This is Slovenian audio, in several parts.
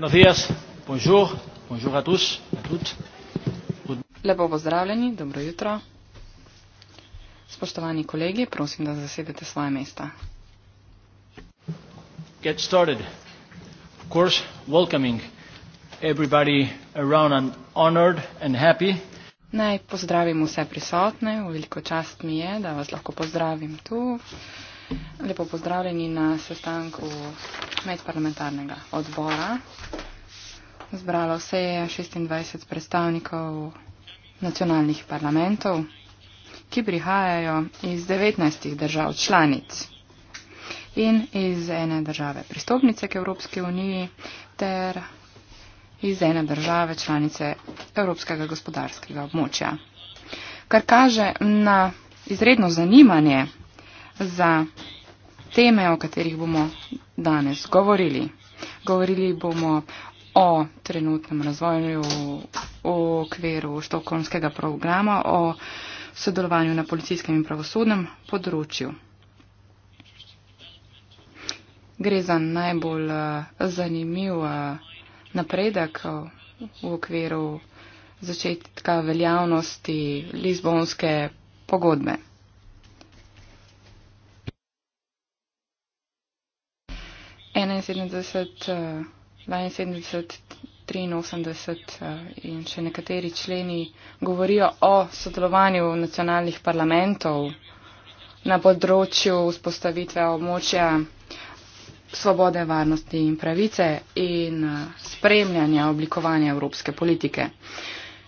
Buenos días. Bonjour. Bonjour a tous. A Lepo pozdravljeni, dobro jutro. Spoštovani kolegi, prosim, da zasedete svoje mesta. Get started. Of course, welcoming everybody around and honored and happy. Naj pozdravim vse prisotne, veliko čast mi je, da vas lahko pozdravim tu. Lepo pozdravljeni na sestanku medparlamentarnega odbora. Zbralo se je 26 predstavnikov nacionalnih parlamentov, ki prihajajo iz 19 držav članic in iz ene države pristopnice k Evropski uniji ter iz ene države članice Evropskega gospodarskega območja. Kar kaže na izredno zanimanje za teme, o katerih bomo danes govorili. Govorili bomo o trenutnem razvoju v okviru štokholmskega programa, o sodelovanju na policijskem in pravosodnem področju. Gre za najbolj eh, zanimiv eh, napredek eh, v okviru začetka veljavnosti Lizbonske pogodbe. 72, 72, 83 in še nekateri členi govorijo o sodelovanju nacionalnih parlamentov na področju vzpostavitve območja svobode, varnosti in pravice in eh, spremljanja oblikovanja evropske politike.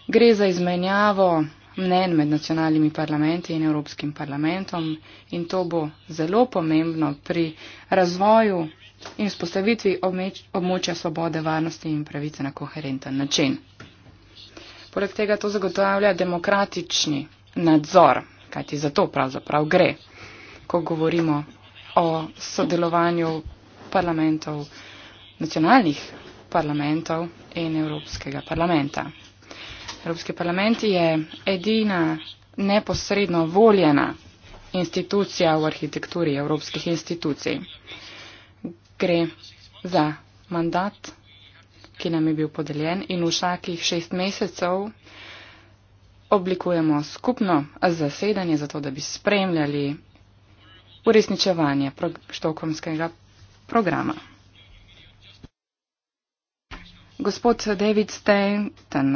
Gre za izmenjavo mnen med nacionalnimi parlamenti in Evropskim parlamentom in to bo zelo pomembno pri razvoju in vzpostavitvi omeč, območja svobode, varnosti in pravice na koherenten način. Poleg tega to zagotavlja demokratični nadzor, kajti za to pravzaprav gre, ko govorimo o sodelovanju parlamentov, nacionalnih parlamentov in Evropskega parlamenta. Evropski parlament je edina neposredno voljena institucija v arhitekturi evropskih institucij gre za mandat, ki nam je bil podeljen in vsakih šest mesecev oblikujemo skupno zasedanje, zato da bi spremljali uresničevanje štokomskega programa. Gospod David Stanton,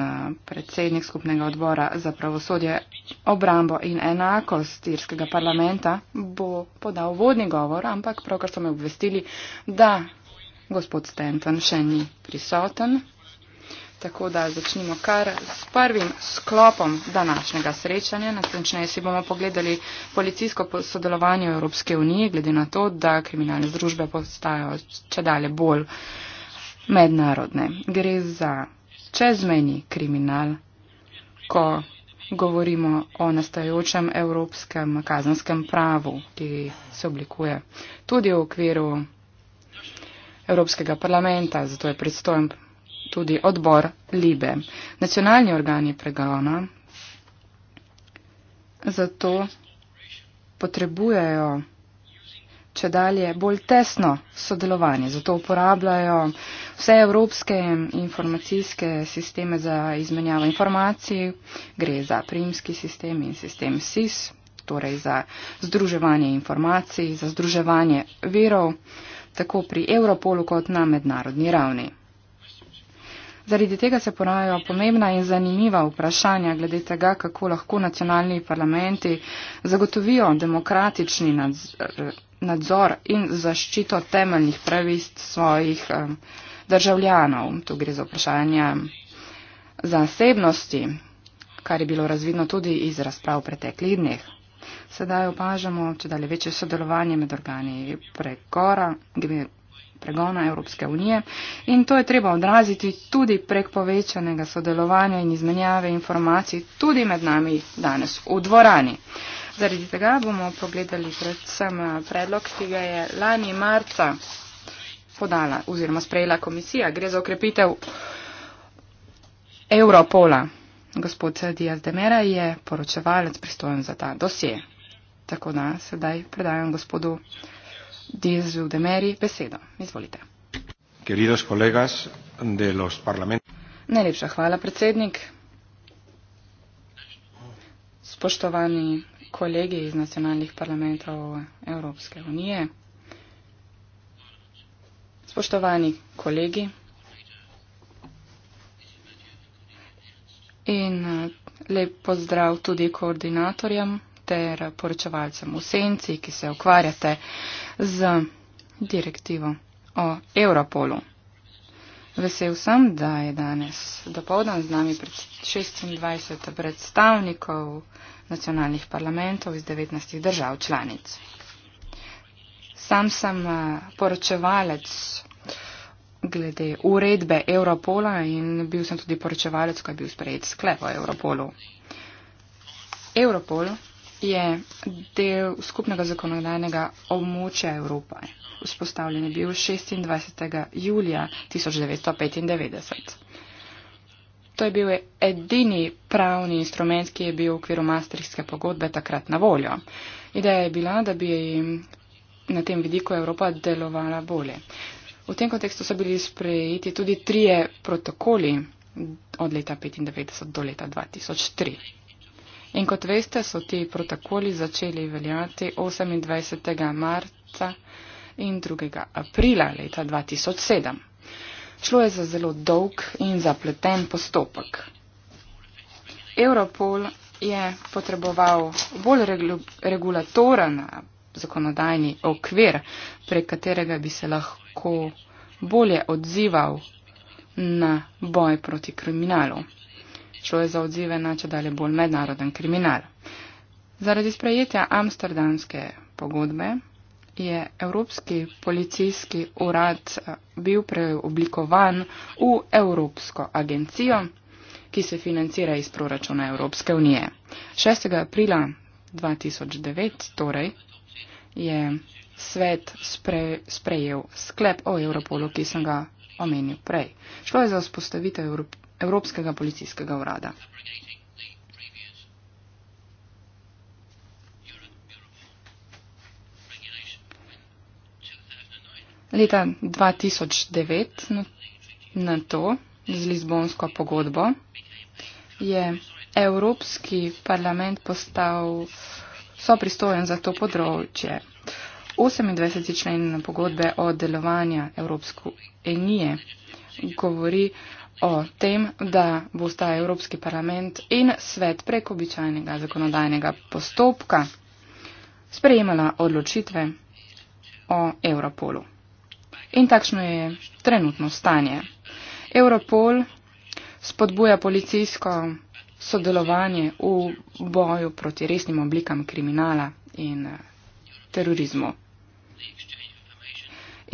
predsednik skupnega odbora za pravosodje, obrambo in enakost irskega parlamenta, bo podal vodni govor, ampak pravkar so me obvestili, da gospod Stanton še ni prisoten. Tako da začnimo kar s prvim sklopom današnjega srečanja. Natančneje si bomo pogledali policijsko sodelovanje v Evropske unije, glede na to, da kriminalne združbe postajajo čedale bolj. Uh, mednarodne. Gre za čezmejni kriminal, ko govorimo o nastajočem evropskem kazanskem pravu, ki se oblikuje tudi v okviru Evropskega parlamenta, zato je predstojen tudi odbor Libe. Nacionalni organi pregona zato potrebujejo če dalje bolj tesno sodelovanje. Zato uporabljajo vse evropske informacijske sisteme za izmenjavo informacij. Gre za primski sistem in sistem SIS, torej za združevanje informacij, za združevanje verov, tako pri Evropolu kot na mednarodni ravni. Zaradi tega se porajajo pomembna in zanimiva vprašanja glede tega, kako lahko nacionalni parlamenti zagotovijo demokratični nadzor nadzor in zaščito temeljnih pravic svojih eh, državljanov. Tu gre za vprašanje eh, zasebnosti, kar je bilo razvidno tudi iz razprav v preteklih dneh. Sedaj opažamo, če dalje večje sodelovanje med organi pregora, pregona Evropske unije in to je treba odraziti tudi prek povečanega sodelovanja in izmenjave informacij tudi med nami danes v dvorani. Zaradi tega bomo pogledali predvsem eh, predlog, ki ga je lani marca podala oziroma sprejela komisija. Gre za ukrepitev Europola. Gospod Diaz de Mera je poročevalec pristojen za ta dosje. Tako da sedaj predajam gospodu Diazu de Meri besedo. Izvolite. Queridos kolegas de los parlamentos. Najlepša hvala, predsednik. Spoštovani kolegi iz nacionalnih parlamentov Evropske unije. Spoštovani kolegi in eh, lep pozdrav tudi koordinatorjem ter poročevalcem v senci, ki se ukvarjate z direktivo o Europolu. Vesel sem, da je danes dopoldan z nami 26 predstavnikov nacionalnih parlamentov iz 19 držav članic. Sam sem eh, poročevalec glede uredbe Europola in bil sem tudi poročevalec, ko je bil sprejet sklep o Europolu. Europol je del skupnega zakonodajnega območja Evrope. Vzpostavljen je bil 26. julija 1995. To je bil edini pravni instrument, ki je bil v okviru mastrihske pogodbe takrat na voljo. Ideja je bila, da bi na tem vidiku Evropa delovala bolje. V tem kontekstu so bili sprejeti tudi trije protokoli od leta 1995 do leta 2003. In kot veste, so ti protokoli začeli veljati 28. marca in 2. aprila leta 2007. Šlo je za zelo dolg in zapleten postopek. Europol je potreboval bolj regulatoren eh, zakonodajni okvir, prek katerega bi se lahko bolje odzival na boj proti kriminalu. Šlo je za odzive na čedalje bolj mednaroden kriminal. Zaradi sprejetja Amsterdamske pogodbe je Evropski policijski urad eh, bil preoblikovan v Evropsko agencijo, ki se financira iz proračuna Evropske unije. 6. aprila 2009 torej je svet spre, sprejel sklep o Europolu, ki sem ga omenil prej. Šlo je za vzpostavitev Evropskega policijskega urada. leta 2009 na to z Lizbonsko pogodbo je Evropski parlament postal sopristojen za to področje. 28. člen pogodbe o delovanju Evropske unije govori o tem, da bosta Evropski parlament in svet prek običajnega zakonodajnega postopka sprejemala odločitve o Europolu. In takšno je trenutno stanje. Europol spodbuja policijsko sodelovanje v boju proti resnim oblikam kriminala in eh, terorizmu.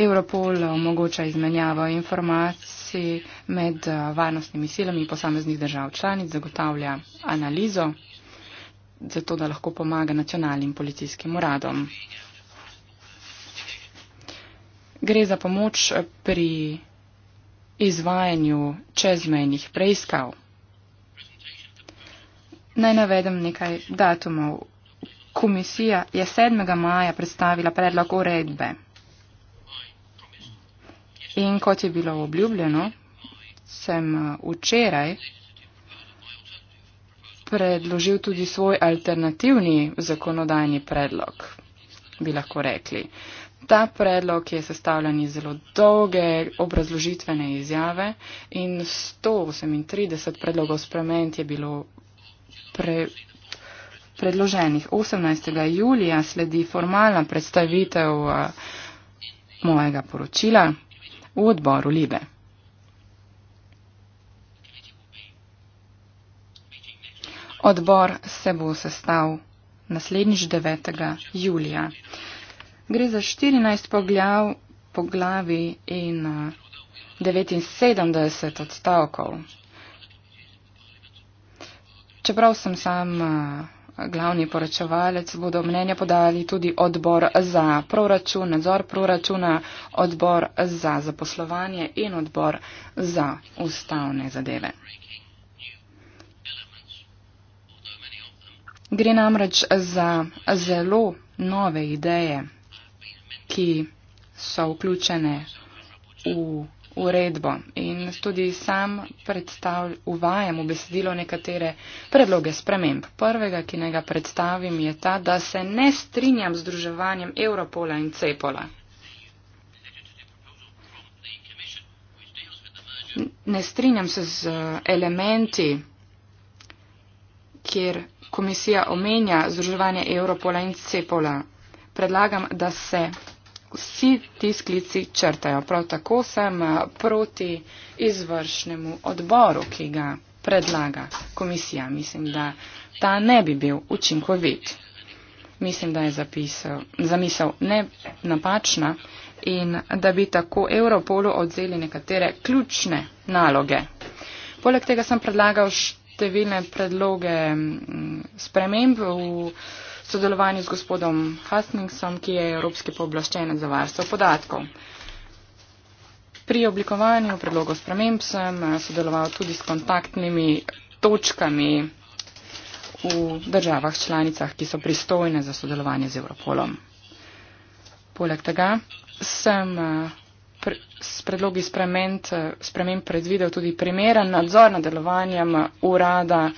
Europol omogoča izmenjavo informacij med eh, varnostnimi silami posameznih držav članic, zagotavlja analizo, zato da lahko pomaga nacionalnim policijskim uradom gre za pomoč pri izvajanju čezmejnih preiskav. Naj navedem nekaj datumov. Komisija je 7. maja predstavila predlog uredbe. In kot je bilo obljubljeno, sem eh, včeraj predložil tudi svoj alternativni zakonodajni predlog, bi lahko rekli. Uh, Ta predlog je sestavljen iz zelo dolge obrazložitvene izjave in 138 predlogov sprement je bilo pre, predloženih. 18. julija sledi formalna predstavitev a, eh, mojega poročila v odboru Libe. Odbor se bo sestav naslednjič 9. julija. Gre za 14 poglav, poglavi in 79 eh, odstavkov. Čeprav sem sam eh, glavni poročevalec, bodo mnenja podali tudi odbor za proračun, nadzor proračuna, odbor za zaposlovanje in odbor za ustavne zadeve. Gre namreč za zelo nove ideje, ki so vključene v uredbo. In tudi sam uvajam v besedilo nekatere predloge sprememb. Prvega, ki ne ga predstavim, je ta, da se ne strinjam z združevanjem Europola in Cepola. Ne strinjam se z eh, elementi, kjer komisija omenja združevanje Europola in Cepola. Predlagam, da se vsi ti sklici črtajo. Prav tako sem eh, proti izvršnemu odboru, ki ga predlaga komisija. Mislim, da ta ne bi bil učinkovit. Mislim, da je zapisal, zamisel ne napačna in da bi tako Europolu odzeli nekatere ključne naloge. Poleg tega sem predlagal številne predloge mm, sprememb v sodelovanju z gospodom Hastingsom, ki je Evropski pooblaščenec za varstvo podatkov. Pri oblikovanju predlogov sprememb sem eh, sodeloval tudi s kontaktnimi točkami v državah članicah, ki so pristojne za sodelovanje z Europolom. Poleg tega sem eh, s predlogi eh, sprememb predvidel tudi primeren nadzor nad delovanjem urada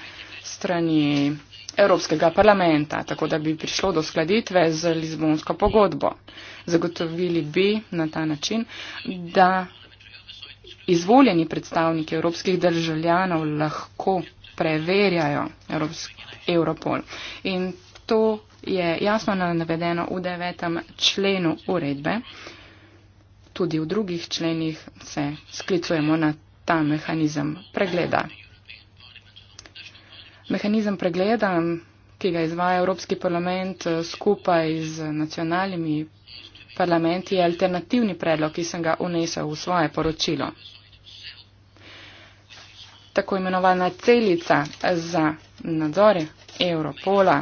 strani Evropskega parlamenta, tako da bi prišlo do skladitve z Lizbonsko pogodbo. Zagotovili bi na ta način, da izvoljeni predstavniki evropskih državljanov lahko preverjajo Evropsk Europol. In to je jasno navedeno v devetem členu uredbe. Tudi v drugih členih se sklicujemo na ta mehanizem pregleda. Mehanizem pregleda, ki ga izvaja Evropski parlament eh, skupaj z nacionalnimi parlamenti, je alternativni predlog, ki sem ga unesel v svoje poročilo. Tako imenovana celica za nadzor Evropola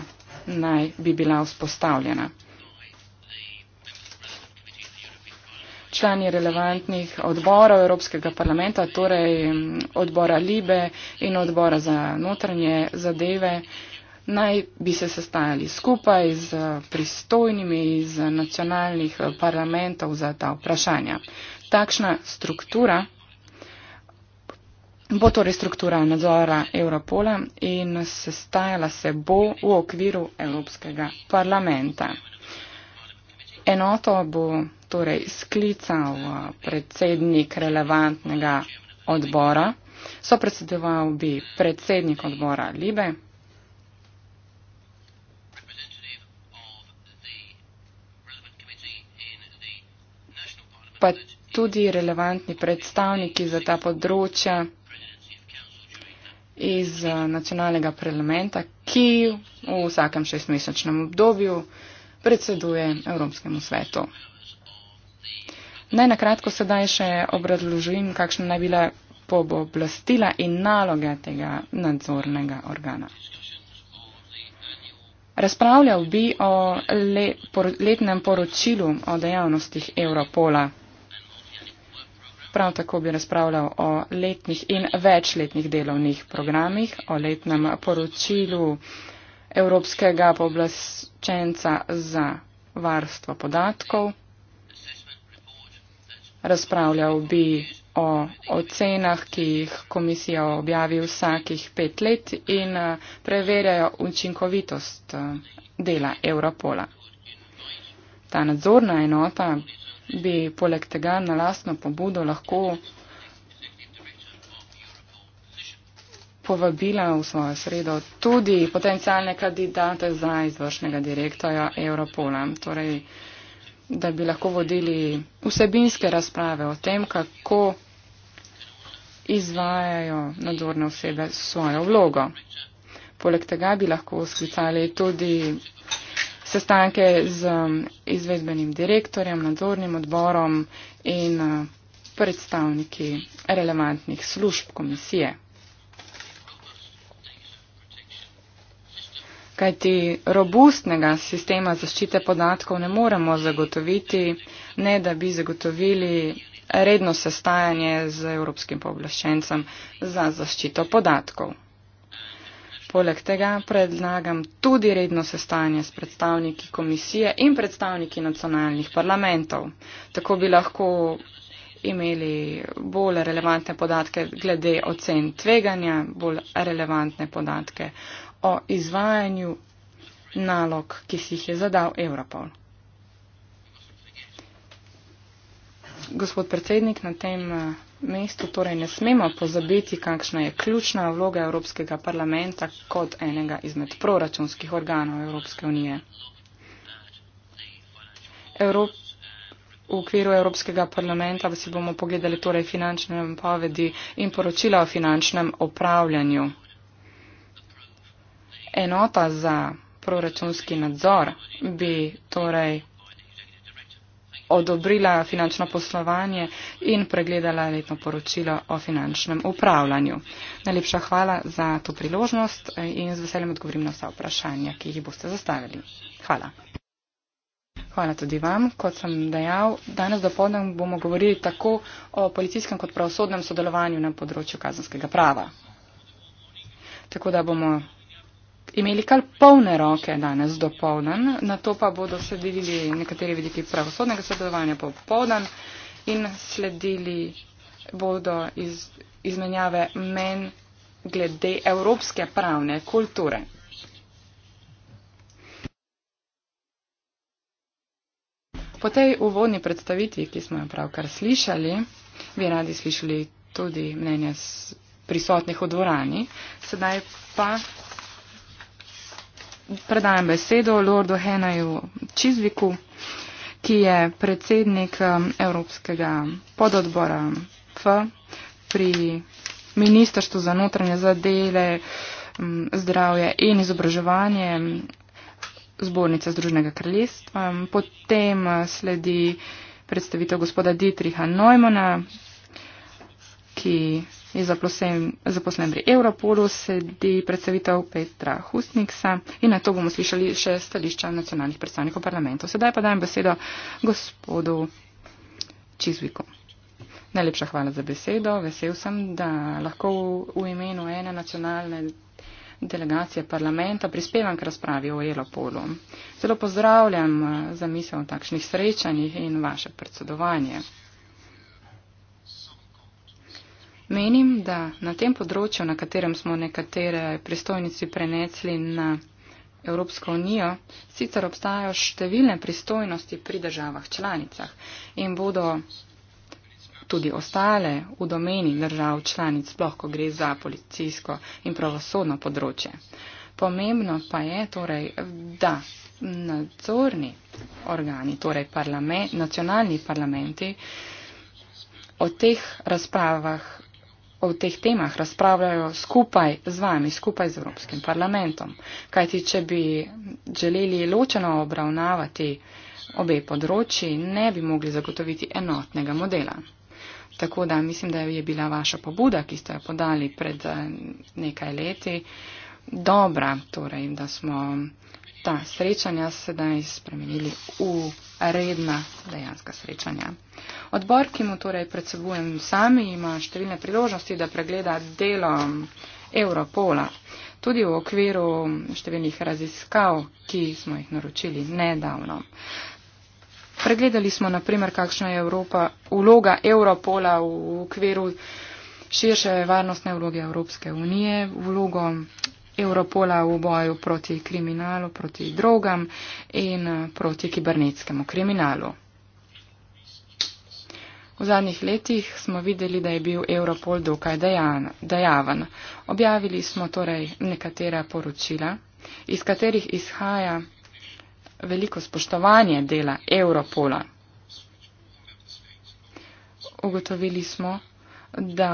naj bi bila vzpostavljena. člani relevantnih odborov Evropskega parlamenta, torej odbora Libe in odbora za notranje zadeve, naj bi se sestajali skupaj z pristojnimi iz nacionalnih parlamentov za ta vprašanja. Takšna struktura bo torej struktura nadzora Europola in sestajala se bo v okviru Evropskega parlamenta. Enoto bo torej sklical eh, predsednik relevantnega odbora, sopredsedoval bi predsednik odbora Libe. pa tudi relevantni predstavniki za ta področja iz eh, nacionalnega parlamenta, ki v vsakem šestmesečnem obdobju uh, predseduje Evropskemu svetu. Naj nakratko sedaj še obrazložim, kakšna naj bila pooblastila in naloge tega nadzornega organa. Razpravljal bi o le, por, letnem poročilu o dejavnostih Europola. Prav tako bi razpravljal o letnih in večletnih delovnih programih, o letnem poročilu evropskega pooblaščenca za varstvo podatkov. Razpravljal bi o ocenah, ki jih komisija objavi vsakih pet let in eh, preverjajo učinkovitost eh, dela Europola. Ta nadzorna enota bi poleg tega na lastno pobudo lahko povabila v svojo sredo tudi potencijalne kandidate za izvršnega direktorja Europola, torej, da bi lahko vodili vsebinske razprave o tem, kako izvajajo nadzorne osebe svojo vlogo. Poleg tega bi lahko sklicali tudi sestanke z um, izvedbenim direktorjem, nadzornim odborom in uh, predstavniki relevantnih služb komisije. kajti robustnega sistema zaščite podatkov ne moremo zagotoviti, ne da bi zagotovili redno sestajanje z evropskim povlaščencem za zaščito podatkov. Poleg tega predlagam tudi redno sestajanje s predstavniki komisije in predstavniki nacionalnih parlamentov. Tako bi lahko imeli bolj relevantne podatke glede ocen tveganja, bolj relevantne podatke o izvajanju nalog, ki si jih je zadal Evropol. Gospod predsednik, na tem eh, mestu torej ne smemo pozabiti, kakšna je ključna vloga Evropskega parlamenta kot enega izmed proračunskih organov Evropske unije. Evrop v okviru Evropskega parlamenta si bomo pogledali torej finančne napovedi in poročila o finančnem upravljanju enota za proračunski nadzor bi torej odobrila finančno poslovanje in pregledala letno poročilo o finančnem upravljanju. Najlepša hvala za to priložnost in z veseljem odgovorim na vsa vprašanja, ki jih boste zastavili. Hvala. Hvala tudi vam. Kot sem dejal, danes do podne bomo govorili tako o policijskem kot pravosodnem sodelovanju na področju kazanskega prava. Tako da bomo imeli kar polne roke danes do povdan, na to pa bodo sledili nekateri vidiki pravosodnega sodelovanja po povdan in sledili bodo iz, izmenjave men glede evropske pravne kulture. Po tej uvodni predstavitvi, ki smo jo pravkar slišali, bi radi slišali tudi mnenje prisotnih v dvorani. Sedaj pa predajam besedo Lordu Henaju Čizviku, ki je predsednik um, Evropskega pododbora F pri Ministrstvu za notranje zadele, um, zdravje in izobraževanje zbornice Združnega kraljestva. Um, potem uh, sledi predstavitev gospoda Dietriha Neumana, ki je zaposlen, zaposlen pri Europolu, sedi predstavitev Petra Hustniksa in na to bomo slišali še stališča nacionalnih predstavnikov parlamentov. Sedaj pa dajem besedo gospodu Čizviku. Najlepša hvala za besedo. Vesel sem, da lahko v imenu ene nacionalne delegacije parlamenta prispevam k razpravi o Elopolu. Zelo pozdravljam zamisel takšnih srečanjih in vaše predsedovanje. Menim, da na tem področju, na katerem smo nekatere pristojnici prenesli na Evropsko unijo, sicer obstajajo številne pristojnosti pri državah članicah in bodo tudi ostale v domeni držav članic, sploh ko gre za policijsko in pravosodno področje. Pomembno pa je torej, da nadzorni organi, torej parlament, nacionalni parlamenti, o teh razpravah o teh temah razpravljajo skupaj z vami, skupaj z Evropskim parlamentom. Kajti, če bi želeli ločeno obravnavati obe področji, ne bi mogli zagotoviti enotnega modela. Tako da mislim, da je bila vaša pobuda, ki ste jo podali pred eh, nekaj leti, dobra, torej, da smo ta srečanja sedaj spremenili v redna dejanska srečanja. Odbor, ki mu torej predsebujem sami, ima številne priložnosti, da pregleda delo Europola, tudi v okviru številnih raziskav, ki smo jih naročili nedavno. Pregledali smo naprimer, kakšna je Evropa, uloga Europola v okviru širše varnostne vloge Evropske unije, vlogo Europola v boju proti kriminalu, proti drogam in eh, proti kibernetskemu kriminalu. V zadnjih letih smo videli, da je bil Europol dokaj dejan, dejaven. Objavili smo torej nekatera poročila, iz katerih izhaja veliko spoštovanje dela Europola. Ugotovili smo, da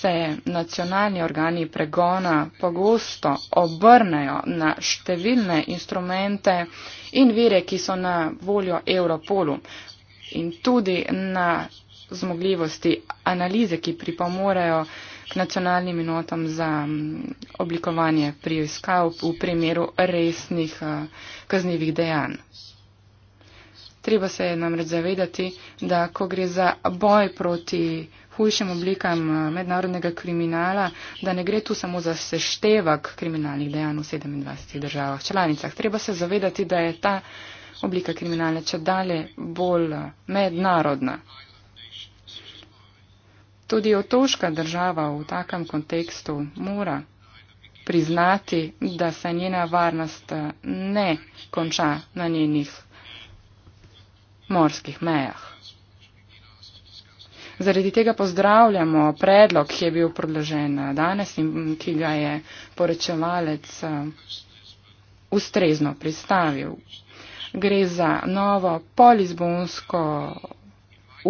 se nacionalni organi pregona pogosto obrnejo na številne instrumente in vire, ki so na voljo Europolu in tudi na zmogljivosti analize, ki pripomorejo k nacionalnim enotam za mm, oblikovanje preiskav v primeru resnih eh, kaznjivih dejanj. Treba se namreč zavedati, da ko gre za boj proti hujšim oblikam eh, mednarodnega kriminala, da ne gre tu samo za seštevak kriminalnih dejanj v 27 državah članicah. Treba se zavedati, da je ta oblika kriminala če dalje bolj eh, mednarodna. Tudi otoška država v takem kontekstu mora priznati, da se njena varnost eh, ne konča na njenih morskih mejah. Zaradi tega pozdravljamo predlog, ki je bil predložen danes in ki ga je porečevalec eh, ustrezno pristavil. Gre za novo polizbonsko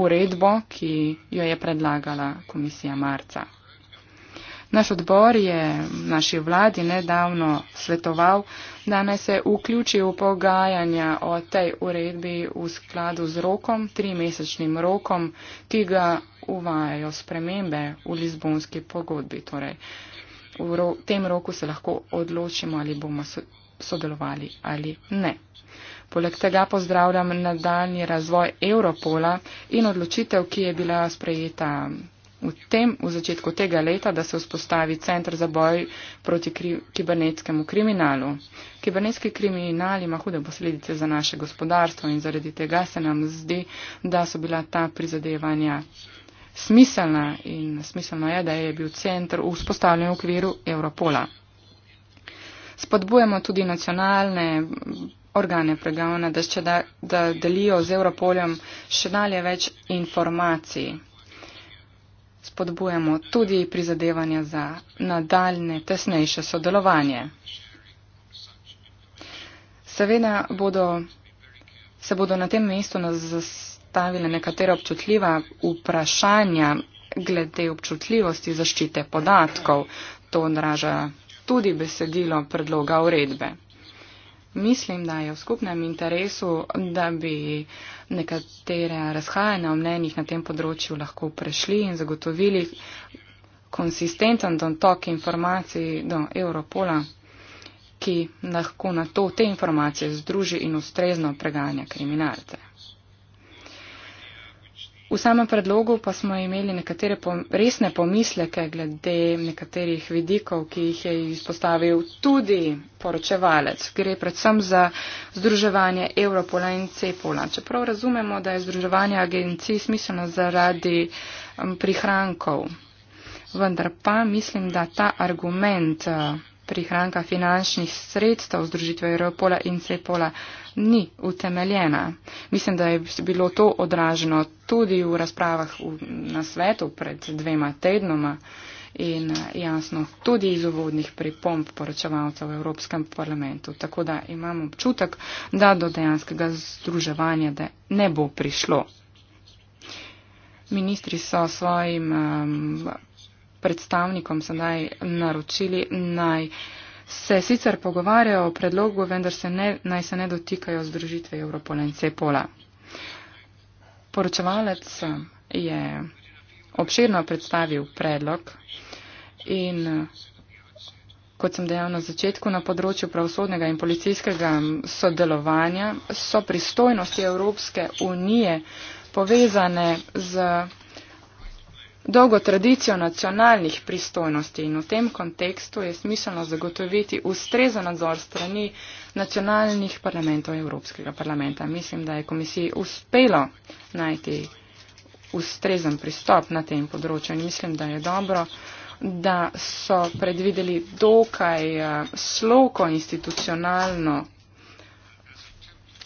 uredbo, ki jo je predlagala komisija marca. Naš odbor je naši vladi nedavno svetoval, da naj se vključi v pogajanja o tej uredbi v skladu z rokom, trimesečnim rokom, ki ga uvajajo spremembe v Lizbonski pogodbi. Torej, v ro tem roku se lahko odločimo, ali bomo so sodelovali ali ne. Poleg tega pozdravljam nadaljni razvoj Europola in odločitev, ki je bila sprejeta v, tem, v začetku tega leta, da se vzpostavi centr za boj proti kri, kibernetskemu kriminalu. Kibernetski kriminal ima hude posledice za naše gospodarstvo in zaradi tega se nam zdi, da so bila ta prizadevanja smiselna in smiselno je, da je bil centr vzpostavljen v okviru Europola. Spodbujamo tudi nacionalne organe pregavna, da, da, da delijo z Europolom še dalje več informacij spodbujamo tudi prizadevanja za nadaljne tesnejše sodelovanje. Seveda bodo, se bodo na tem mestu nas zastavile nekatera občutljiva vprašanja glede občutljivosti zaščite podatkov. To odraža tudi besedilo predloga uredbe. Mislim, da je v skupnem interesu, da bi nekatere razhajanja o mnenjih na tem področju lahko prešli in zagotovili konsistenten dotok informacij do Europola, ki lahko na to te informacije združi in ustrezno preganja kriminalce. V samem predlogu pa smo imeli nekatere pom resne pomisleke glede nekaterih vidikov, ki jih je izpostavil tudi poročevalec. Gre predvsem za združevanje Evropola in Cepola. Čeprav razumemo, da je združevanje agencij smiselno zaradi um, prihrankov, vendar pa mislim, da ta argument. Uh, prihranka finančnih sredstev združitve Europola in Cepola ni utemeljena. Mislim, da je bilo to odraženo tudi v razpravah v, na svetu pred dvema tednoma in jasno tudi iz uvodnih pripomp poročevalcev v Evropskem parlamentu. Tako da imam občutek, da do dejanskega združevanja da ne bo prišlo. Ministri so svojim um, predstavnikom sedaj naročili naj. Se sicer pogovarjajo o predlogu, vendar se ne, naj se ne dotikajo združitve Evropola in Cepola. Poročevalec je obširno predstavil predlog in, kot sem dejal na začetku, na področju pravosodnega in policijskega sodelovanja so pristojnosti Evropske unije povezane z dolgo tradicijo nacionalnih pristojnosti in v tem kontekstu je smiselno zagotoviti ustrezen nadzor strani nacionalnih parlamentov Evropskega parlamenta. Mislim, da je komisiji uspelo najti ustrezen pristop na tem področju in mislim, da je dobro, da so predvideli dokaj eh, sloko institucionalno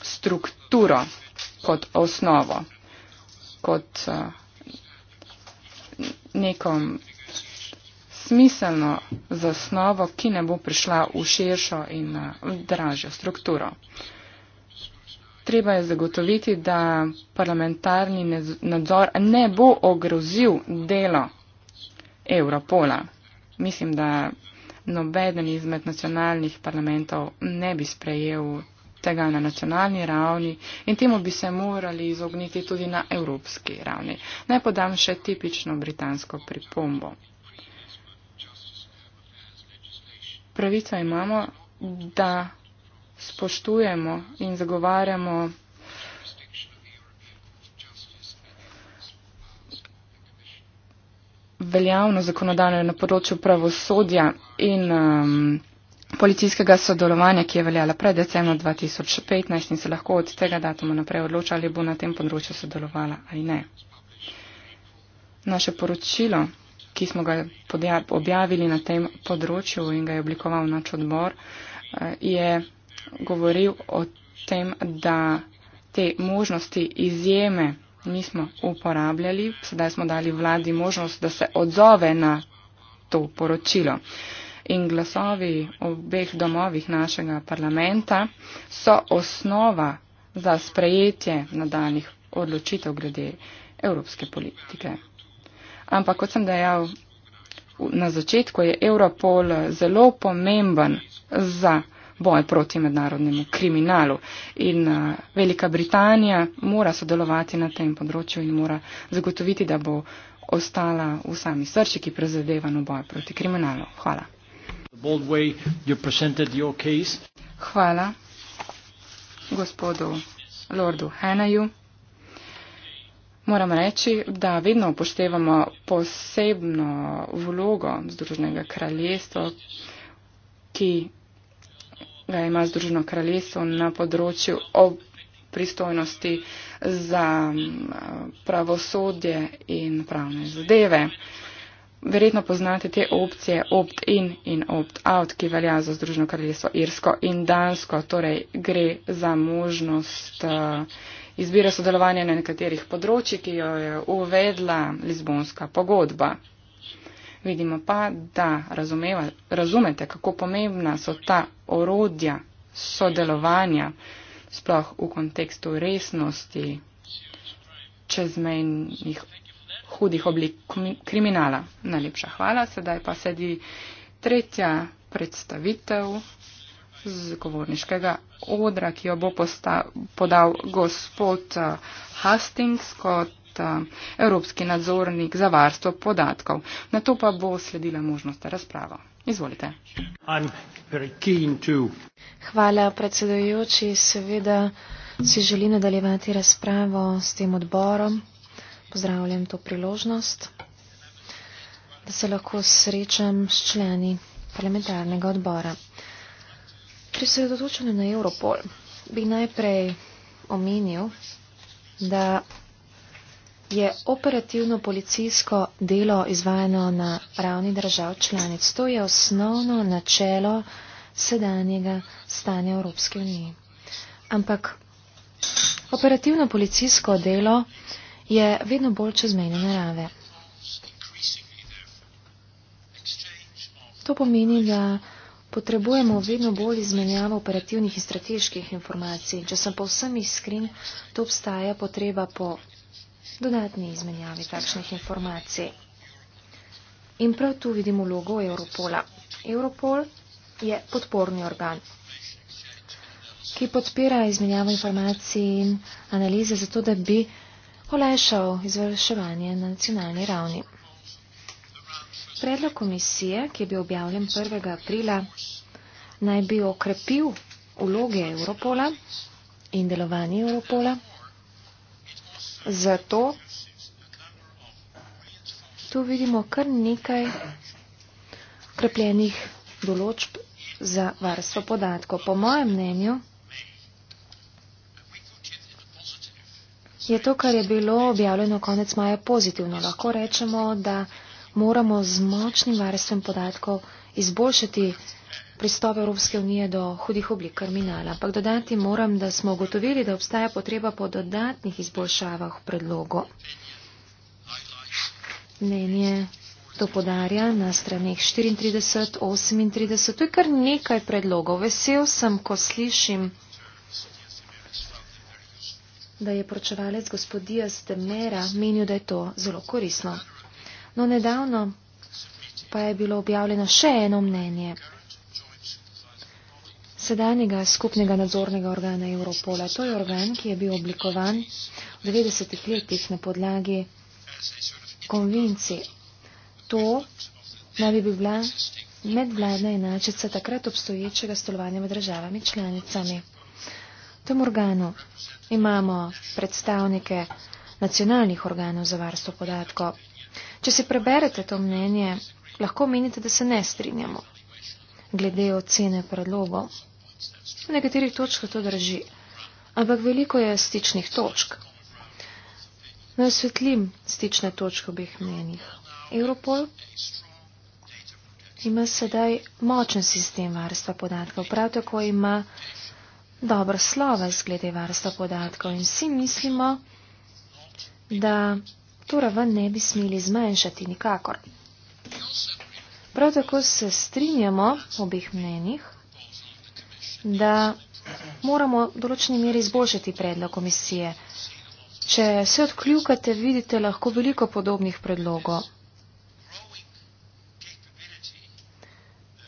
strukturo kot osnovo, kot uh, neko smiselno zasnovo, ki ne bo prišla v širšo in eh, dražjo strukturo. Treba je zagotoviti, da parlamentarni nadzor ne bo ogrozil delo Evropola. Mislim, da nobeden izmed nacionalnih parlamentov ne bi sprejel tega na nacionalni ravni in temu bi se morali izogniti tudi na evropski ravni. Naj podam še tipično britansko pripombo. Pravico imamo, da spoštujemo in zagovarjamo veljavno zakonodajo na področju pravosodja in um, policijskega sodelovanja, ki je veljala pred decembrom 2015 in se lahko od tega datuma naprej odloča, ali bo na tem področju sodelovala ali ne. Naše poročilo, ki smo ga objavili na tem področju in ga je oblikoval naš odbor, eh, je govoril o tem, da te možnosti izjeme nismo uporabljali. Sedaj smo dali vladi možnost, da se odzove na to poročilo in glasovi obeh domovih našega parlamenta so osnova za sprejetje nadaljnih odločitev glede evropske politike. Ampak, kot sem dejal na začetku, je Europol zelo pomemben za boj proti mednarodnemu kriminalu in eh, Velika Britanija mora sodelovati na tem področju in mora zagotoviti, da bo ostala v sami srčiki prezadevan v boj proti kriminalu. Hvala bold way you presented your case. Hvala gospodu Lordu Henaju. Moram reči, da vedno upoštevamo posebno vlogo Združenega kraljestva, ki ga ima Združeno kraljestvo na področju ob pristojnosti za pravosodje in pravne zadeve. Verjetno poznate te opcije opt-in in opt-out, ki velja za Združeno kraljestvo Irsko in Dansko. Torej gre za možnost eh, izbire sodelovanja na nekaterih področjih, ki jo je uvedla Lizbonska pogodba. Vidimo pa, da razumeva, razumete, kako pomembna so ta orodja sodelovanja, sploh v kontekstu resnosti čezmejnih hudih oblik kriminala. Najlepša hvala. Sedaj pa sedi tretja predstavitev z govorniškega odra, ki jo bo posta, podal gospod eh, Hastings kot eh, evropski nadzornik za varstvo podatkov. Na to pa bo sledila možnost razprava. Izvolite. Hvala, predsedujoči. Seveda si želim nadaljevati razpravo s tem odborom pozdravljam to priložnost, da se lahko srečam s člani parlamentarnega odbora. Pri sredotočenju na Europol bi najprej omenil, da je operativno policijsko delo izvajano na ravni držav članic. To je osnovno načelo sedanjega stanja Evropske unije. Ampak operativno policijsko delo je vedno bolj čezmejne narave. To pomeni, da potrebujemo vedno bolj izmenjavo operativnih in strateških informacij. Če sem povsem iskren, to obstaja potreba po dodatni izmenjavi takšnih informacij. In prav tu vidimo logo Europola. Europol je podporni organ, ki podpira izmenjavo informacij in analize zato, da bi olajšal izvrševanje na nacionalni ravni. Predlog komisije, ki je bil objavljen 1. aprila, naj bi okrepil uloge Europola in delovanje Europola, zato tu vidimo kar nekaj krepljenih določb za varstvo podatkov. Po mojem mnenju, je to, kar je bilo objavljeno konec maja, pozitivno. Lahko rečemo, da moramo z močnim varstvom podatkov izboljšati pristop Evropske unije do hudih oblik kriminala. Ampak dodati moram, da smo ugotovili, da obstaja potreba po dodatnih izboljšavah v predlogu. Mnenje to podarja na stranih 34, 38, to je kar nekaj predlogov. Vesel sem, ko slišim da je poročevalec gospodija Stemnera menil, da je to zelo korisno. No, nedavno pa je bilo objavljeno še eno mnenje sedanjega skupnega nadzornega organa Evropola. To je organ, ki je bil oblikovan v 90-ih letih na podlagi konvencij. To naj bi bila medvladna enačica takrat obstoječega stolovanja med državami članicami tem organu imamo predstavnike nacionalnih organov za varstvo podatkov. Če si preberete to mnenje, lahko menite, da se ne strinjamo glede ocene predlogov. V nekaterih točkah to drži, ampak veliko je stičnih točk. Naj osvetlim stične točke obeh mnenjih. Europol ima sedaj močen sistem varstva podatkov, prav tako ima dobro slove zglede varstva podatkov in vsi mislimo, da to raven ne bi smeli zmanjšati nikakor. Prav tako se strinjamo v obih mnenjih, da moramo v določeni meri izboljšati predlog komisije. Če se odkljukate, vidite lahko veliko podobnih predlogov.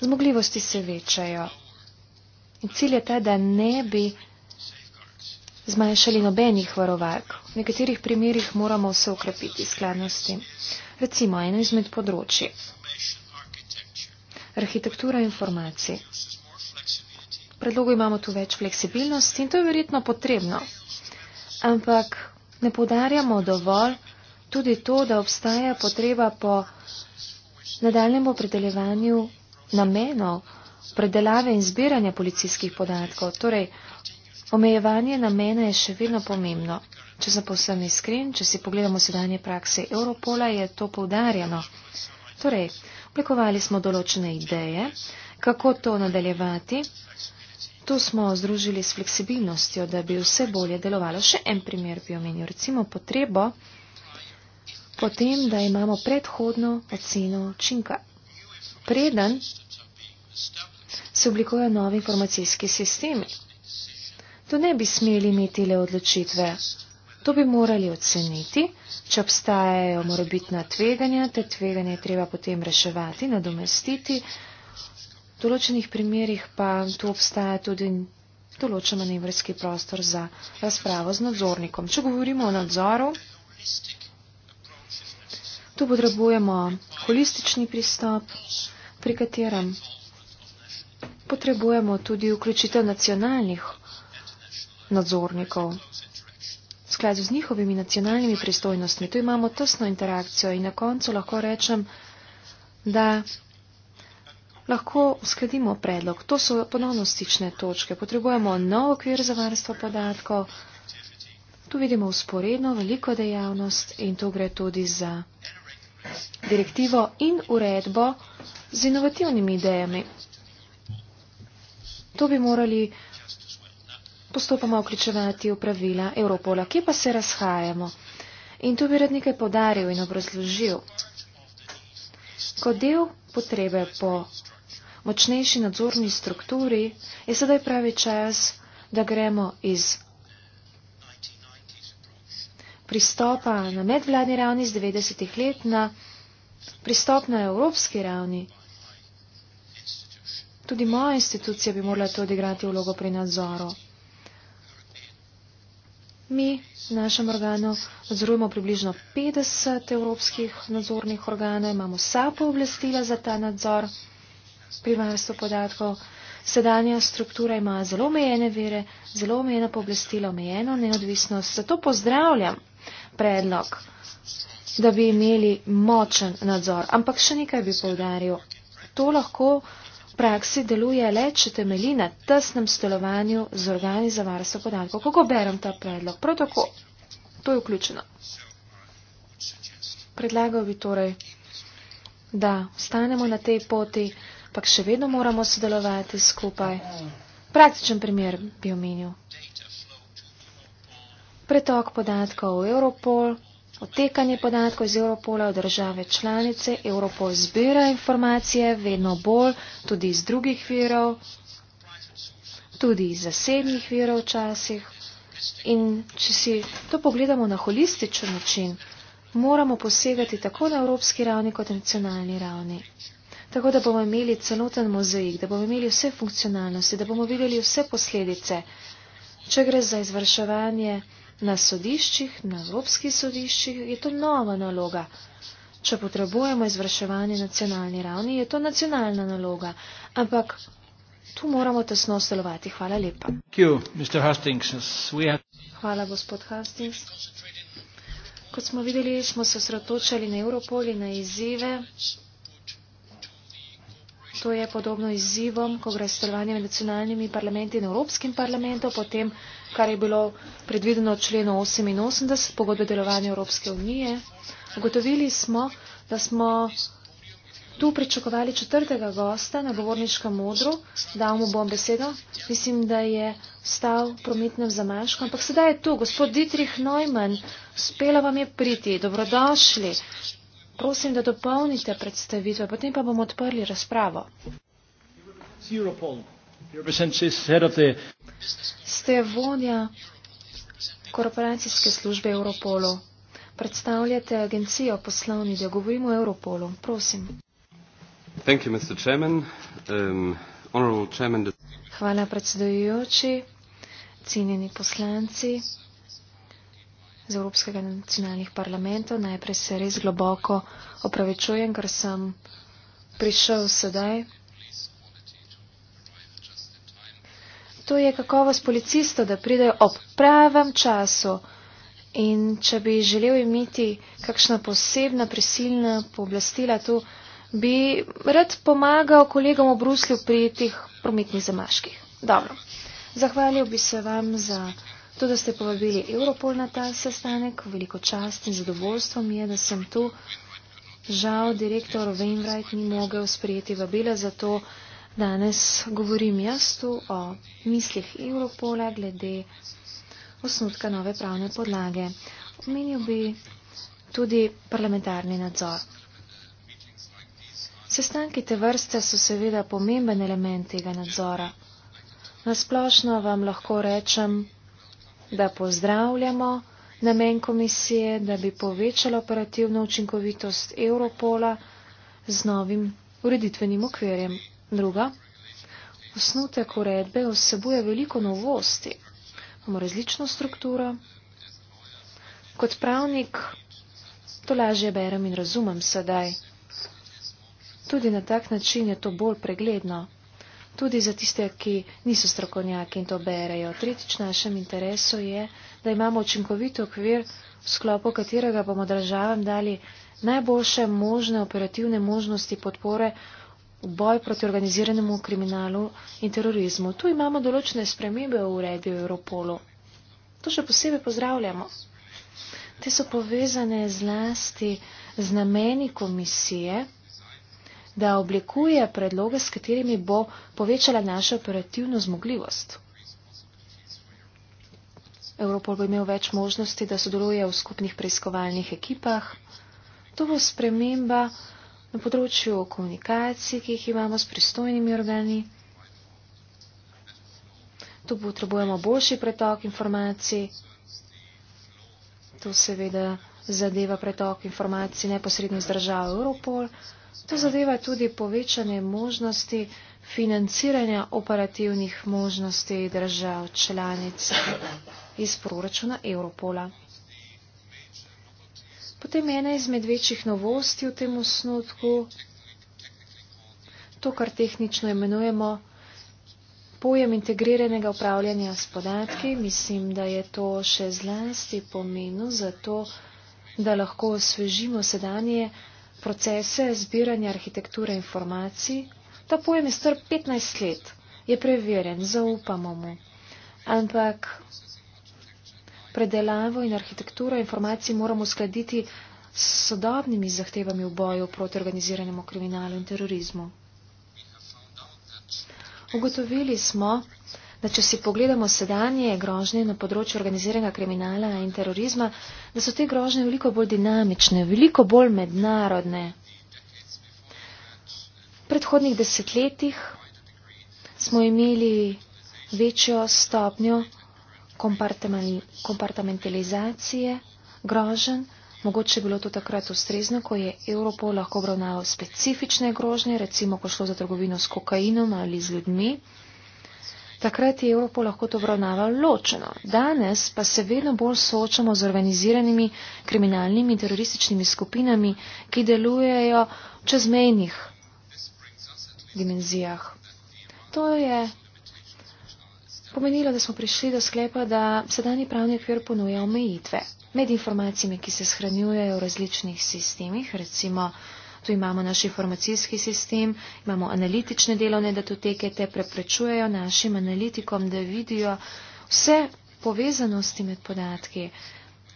Zmogljivosti se večajo. In cilj je ta, da ne bi zmanjšali nobenih varovalk. V nekaterih primerjih moramo se ukrepiti skladnosti. Recimo eno izmed področji. Arhitektura informacij. V predlogu imamo tu več fleksibilnosti in to je verjetno potrebno. Ampak ne podarjamo dovolj tudi to, da obstaja potreba po nadaljem opredeljevanju namenov predelave in zbiranja policijskih podatkov. Torej, omejevanje namena je še vedno pomembno. Če sem povsem iskren, če si pogledamo sedanje prakse Europola, je to poudarjeno. Torej, oblikovali smo določene ideje, kako to nadaljevati. To smo združili s fleksibilnostjo, da bi vse bolje delovalo. Še en primer bi omenil, recimo potrebo po tem, da imamo predhodno oceno učinka. Preden se oblikujejo novi informacijski sistemi. To ne bi smeli imeti le odločitve. To bi morali oceniti, če obstajajo morebitna tveganja, te tveganje je treba potem reševati, nadomestiti. V določenih primerjih pa tu obstaja tudi določen manevrski prostor za razpravo z nadzornikom. Če govorimo o nadzoru, tu potrebujemo holistični pristop, pri katerem potrebujemo tudi vključitev nacionalnih nadzornikov. V skladu z njihovimi nacionalnimi pristojnostmi tu imamo tesno interakcijo in na koncu lahko rečem, da lahko uskladimo predlog. To so ponovno stične točke. Potrebujemo nov okvir za varstvo podatkov. Tu vidimo usporedno veliko dejavnost in to gre tudi za direktivo in uredbo z inovativnimi idejami. To bi morali postopoma vključevati v pravila Evropola, ki pa se razhajamo. In tu bi rad nekaj podaril in obrazložil. Kot del potrebe po močnejši nadzorni strukturi je sedaj pravi čas, da gremo iz pristopa na medvladni ravni z 90-ih let na pristop na evropski ravni tudi moja institucija bi morala to odigrati vlogo pri nadzoru. Mi v našem organu nadzorujemo približno 50 evropskih nadzornih organov, imamo vsa pooblastila za ta nadzor pri varstvu podatkov. Sedanja struktura ima zelo omejene vere, zelo omejena pooblastila, omejeno neodvisnost. Zato pozdravljam predlog, da bi imeli močen nadzor. Ampak še nekaj bi povdaril. To lahko praksi deluje le, če temelji na tesnem stelovanju z organi za varstvo podatkov. Kako berem ta predlog? Prav tako, to je vključeno. Predlagal bi torej, da ostanemo na tej poti, pa še vedno moramo sodelovati skupaj. Praktičen primer bi omenil. Pretok podatkov v Europol Otekanje podatkov iz Europola v države članice, Europol zbira informacije vedno bolj, tudi iz drugih virov, tudi iz zasebnih virov včasih. In če si to pogledamo na holističen način, moramo posegati tako na evropski ravni kot nacionalni ravni. Tako da bomo imeli celoten mozaik, da bomo imeli vse funkcionalnosti, da bomo videli vse posledice, če gre za izvrševanje Na sodiščih, na evropskih sodiščih je to nova naloga. Če potrebujemo izvrševanje na nacionalni ravni, je to nacionalna naloga. Ampak tu moramo tesno sodelovati. Hvala lepa. Hvala, gospod Hastings. Kot smo videli, smo se osredotočali na Europol in na izzive. To je podobno izzivom, ko gre sodelovanje med nacionalnimi parlamenti in Evropskim parlamentom, potem, kar je bilo predvideno v členu 88 pogodbe delovanja Evropske unije. Ugotovili smo, da smo tu pričakovali četrtega gosta na govorniškem modru, da mu bom besedo. Mislim, da je stal v prometnem zamašku, ampak sedaj je tu gospod Dietrich Neumann. Uspelo vam je priti. Dobrodošli. Prosim, da dopolnite predstavitve, potem pa bomo odprli razpravo. Ste vodja korporacijske službe Europolu. Predstavljate agencijo poslovni, da govorimo o Europolu. Prosim. You, chairman. Um, chairman... Hvala predsedujoči, cenjeni poslanci z Evropskega nacionalnih parlamentov. Najprej se res globoko opravičujem, ker sem prišel sedaj. To je kakovost policistov, da pridejo ob pravem času. In če bi želel imeti kakšna posebna prisilna pooblastila tu, bi rad pomagal kolegom v Bruslju pri teh prometnih zamaških. Dobro. Zahvalil bi se vam za. To, da ste povabili Europol na ta sestanek, veliko čast in zadovoljstvo mi je, da sem tu. Žal, direktor Wainwright ni mogel sprejeti vabila, zato danes govorim jaz tu o mislih Europola glede osnutka nove pravne podlage. Omenil bi tudi parlamentarni nadzor. Sestanki te vrste so seveda pomemben element tega nadzora. Nasplošno vam lahko rečem, da pozdravljamo namen komisije, da bi povečala operativno učinkovitost Europola z novim ureditvenim okvirjem. Druga, osnutek uredbe vsebuje veliko novosti. Imamo različno strukturo. Kot pravnik to lažje berem in razumem sedaj. Tudi na tak način je to bolj pregledno tudi za tiste, ki niso strokovnjaki in to berejo. Tretjič našem interesu je, da imamo učinkovit okvir, v sklopu katerega bomo državam dali najboljše možne operativne možnosti podpore v boj proti organiziranemu kriminalu in terorizmu. Tu imamo določene spremembe v uredbi v Europolu. To še posebej pozdravljamo. Te so povezane zlasti z nameni komisije da oblikuje predloge, s katerimi bo povečala našo operativno zmogljivost. Evropol bo imel več možnosti, da sodeluje v skupnih preiskovalnih ekipah. To bo sprememba na področju komunikacij, ki jih imamo s pristojnimi organi. Tu potrebujemo boljši pretok informacij. To seveda zadeva pretok informacij neposredno z državo Evropol. To zadeva tudi povečanje možnosti financiranja operativnih možnosti držav članic iz proračuna Evropola. Potem ena izmed večjih novosti v tem osnutku, to, kar tehnično imenujemo pojem integriranega upravljanja s podatki, mislim, da je to še zlasti pomenu, zato da lahko osvežimo sedanje procese zbiranja arhitekture informacij. Ta pojem je star 15 let, je preverjen, zaupamo mu. Ampak predelavo in arhitekturo informacij moramo uskladiti s sodobnimi zahtevami v boju proti organiziranemu kriminalu in terorizmu. Ugotovili smo, da če si pogledamo sedanje grožnje na področju organiziranega kriminala in terorizma, da so te grožnje veliko bolj dinamične, veliko bolj mednarodne. V predhodnih desetletjih smo imeli večjo stopnjo kompartamentalizacije grožen, mogoče bilo to takrat ustrezno, ko je Europol lahko obravnaval specifične grožnje, recimo ko šlo za trgovino s kokainom ali z ljudmi. Takrat je Evropo lahko to obravnaval ločeno. Danes pa se vedno bolj soočamo z organiziranimi kriminalnimi in terorističnimi skupinami, ki delujejo v čezmejnih dimenzijah. To je pomenilo, da smo prišli do sklepa, da sedajni pravni okvir ponuja omejitve med informacijami, ki se shranjujejo v različnih sistemih, recimo Tu imamo naš informacijski sistem, imamo analitične delovne datoteke, te preprečujejo našim analitikom, da vidijo vse povezanosti med podatki.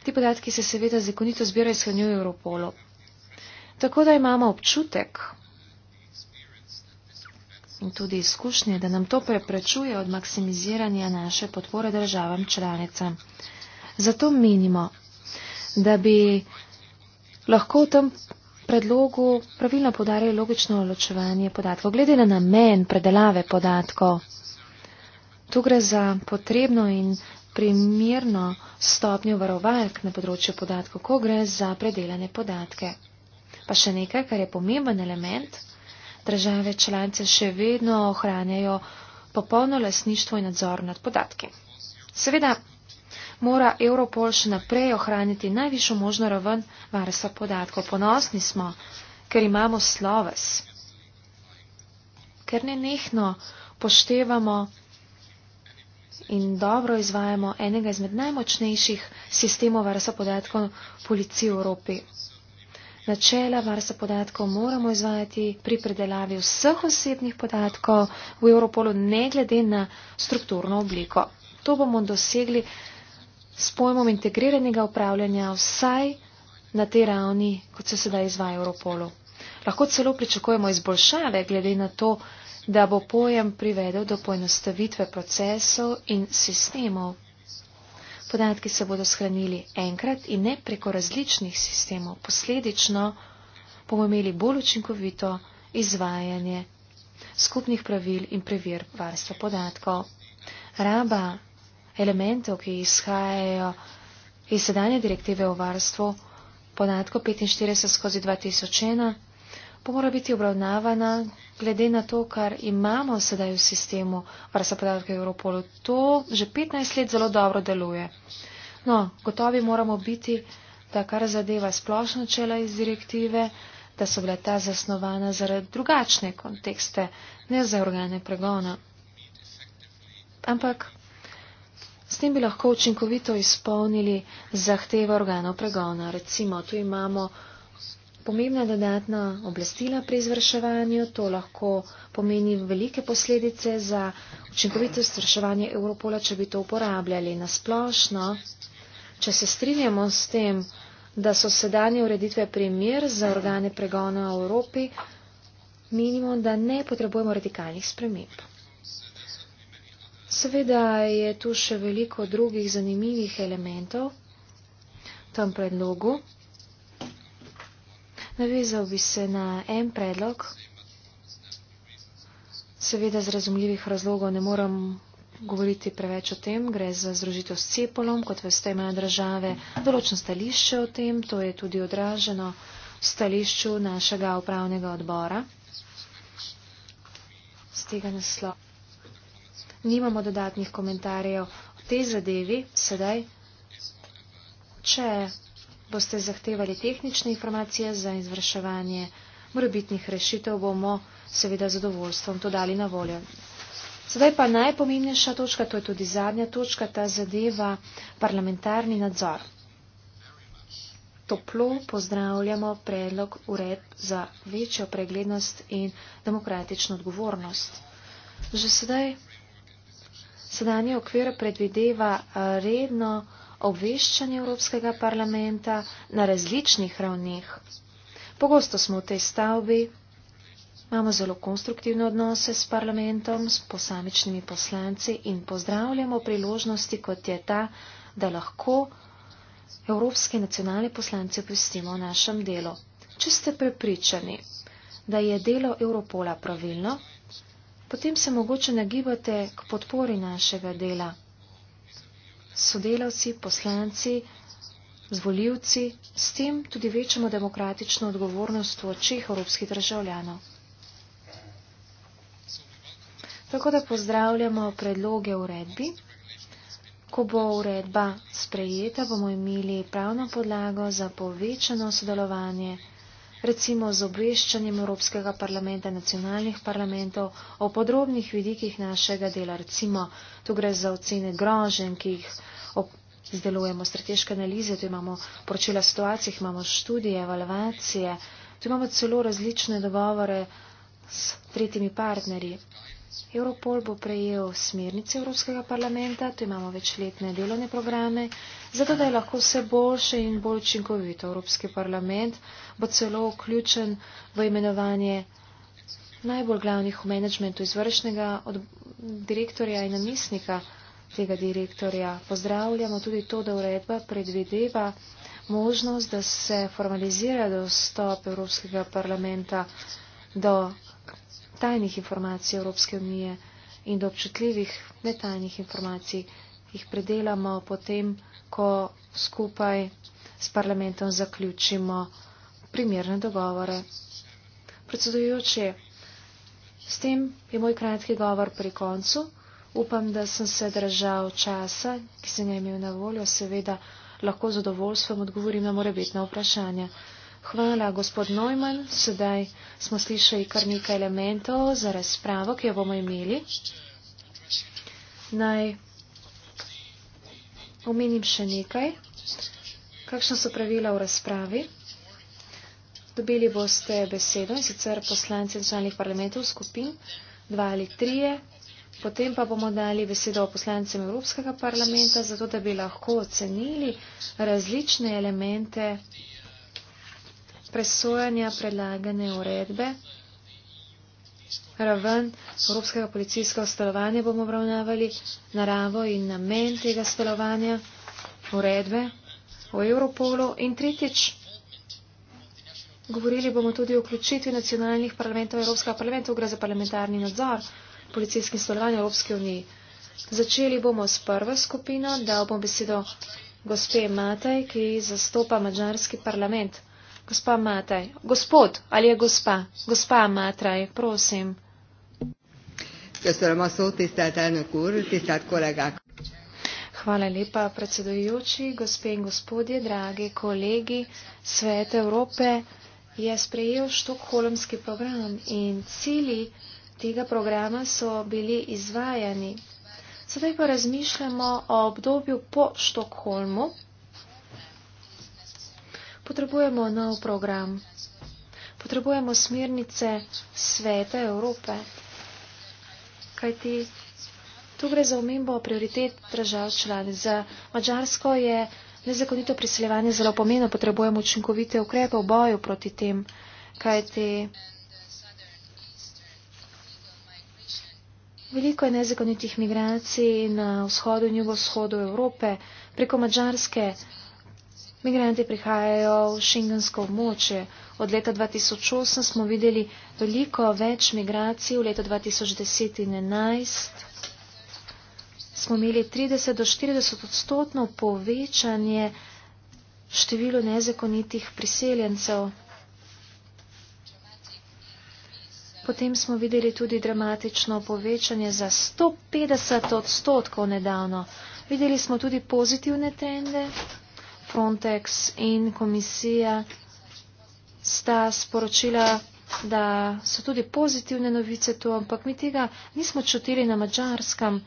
Ti podatki se seveda zakonito zbirajo izhranjujo v Europolu. Tako da imamo občutek in tudi izkušnje, da nam to preprečuje od maksimiziranja naše podpore državam članicam. Zato menimo, da bi lahko v tem predlogu pravilno podarijo logično ločevanje podatkov. Glede na namen predelave podatkov, tu gre za potrebno in primirno stopnjo varovalk na področju podatkov, ko gre za predelane podatke. Pa še nekaj, kar je pomemben element, države članice še vedno ohranjajo popolno lasništvo in nadzor nad podatki. Seveda, mora Europol še naprej ohraniti najvišjo možno raven varstva podatkov. Ponosni smo, ker imamo sloves, ker ne nehno poštevamo in dobro izvajamo enega izmed najmočnejših sistemov varstva podatkov policije v Evropi. Načela varstva podatkov moramo izvajati pri predelavi vseh osebnih podatkov v Europolu, ne glede na strukturno obliko. To bomo dosegli s pojmom integriranega upravljanja vsaj na te ravni, kot se sedaj izvaja v Europolu. Lahko celo pričakujemo izboljšave, glede na to, da bo pojem privedel do poenostavitve procesov in sistemov. Podatki se bodo shranili enkrat in ne preko različnih sistemov. Posledično bomo imeli bolj učinkovito izvajanje skupnih pravil in prever varstva podatkov. Raba elementov, ki izhajajo iz sedanje direktive o varstvu podatkov 45 skozi 2001, pa mora biti obravnavana glede na to, kar imamo sedaj v sistemu varstva podatkov Evropolu. To že 15 let zelo dobro deluje. No, gotovi moramo biti, da kar zadeva splošno čela iz direktive, da so bile ta zasnovana zaradi drugačne kontekste, ne za organe pregona. Ampak S tem bi lahko učinkovito izpolnili zahteve organov pregona. Recimo, tu imamo pomembna dodatna oblastila pri izvrševanju, to lahko pomeni velike posledice za učinkovito izvrševanje Evropola, če bi to uporabljali. Nasplošno, če se strinjamo s tem, da so sedanje ureditve primer za organe pregona v Evropi, menimo, da ne potrebujemo radikalnih sprememb. Seveda je tu še veliko drugih zanimivih elementov v tem predlogu. Navezal bi se na en predlog. Seveda z razumljivih razlogov ne moram govoriti preveč o tem. Gre za združitev s cepolom, kot veste, imajo države določen stališče o tem. To je tudi odraženo v stališču našega upravnega odbora. Z tega naslova. Nimamo dodatnih komentarjev o tej zadevi sedaj. Če boste zahtevali tehnične informacije za izvrševanje morebitnih rešitev, bomo seveda zadovoljstvom to dali na voljo. Sedaj pa najpomembnejša točka, to je tudi zadnja točka, ta zadeva parlamentarni nadzor. Toplo pozdravljamo predlog ured za večjo preglednost in demokratično odgovornost. Že sedaj Sedanji okvir predvideva eh, redno obveščanje Evropskega parlamenta na različnih ravneh. Pogosto smo v tej stavbi, imamo zelo konstruktivne odnose s parlamentom, s posamičnimi poslanci in pozdravljamo priložnosti, kot je ta, da lahko evropske nacionalne poslance pristimo v našem delu. Če ste prepričani, da je delo Europola pravilno, potem se mogoče nagibate k podpori našega dela. Sodelavci, poslanci, zvoljivci, s tem tudi večamo demokratično odgovornost v očih evropskih državljanov. Tako da pozdravljamo predloge uredbi. Ko bo uredba sprejeta, bomo imeli pravno podlago za povečano sodelovanje recimo z obveščanjem Evropskega parlamenta, nacionalnih parlamentov o podrobnih vidikih našega dela. Recimo tu gre za ocene groženj, ki jih izdelujemo, strateške analize, tu imamo poročila situacij, imamo študije, evalvacije, tu imamo celo različne dogovore s tretjimi partnerji. Europol bo prejel smernice Evropskega parlamenta, tu imamo večletne delovne programe, zato da je lahko vse boljše in bolj učinkovito. Evropski parlament bo celo vključen v imenovanje najbolj glavnih v menedžmentu izvršnega od direktorja in namisnika tega direktorja. Pozdravljamo tudi to, da uredba predvideva možnost, da se formalizira dostop Evropskega parlamenta do tajnih informacij Evropske unije in do občutljivih netajnih informacij jih predelamo potem, ko skupaj s parlamentom zaključimo primerne dogovore. Predsedujoče, s tem je moj kratki govor pri koncu. Upam, da sem se držal časa, ki sem ga imel na voljo, seveda lahko z zadovoljstvom odgovorim na morebitna vprašanja. Hvala, gospod Neumann. Sedaj smo slišali kar nekaj elementov za razpravo, ki jo bomo imeli. Naj omenim še nekaj. Kakšno so pravila v razpravi? Dobili boste besedo in sicer poslanci nacionalnih parlamentov skupin, dva ali trije. Potem pa bomo dali besedo poslancem Evropskega parlamenta, zato da bi lahko ocenili različne elemente presojanja predlagane uredbe. Raven Evropskega policijskega stolovanja bomo obravnavali, naravo in namen tega stolovanja, uredbe o Europolu in tretjič. Govorili bomo tudi o vključitvi nacionalnih parlamentov Evropskega parlamenta, gre za parlamentarni nadzor policijskih stolovanj Evropske unije. Začeli bomo s prvo skupino, dal bom besedo gospe Mataj, ki zastopa mađarski parlament. Gospa Mataj, gospod, ali je gospa? Gospa Mataj, prosim. Köszönöm a szót, tisztelt elnök úr, tisztelt kollégák! Hvala lepa, predsedujoči, gospe in gospodje, dragi kolegi, svet Evrope je sprejel štokholmski program in cili tega programa so bili izvajani. Sedaj pa razmišljamo o obdobju po Štokholmu potrebujemo nov program. Potrebujemo smernice sveta Evrope. Kajti tu gre za omembo prioritet držav članic. Za Mačarsko je nezakonito priseljevanje zelo pomeno. Potrebujemo učinkovite ukrepe v boju proti tem. Kajti veliko je nezakonitih migracij na vzhodu in jugovzhodu Evrope. Preko Mačarske Migranti prihajajo v šengensko območje. Od leta 2008 smo videli toliko več migracij, v letu 2010 in 2011 smo imeli 30 do 40 odstotno povečanje številu nezakonitih priseljencev. Potem smo videli tudi dramatično povečanje za 150 odstotkov nedavno. Videli smo tudi pozitivne trende. Frontex in komisija sta sporočila, da so tudi pozitivne novice tu, ampak mi tega nismo čutili na mačarskem,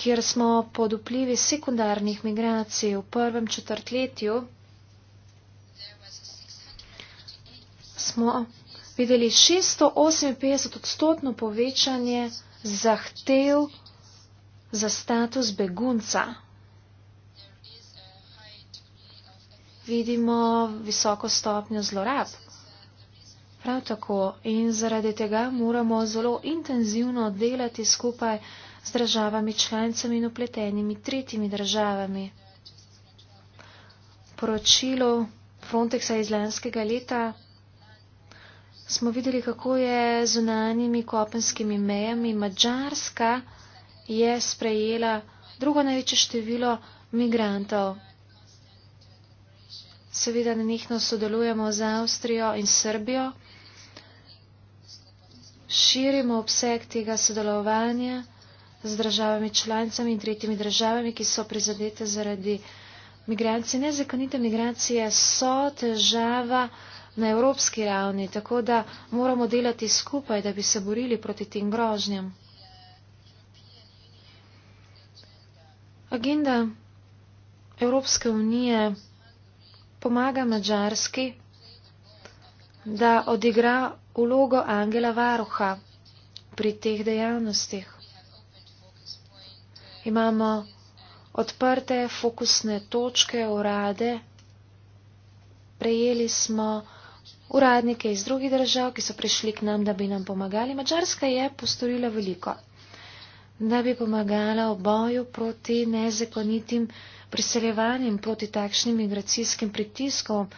kjer smo pod vplivi sekundarnih migracij v prvem četrtletju. Smo videli 658 odstotno povečanje zahtev za status begunca. vidimo visoko stopnjo zlorab. Prav tako in zaradi tega moramo zelo intenzivno delati skupaj z državami članicami in upletenimi tretjimi državami. V poročilu Frontexa iz lanskega leta smo videli, kako je z unanjimi kopenskimi mejami Mačarska je sprejela drugo največje število migrantov seveda nenehno sodelujemo z Avstrijo in Srbijo, širimo obseg tega sodelovanja z državami članicami in tretjimi državami, ki so prizadete zaradi migracije. Nezakonite migracije so težava na evropski ravni, tako da moramo delati skupaj, da bi se borili proti tem grožnjam. Agenda Evropske unije pomaga Mačarski, da odigra vlogo Angela Varuha pri teh dejavnostih. Imamo odprte fokusne točke, urade. Prejeli smo uradnike iz drugih držav, ki so prišli k nam, da bi nam pomagali. Mačarska je postorila veliko, da bi pomagala v boju proti nezakonitim priseljevanjem proti takšnim migracijskim pritiskom,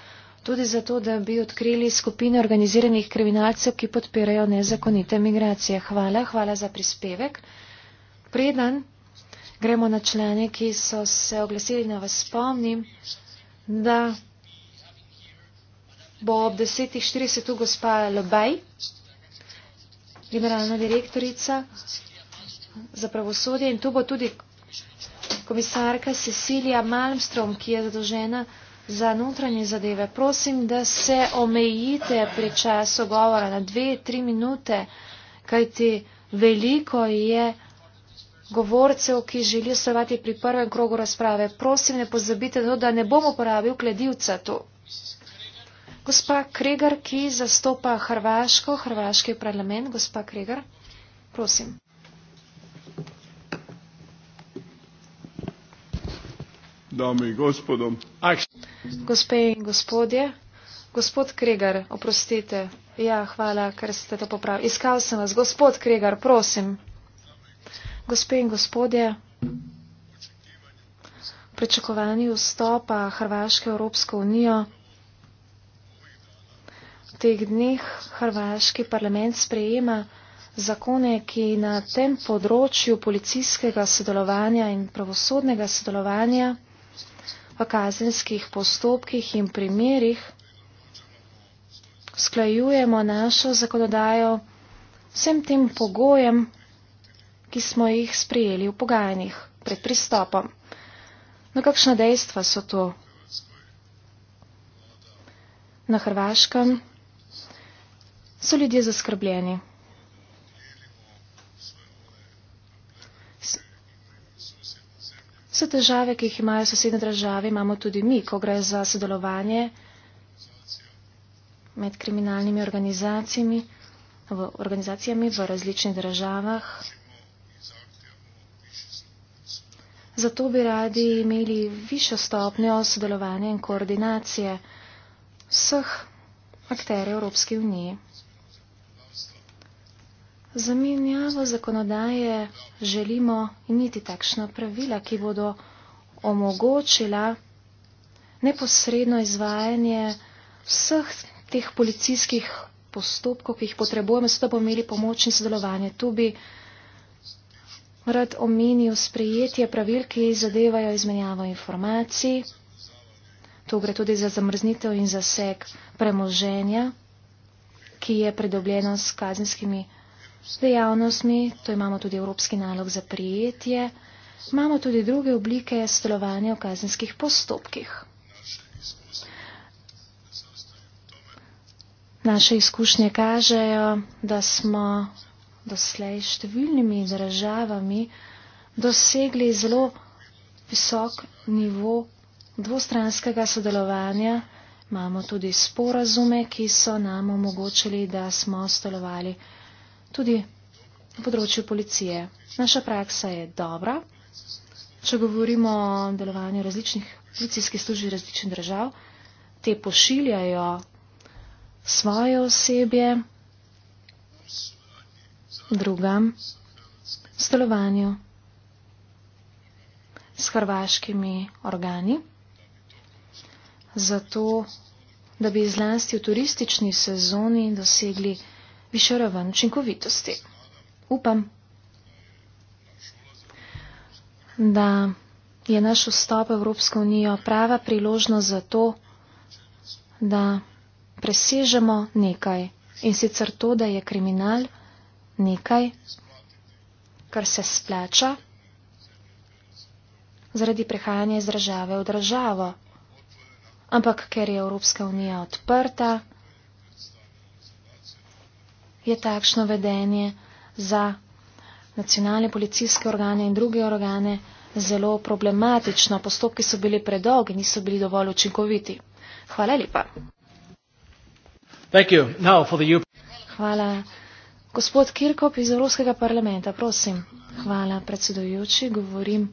tudi zato, da bi odkrili skupine organiziranih kriminalcev, ki podpirajo nezakonite migracije. Hvala, hvala za prispevek. Preden gremo na člane, ki so se oglasili na vas spomnim, da bo ob 10.40 tu gospa Lobaj, generalna direktorica za pravosodje in tu bo tudi komisarka Cecilija Malmstrom, ki je zadolžena za notranje zadeve. Prosim, da se omejite pri času govora na dve, tri minute, kajti veliko je govorcev, ki želijo sodelovati pri prvem krogu razprave. Prosim, ne pozabite to, da ne bom uporabil kledivca tu. Gospa Kregar, ki zastopa Hrvaško, Hrvaški parlament. Gospa Kregar, prosim. dame in gospodo. Gospe in gospodje, gospod Kregar, oprostite. Ja, hvala, ker ste to popravili. Iskal sem vas, gospod Kregar, prosim. Gospe in gospodje, prečakovani vstopa Hrvaške v Evropsko unijo. V teh dneh Hrvaški parlament sprejema zakone, ki na tem področju policijskega sodelovanja in pravosodnega sodelovanja kazenskih postopkih in primerjih sklajujemo našo zakonodajo vsem tem pogojem, ki smo jih sprejeli v pogajanjih pred pristopom. No kakšna dejstva so to? Na Hrvaškem so ljudje zaskrbljeni. iste težave, ki jih imajo sosednje države, imamo tudi mi, ko gre za sodelovanje med kriminalnimi organizacijami v, organizacijami v različnih državah. Zato bi radi imeli višjo stopnjo sodelovanja in koordinacije vseh akterjev Evropske unije. Zamenjavo zakonodaje želimo imeti takšna pravila, ki bodo omogočila neposredno izvajanje vseh teh policijskih postopkov, ki jih potrebujemo, zato bomo imeli pomoč in sodelovanje. Tu bi rad omenil sprejetje pravil, ki zadevajo izmenjavo informacij. To gre tudi za zamrznitev in zaseg premoženja, ki je predobljeno s kazenskimi z dejavnostmi, to imamo tudi evropski nalog za prijetje, imamo tudi druge oblike stolovanja v kazenskih postopkih. Naše izkušnje kažejo, da smo doslej številnimi državami dosegli zelo visok nivo dvostranskega sodelovanja. Imamo tudi sporazume, ki so nam omogočili, da smo stolovali tudi na področju policije. Naša praksa je dobra, če govorimo o delovanju različnih policijskih služb različnih držav, te pošiljajo svoje osebje drugam stolovanju s hrvaškimi organi, zato da bi izlasti v turistični sezoni dosegli višjo raven učinkovitosti. Upam, da je naš vstop v Evropsko unijo prava priložnost za to, da presežemo nekaj in sicer to, da je kriminal nekaj, kar se splača zaradi prehajanja iz države v državo. Ampak ker je Evropska unija odprta, je takšno vedenje za nacionalne policijske organe in druge organe zelo problematično. Postopki so bili predolgi, niso bili dovolj učinkoviti. Hvala lepa. Hvala. Gospod Kirkop iz Evropskega parlamenta, prosim. Hvala, predsedujoči. Govorim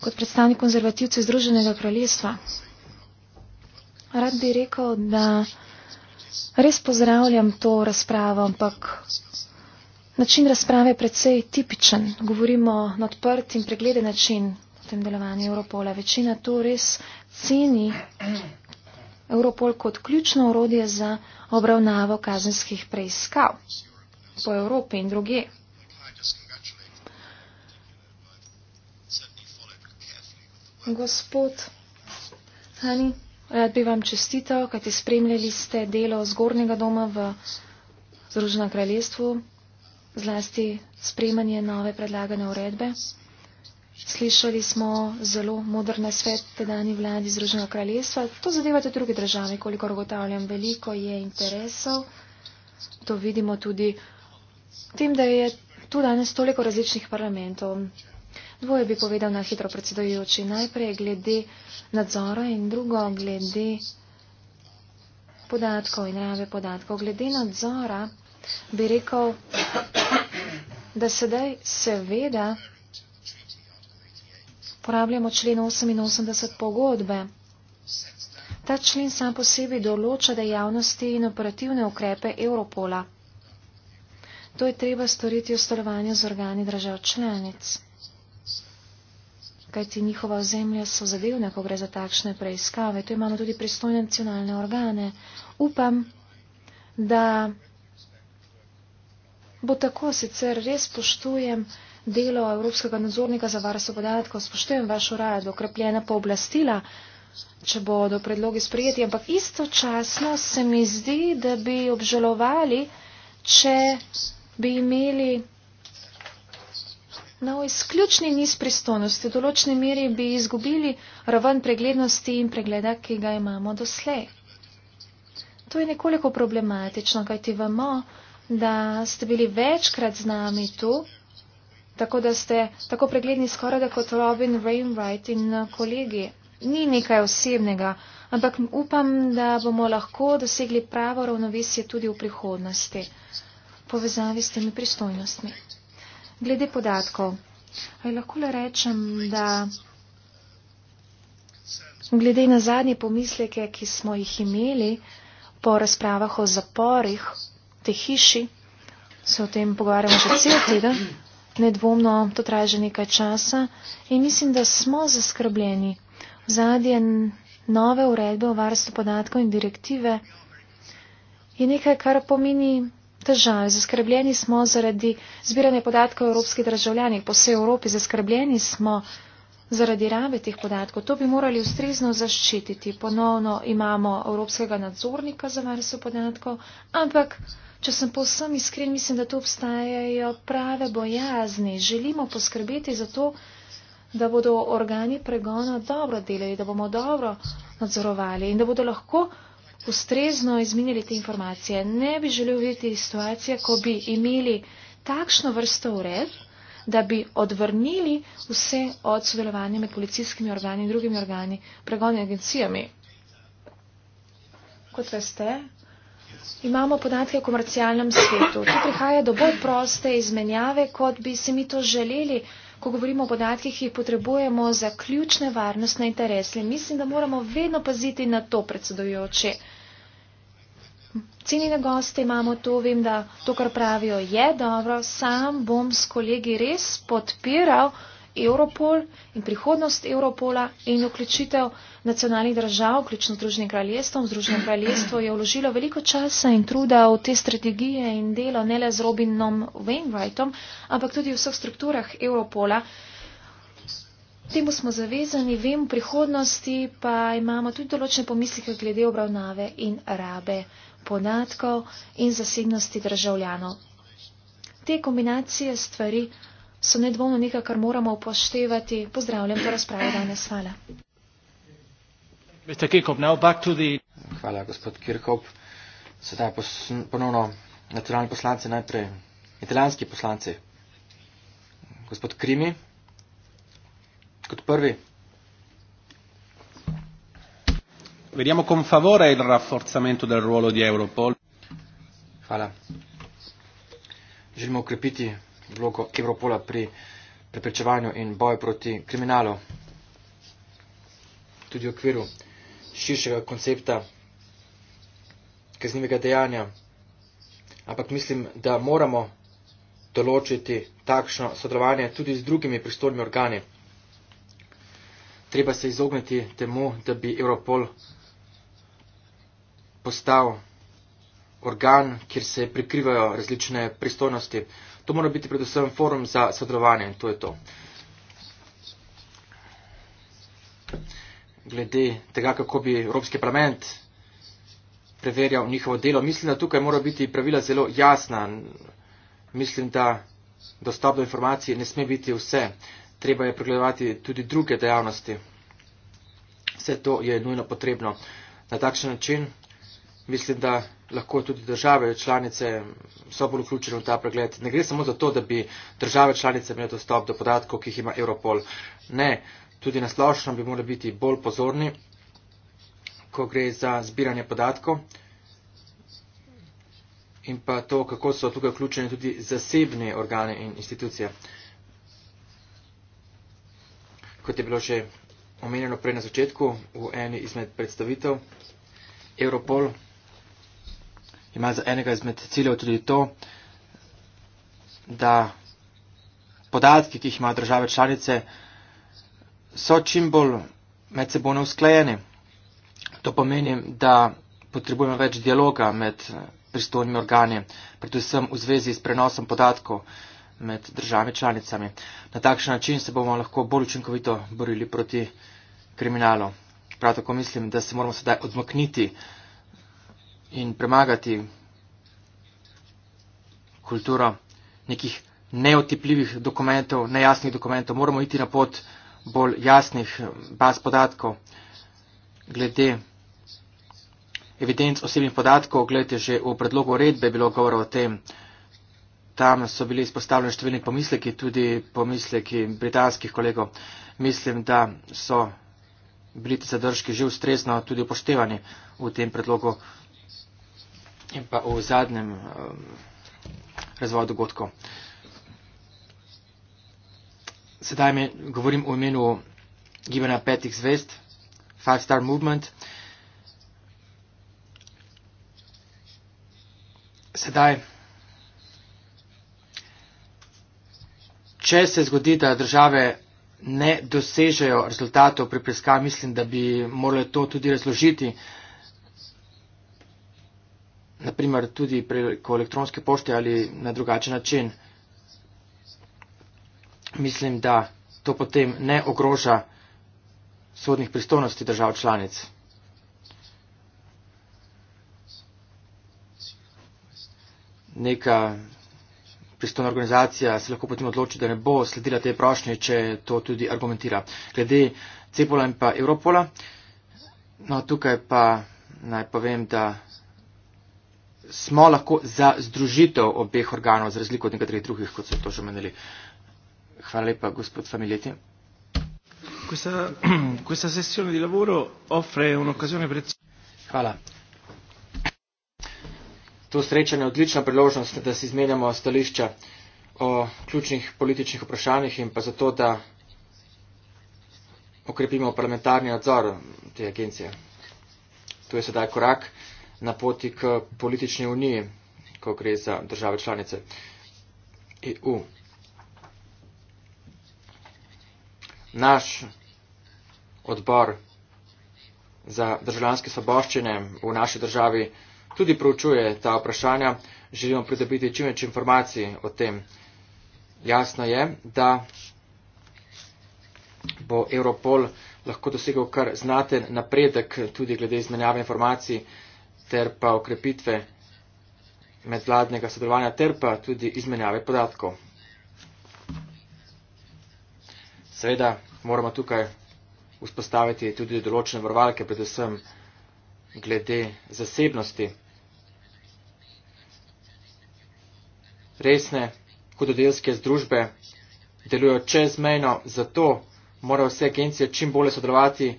kot predstavnik konzervativcev Združenega kraljestva. Rad bi rekel, da. Res pozdravljam to razpravo, ampak način razprave je precej tipičen. Govorimo na odprt in pregleden način o tem delovanju Europola. Večina to res ceni Europol kot ključno orodje za obravnavo kazenskih preiskav po Evropi in druge. Gospod Hani. Rad bi vam čestital, kajti spremljali ste delo zgornjega doma v Združenem kraljestvu, zlasti spremanje nove predlagane uredbe. Slišali smo zelo modr na svet tedani vladi Združenega kraljestva. To zadevate druge države, kolikor ugotavljam, veliko je interesov. To vidimo tudi v tem, da je tu danes toliko različnih parlamentov. Dvoje bi povedal na hitro predsedojoči. Najprej glede nadzora in drugo glede podatkov in rave podatkov. Glede nadzora bi rekel, da sedaj seveda porabljamo člen 88 pogodbe. Ta člen sam po sebi določa dejavnosti in operativne ukrepe Europola. To je treba storiti v sodelovanju z organi držav članic kajti njihova ozemlja so zadevna, ko gre za takšne preiskave. Tu imamo tudi pristojne nacionalne organe. Upam, da bo tako, sicer res poštujem delo Evropskega nadzornika za varstvo podatkov, spoštujem vašo rado, okrepljena pooblastila, če bodo predlogi sprejeti, ampak istočasno se mi zdi, da bi obžalovali, če bi imeli na no, izključni niz pristojnosti. V določni meri bi izgubili raven preglednosti in pregleda, ki ga imamo doslej. To je nekoliko problematično, kajti vemo, da ste bili večkrat z nami tu, tako da ste tako pregledni skoraj da kot Robin Rainwright in kolegi. Ni nekaj osebnega, ampak upam, da bomo lahko dosegli pravo ravnovesje tudi v prihodnosti. Povezavi s temi pristojnostmi. Glede podatkov. Ali lahko le rečem, da glede na zadnje pomisleke, ki smo jih imeli po razpravah o zaporih te hiši, se o tem pogovarjamo že cel teden, nedvomno to traja že nekaj časa in mislim, da smo zaskrbljeni. Zadnje nove uredbe o varstvu podatkov in direktive je nekaj, kar pomeni težave. Zaskrbljeni smo zaradi zbiranja podatkov o evropskih državljanih po vsej Evropi. Zaskrbljeni smo zaradi rabe teh podatkov. To bi morali ustrezno zaščititi. Ponovno imamo evropskega nadzornika za varstvo podatkov, ampak. Če sem povsem iskren, mislim, da tu obstajajo prave bojazni. Želimo poskrbeti za to, da bodo organi pregona dobro delali, da bomo dobro nadzorovali in da bodo lahko ustrezno izminjali te informacije. Ne bi želel videti situacije, ko bi imeli takšno vrsto ured, da bi odvrnili vse od sodelovanja med policijskimi organi in drugimi organi, pregonjenimi agencijami. Kot veste, imamo podatke o komercialnem svetu. Tu prihaja do bolj proste izmenjave, kot bi si mi to želeli, ko govorimo o podatkih, ki jih potrebujemo za ključne varnostne interese. Mislim, da moramo vedno paziti na to, predsedujoče. Cenjene goste imamo to, vem, da to, kar pravijo, je dobro. Sam bom s kolegi res podpiral Europol in prihodnost Europola in vključitev nacionalnih držav, vključno z Združenim kraljestvom. Združeno kraljestvo je vložilo veliko časa in truda v te strategije in delo, ne le z Robinom Wainwrightom, ampak tudi v vseh strukturah Europola. Temu smo zavezani, vem, v prihodnosti pa imamo tudi določene pomisleke glede obravnave in rabe podatkov in zasebnosti državljanov. Te kombinacije stvari so nedvomno nekaj, kar moramo upoštevati. Pozdravljam to razpravo danes. Hvala. Hvala, gospod Kirkop. Sedaj ponovno nacionalni poslanci, najprej italijanski poslanci. Gospod Krimi, kot prvi. Vediamo con favore il rafforzamento del ruolo di Europol. Hvala. Želimo ukrepiti vlogo Europola pri preprečevanju in boju proti kriminalu. Tudi v okviru širšega koncepta kaznivega dejanja. Ampak mislim, da moramo določiti takšno sodelovanje tudi z drugimi pristojnimi organi. Treba se izogniti temu, da bi Europol postal organ, kjer se prikrivajo različne pristojnosti. To mora biti predvsem forum za sodelovanje in to je to. Glede tega, kako bi Evropski parlament preverjal njihovo delo, mislim, da tukaj mora biti pravila zelo jasna. Mislim, da dostop do informacij ne sme biti vse. Treba je pregledovati tudi druge dejavnosti. Vse to je nujno potrebno. Na takšen način mislim, da lahko tudi države članice so bolj vključene v ta pregled. Ne gre samo za to, da bi države članice imeli dostop do podatkov, ki jih ima Europol. Ne, tudi nasplošno bi morali biti bolj pozorni, ko gre za zbiranje podatkov in pa to, kako so tukaj vključene tudi zasebne organe in institucije. Kot je bilo že omenjeno prej na začetku v eni izmed predstavitev, Europol. Mm ima za enega izmed ciljev tudi to, da podatki, ki jih ima države članice, so čim bolj medsebojno usklajeni. To pomeni, da potrebujemo več dialoga med pristojnimi organi, predvsem v zvezi s prenosom podatkov med državami članicami. Na takšen način se bomo lahko bolj učinkovito borili proti kriminalu. Prav tako mislim, da se moramo sedaj odmakniti in premagati kulturo nekih neotipljivih dokumentov, nejasnih dokumentov. Moramo iti na pot bolj jasnih baz podatkov glede evidenc osebnih podatkov. Gledajte, že v predlogu redbe je bilo govora o tem. Tam so bili izpostavljeni številni pomisleki, tudi pomisleki britanskih kolegov. Mislim, da so bili ti zadržki že ustrezno tudi upoštevani v tem predlogu in pa o zadnjem um, razvoju dogodkov. Sedaj me, govorim o imenu gibanja petih zvest, Five Star Movement. Sedaj, če se zgodi, da države ne dosežejo rezultatov pri preiskavi, mislim, da bi morali to tudi razložiti, uh, naprimer tudi preko elektronske pošte ali na drugačen način. Mislim, da to potem ne ogroža sodnih pristojnosti držav članic. Neka pristojna organizacija se lahko potem odloči, da ne bo sledila tej prošnji, če to tudi argumentira. Glede Cepola in pa Europola, no tukaj pa naj povem, da smo lahko za združitev obeh organov, za razliko od nekaterih drugih, kot so to že omenili. Hvala lepa, gospod Familjeti. Questa, questa sessione di lavoro offre un'occasione preziosa. To srečanje je odlična priložnost, da si izmenjamo stališča o ključnih političnih vprašanjih in pa zato, da okrepimo parlamentarni nadzor te agencije. To je sedaj korak na poti k politični uniji, ko gre za države članice EU. Naš odbor za državljanske svoboščine v naši državi tudi proučuje ta vprašanja. Želimo pridobiti čim več informacij o tem. Jasno je, da bo Europol lahko dosegel kar znaten napredek tudi glede izmenjave informacij ter pa okrepitve medvladnega sodelovanja ter pa tudi izmenjave podatkov. Seveda moramo tukaj vzpostaviti tudi določene vrvalke, predvsem glede zasebnosti. Resne hudodelske združbe delujejo čezmejno, zato morajo vse agencije čim bolje sodelovati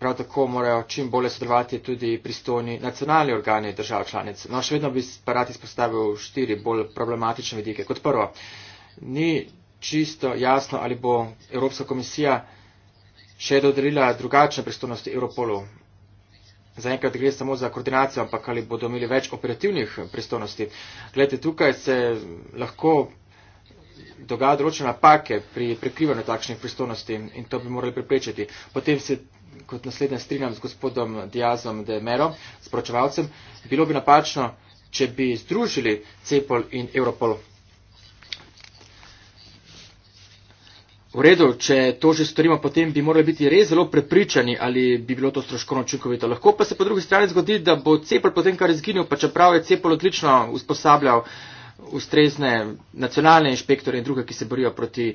Prav tako morajo čim bolje sodelovati tudi pristojni nacionalni organi držav članic. No, še vedno bi pa rad izpostavil štiri bolj problematične vidike. Kot prvo, ni čisto jasno, ali bo Evropska komisija še dodelila drugačne pristojnosti Europolu. Zaenkrat gre samo za koordinacijo, ampak ali bodo imeli več operativnih pristojnosti. Glede, tukaj se lahko dogaja določene napake pri prekrivanju takšnih pristojnosti in to bi morali preprečiti. Potem se kot naslednje strinjam z gospodom Diazom de Mero, sporočevalcem, bilo bi napačno, če bi združili Cepol in Europol. V redu, če to že storimo, potem bi morali biti res zelo prepričani, ali bi bilo to stroškovno učinkovito. Lahko pa se po drugi strani zgodi, da bo Cepol potem kar izginil, pa čeprav je Cepol odlično usposabljal ustrezne nacionalne inšpektore in druge, ki se borijo proti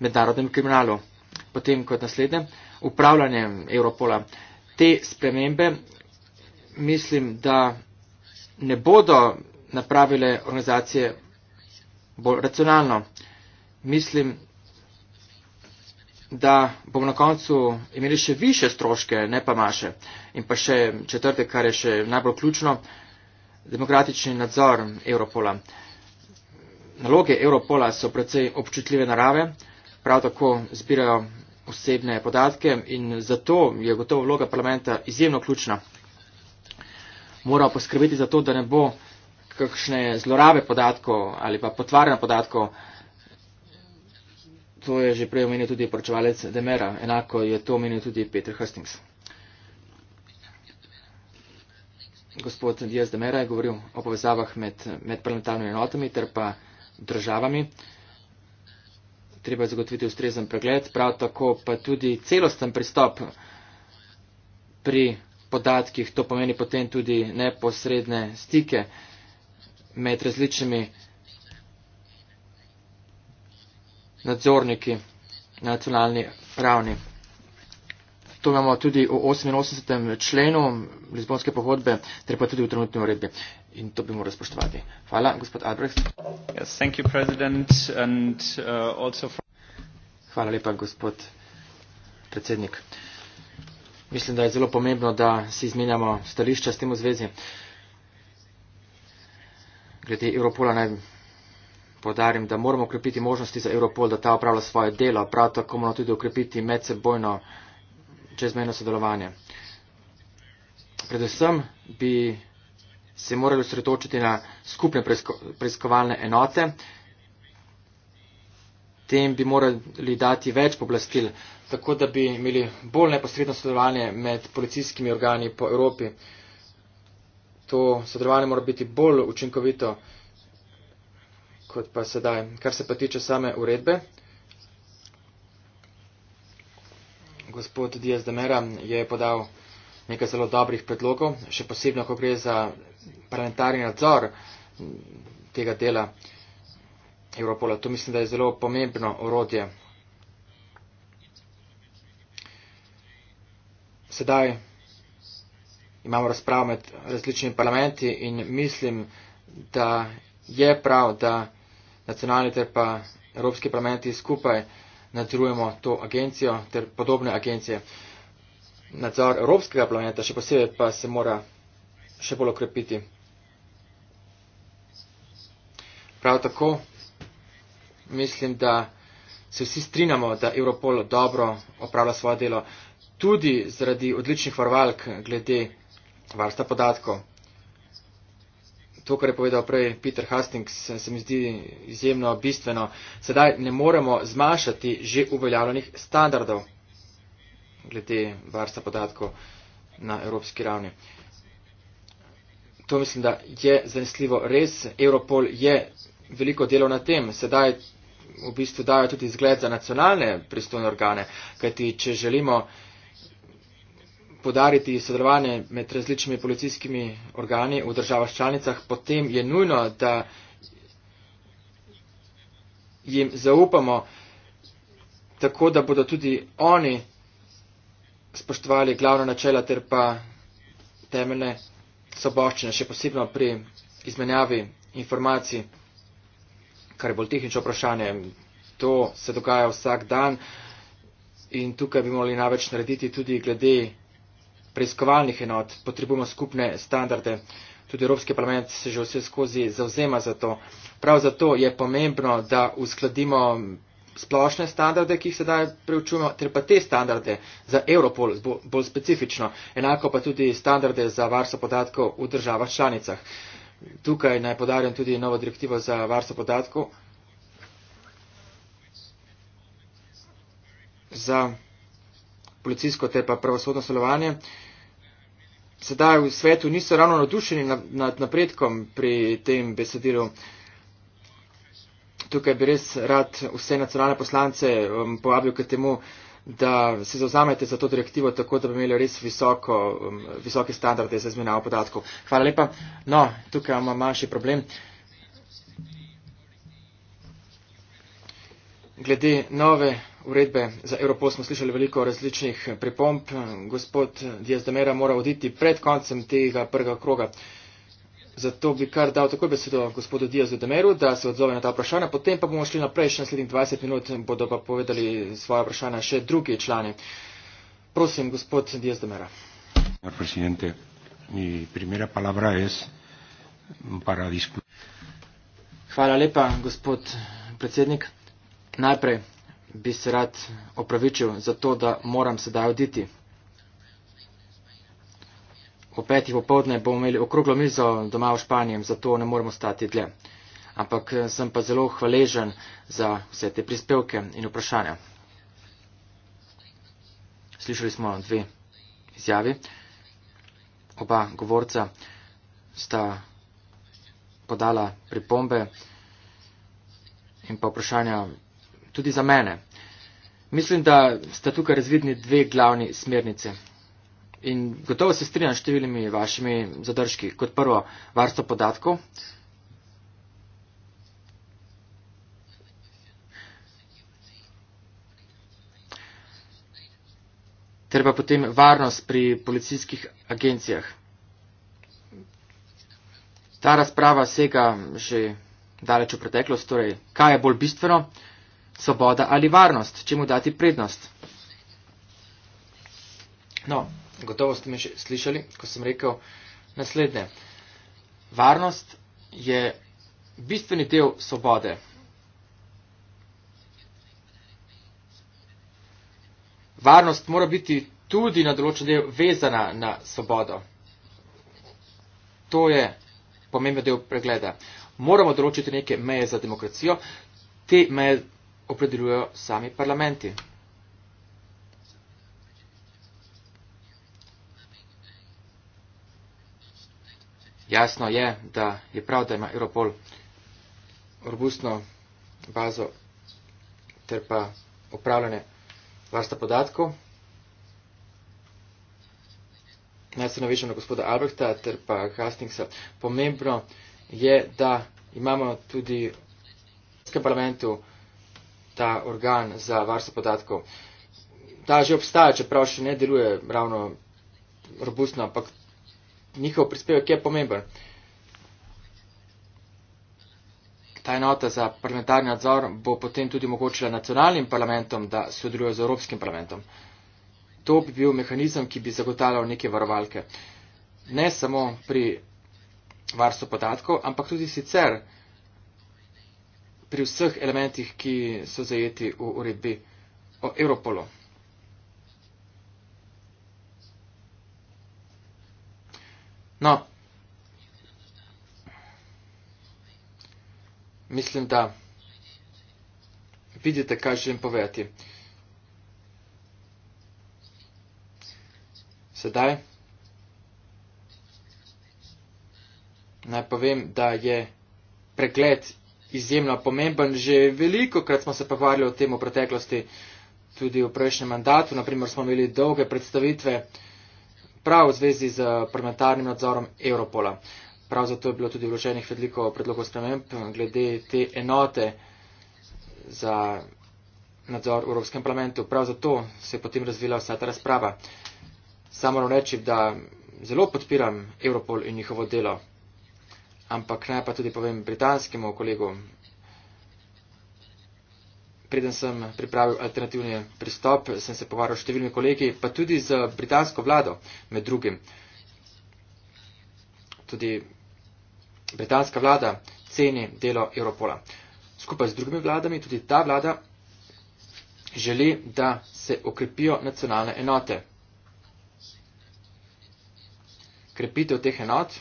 mednarodnemu kriminalu potem kot naslednje, upravljanje Europola. Te spremembe mislim, da ne bodo napravile organizacije bolj racionalno. Mislim, da bomo na koncu imeli še više stroške, ne pa maše. In pa še četrte, kar je še najbolj ključno, demokratični nadzor Europola. Naloge Europola so precej občutljive narave prav tako zbirajo osebne podatke in zato je gotovo vloga parlamenta izjemno ključna. Moramo poskrbeti za to, da ne bo kakšne zlorabe podatkov ali pa potvarjanja podatkov. To je že prej omenil tudi poročevalec Demera, enako je to omenil tudi Peter Hastings. Gospod Diaz Demera je govoril o povezavah med, med parlamentarnimi enotami ter pa državami treba zagotoviti ustrezen pregled, prav tako pa tudi celosten pristop pri podatkih, to pomeni potem tudi neposredne stike med različnimi nadzorniki na nacionalni ravni. To imamo tudi v 88. členu Lizbonske pogodbe, ter pa tudi v trenutni uredbi. In to bi morali spoštovati. Hvala, gospod Albrecht. Yes, uh, Hvala lepa, gospod predsednik. Mislim, da je zelo pomembno, da si izmenjamo stališča s tem v zvezi. Glede Evropola naj podarim, da moramo okrepiti možnosti za Evropol, da ta opravlja svoje delo, prav tako moramo tudi okrepiti medsebojno čezmejno sodelovanje. Predvsem bi se morali osredotočiti na skupne preiskovalne enote. Tem bi morali dati več poblastil, tako da bi imeli bolj neposredno sodelovanje med policijskimi organi po Evropi. To sodelovanje mora biti bolj učinkovito kot pa sedaj. Kar se pa tiče same uredbe, gospod Diaz de Mera je podal nekaj zelo dobrih predlogov, še posebno, ko gre za parlamentarni nadzor tega dela Evropola. To mislim, da je zelo pomembno orodje. Sedaj imamo razpravo med različnimi parlamenti in mislim, da je prav, da nacionalni ter pa evropski parlamenti skupaj nadzorujemo to agencijo ter podobne agencije. Nadzor evropskega planeta še posebej pa se mora še bolj okrepiti. Prav tako mislim, da se vsi strinjamo, da Europol dobro opravlja svoje delo, tudi zaradi odličnih varovalk glede varstva podatkov to, kar je povedal prej Peter Hastings, se mi zdi izjemno bistveno. Sedaj ne moremo zmašati že uveljavljenih standardov glede varstva podatkov na evropski ravni. To mislim, da je zanesljivo. Res, Europol je veliko delo na tem. Sedaj v bistvu dajo tudi zgled za nacionalne pristojne organe, kajti če želimo podariti sodelovanje med različnimi policijskimi organi v državah članicah, potem je nujno, da jim zaupamo tako, da bodo tudi oni spoštovali glavna načela ter pa temeljne soboščine, še posebno pri izmenjavi informacij, kar je bolj tehnično vprašanje. To se dogaja vsak dan in tukaj bi morali največ narediti tudi glede preiskovalnih enot, potrebujemo skupne standarde. Tudi Evropski parlament se že vse skozi zauzema za to. Prav zato je pomembno, da uskladimo splošne standarde, ki jih sedaj preučujemo, ter pa te standarde za Europol bolj specifično. Enako pa tudi standarde za varstvo podatkov v državah članicah. Tukaj naj podarim tudi novo direktivo za varstvo podatkov. Za policijsko ter pa pravosodno sodelovanje sedaj v svetu niso ravno nadušeni nad napredkom pri tem besedilu. Tukaj bi res rad vse nacionalne poslance um, povabil k temu, da se zauzamete za to direktivo, tako da bi imeli res visoko, um, visoke standarde za izmenjavo podatkov. Hvala lepa. No, tukaj imamo manjši problem. Glede nove uredbe za europol smo slišali veliko različnih pripomb gospod diaz de mera mora oditi pred koncem tega prvega kroga zato bi kar dal takoj besedo gospodu diazu de meru da se odzove na ta vprašanja potem pa bomo šli naprej še naslednjih dvajset minut bodo pa povedali svoja vprašanja še drugi člani prosim gospod diaz de mera Hvala lepa, gospod predsednik. Najprej bi se rad opravičil za to, da moram sedaj oditi. Po petih popovdne bomo imeli okroglo mizo doma v Španiji, zato ne moremo stati dlje. Ampak eh, sem pa zelo hvaležen za vse te prispevke in vprašanja. Slišali smo dve izjavi. Oba govorca sta podala pripombe in pa vprašanja tudi za mene. Mislim, da sta tukaj razvidni dve glavni smernice. In gotovo se strinjam številimi vašimi zadržki. Kot prvo, varstvo podatkov. Ter pa potem varnost pri policijskih agencijah. Ta razprava sega že daleč v preteklost, torej kaj je bolj bistveno, svoboda ali varnost, čemu dati prednost. No, gotovo ste me še slišali, ko sem rekel naslednje. Varnost je bistveni del svobode. Varnost mora biti tudi na določen del vezana na svobodo. To je pomemben del pregleda. Moramo določiti neke meje za demokracijo. Te meje opredeljujejo sami parlamenti. Jasno je, da je prav, da ima Europol robustno bazo ter pa upravljanje varstva podatkov. Naj se navežem na gospoda Albrehta ter pa Hastingsa. Pomembno je, da imamo tudi v parlamentu ta organ za varstvo podatkov. Ta že obstaja, čeprav še ne deluje ravno robustno, ampak njihov prispevek je pomemben. Ta enota za parlamentarni nadzor bo potem tudi omogočila nacionalnim parlamentom, da sodelujo z Evropskim parlamentom. To bi bil mehanizem, ki bi zagotavljal neke varovalke. Ne samo pri varstvu podatkov, ampak tudi sicer pri vseh elementih, ki so zajeti v uredbi o Europolu. No, mislim, da vidite, kaj želim povedati. Sedaj naj povem, da je pregled izjemno pomemben. Že veliko krat smo se pogovarjali o tem v preteklosti, tudi v prejšnjem mandatu. Naprimer smo imeli dolge predstavitve prav v zvezi z parlamentarnim nadzorom Europola. Prav zato je bilo tudi vloženih veliko predlogov sprememb glede te enote za nadzor v Evropskem parlamentu. Prav zato se je potem razvila vsa ta razprava. Samo moram reči, da zelo podpiram Europol in njihovo delo ampak naj pa tudi povem britanskemu kolegu, preden sem pripravil alternativni pristop, sem se pogovarjal s številnimi kolegi, pa tudi z britansko vlado, med drugim. Tudi britanska vlada ceni delo Europola. Skupaj z drugimi vladami tudi ta vlada želi, da se okrepijo nacionalne enote. Krepitev teh enot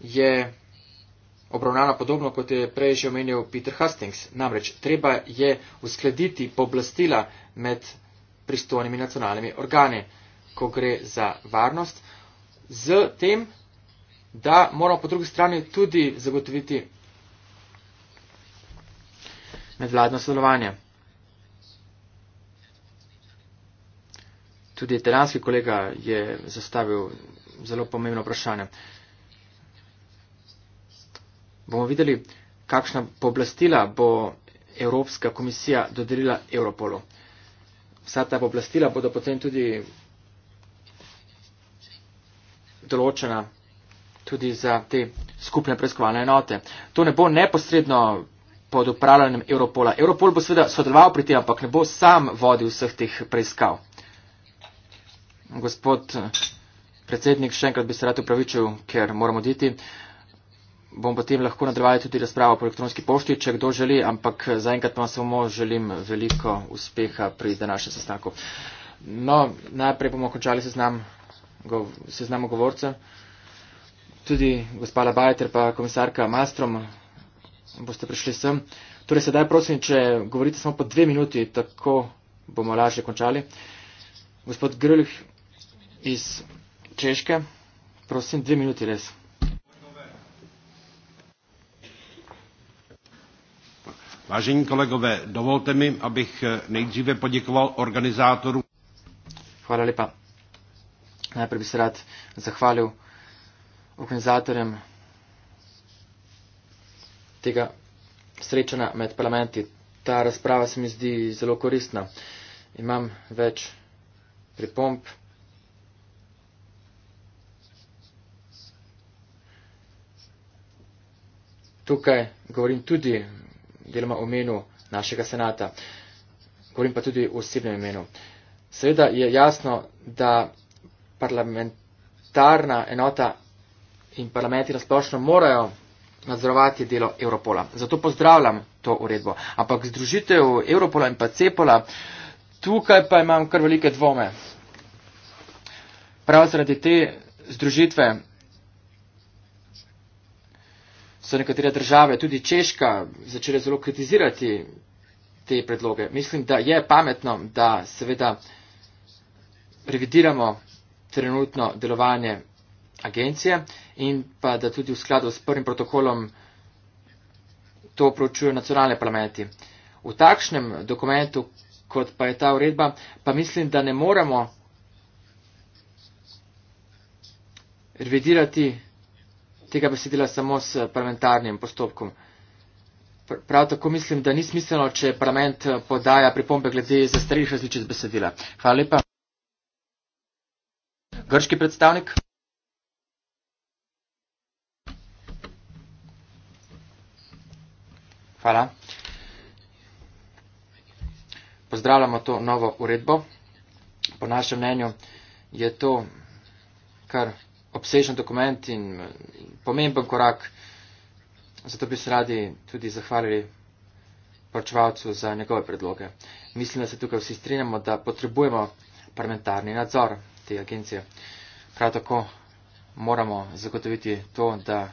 je obravnana podobno, kot je prej že omenil Peter Hastings. Namreč treba je uskladiti poblastila med pristojnimi nacionalnimi organi, ko gre za varnost, z tem, da moramo po drugi strani tudi zagotoviti medvladno sodelovanje. Tudi italijanski kolega je zastavil zelo pomembno vprašanje bomo videli, kakšna poblastila bo Evropska komisija dodelila Europolu. Vsa ta poblastila bodo potem tudi določena tudi za te skupne preiskovalne enote. To ne bo neposredno pod upravljanjem Europola. Europol bo seveda sodeloval pri tem, ampak ne bo sam vodil vseh teh preiskav. Gospod predsednik, še enkrat bi se rad upravičil, ker moramo diti bom potem lahko nadaljevali tudi razpravo po elektronski pošti, če kdo želi, ampak zaenkrat vam samo želim veliko uspeha pri današnjem sestanku. No, najprej bomo končali seznam, gov, seznamo govorcev. Tudi gospala Bajter pa komisarka Mastrom boste prišli sem. Torej sedaj prosim, če govorite samo po dve minuti, tako bomo lažje končali. Gospod Grlih iz Češke, prosim, dve minuti res. Vážení kolegové, dovolte mi, abych eh, nejdříve poděkoval organizátorům. Hvala lepa. Najprej bi se rad zahvalil organizatorjem tega srečanja med parlamenti. Ta razprava se mi zdi zelo koristna. Imam več pripomb. Tukaj govorim tudi deloma v imenu našega senata, govorim pa tudi v osebnem imenu. Seveda je jasno, da parlamentarna enota in parlamenti nasplošno morajo nadzorovati delo Europola. Zato pozdravljam to uredbo. Ampak združitev Europola in pa Cepola, tukaj pa imam kar velike dvome. Prav zaradi te združitve so nekatere države, tudi Češka, začele zelo kritizirati te predloge. Mislim, da je pametno, da seveda revidiramo trenutno delovanje agencije in pa da tudi v skladu s prvim protokolom to proučujejo nacionalne parlamenti. V takšnem dokumentu, kot pa je ta uredba, pa mislim, da ne moremo revidirati tega besedila samo s parlamentarnim postopkom. Prav tako mislim, da ni smiselno, če parlament eh, podaja pripombe glede zastarelih različic besedila. Hvala lepa. Grški predstavnik. Hvala. Pozdravljamo to novo uredbo. Po našem mnenju je to kar obsežen dokument in pomemben korak. Zato bi se radi tudi zahvalili plačevalcu za njegove predloge. Mislim, da se tukaj vsi strinjamo, da potrebujemo parlamentarni nadzor te agencije. Prav tako moramo zagotoviti to, da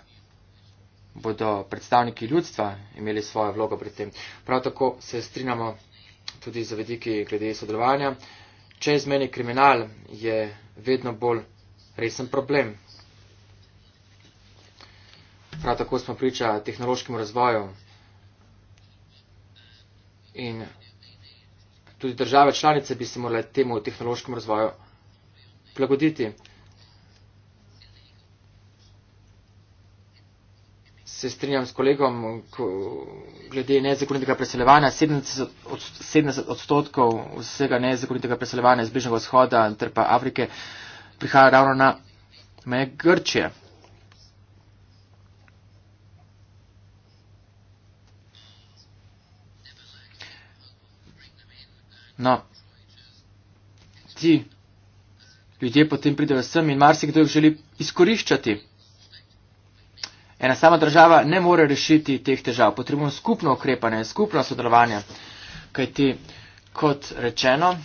bodo predstavniki ljudstva imeli svojo vlogo pri tem. Prav tako se strinjamo tudi za vediki glede sodelovanja. Čezmeni kriminal je vedno bolj resen problem. Prav tako smo priča tehnološkemu razvoju in tudi države članice bi se morale temu tehnološkemu razvoju plagoditi. Se strinjam s kolegom, ko, glede nezakonitega preseljevanja, 70 odstotkov vsega nezakonitega preseljevanja iz Bližnjega vzhoda ter pa Afrike prihaja ravno na meje Grčije. No, ti ljudje potem pridejo sem in marsikdo jih želi izkoriščati. Ena sama država ne more rešiti teh težav. Potrebujemo skupno ukrepanje, skupno sodelovanje. Kajti, kot rečeno,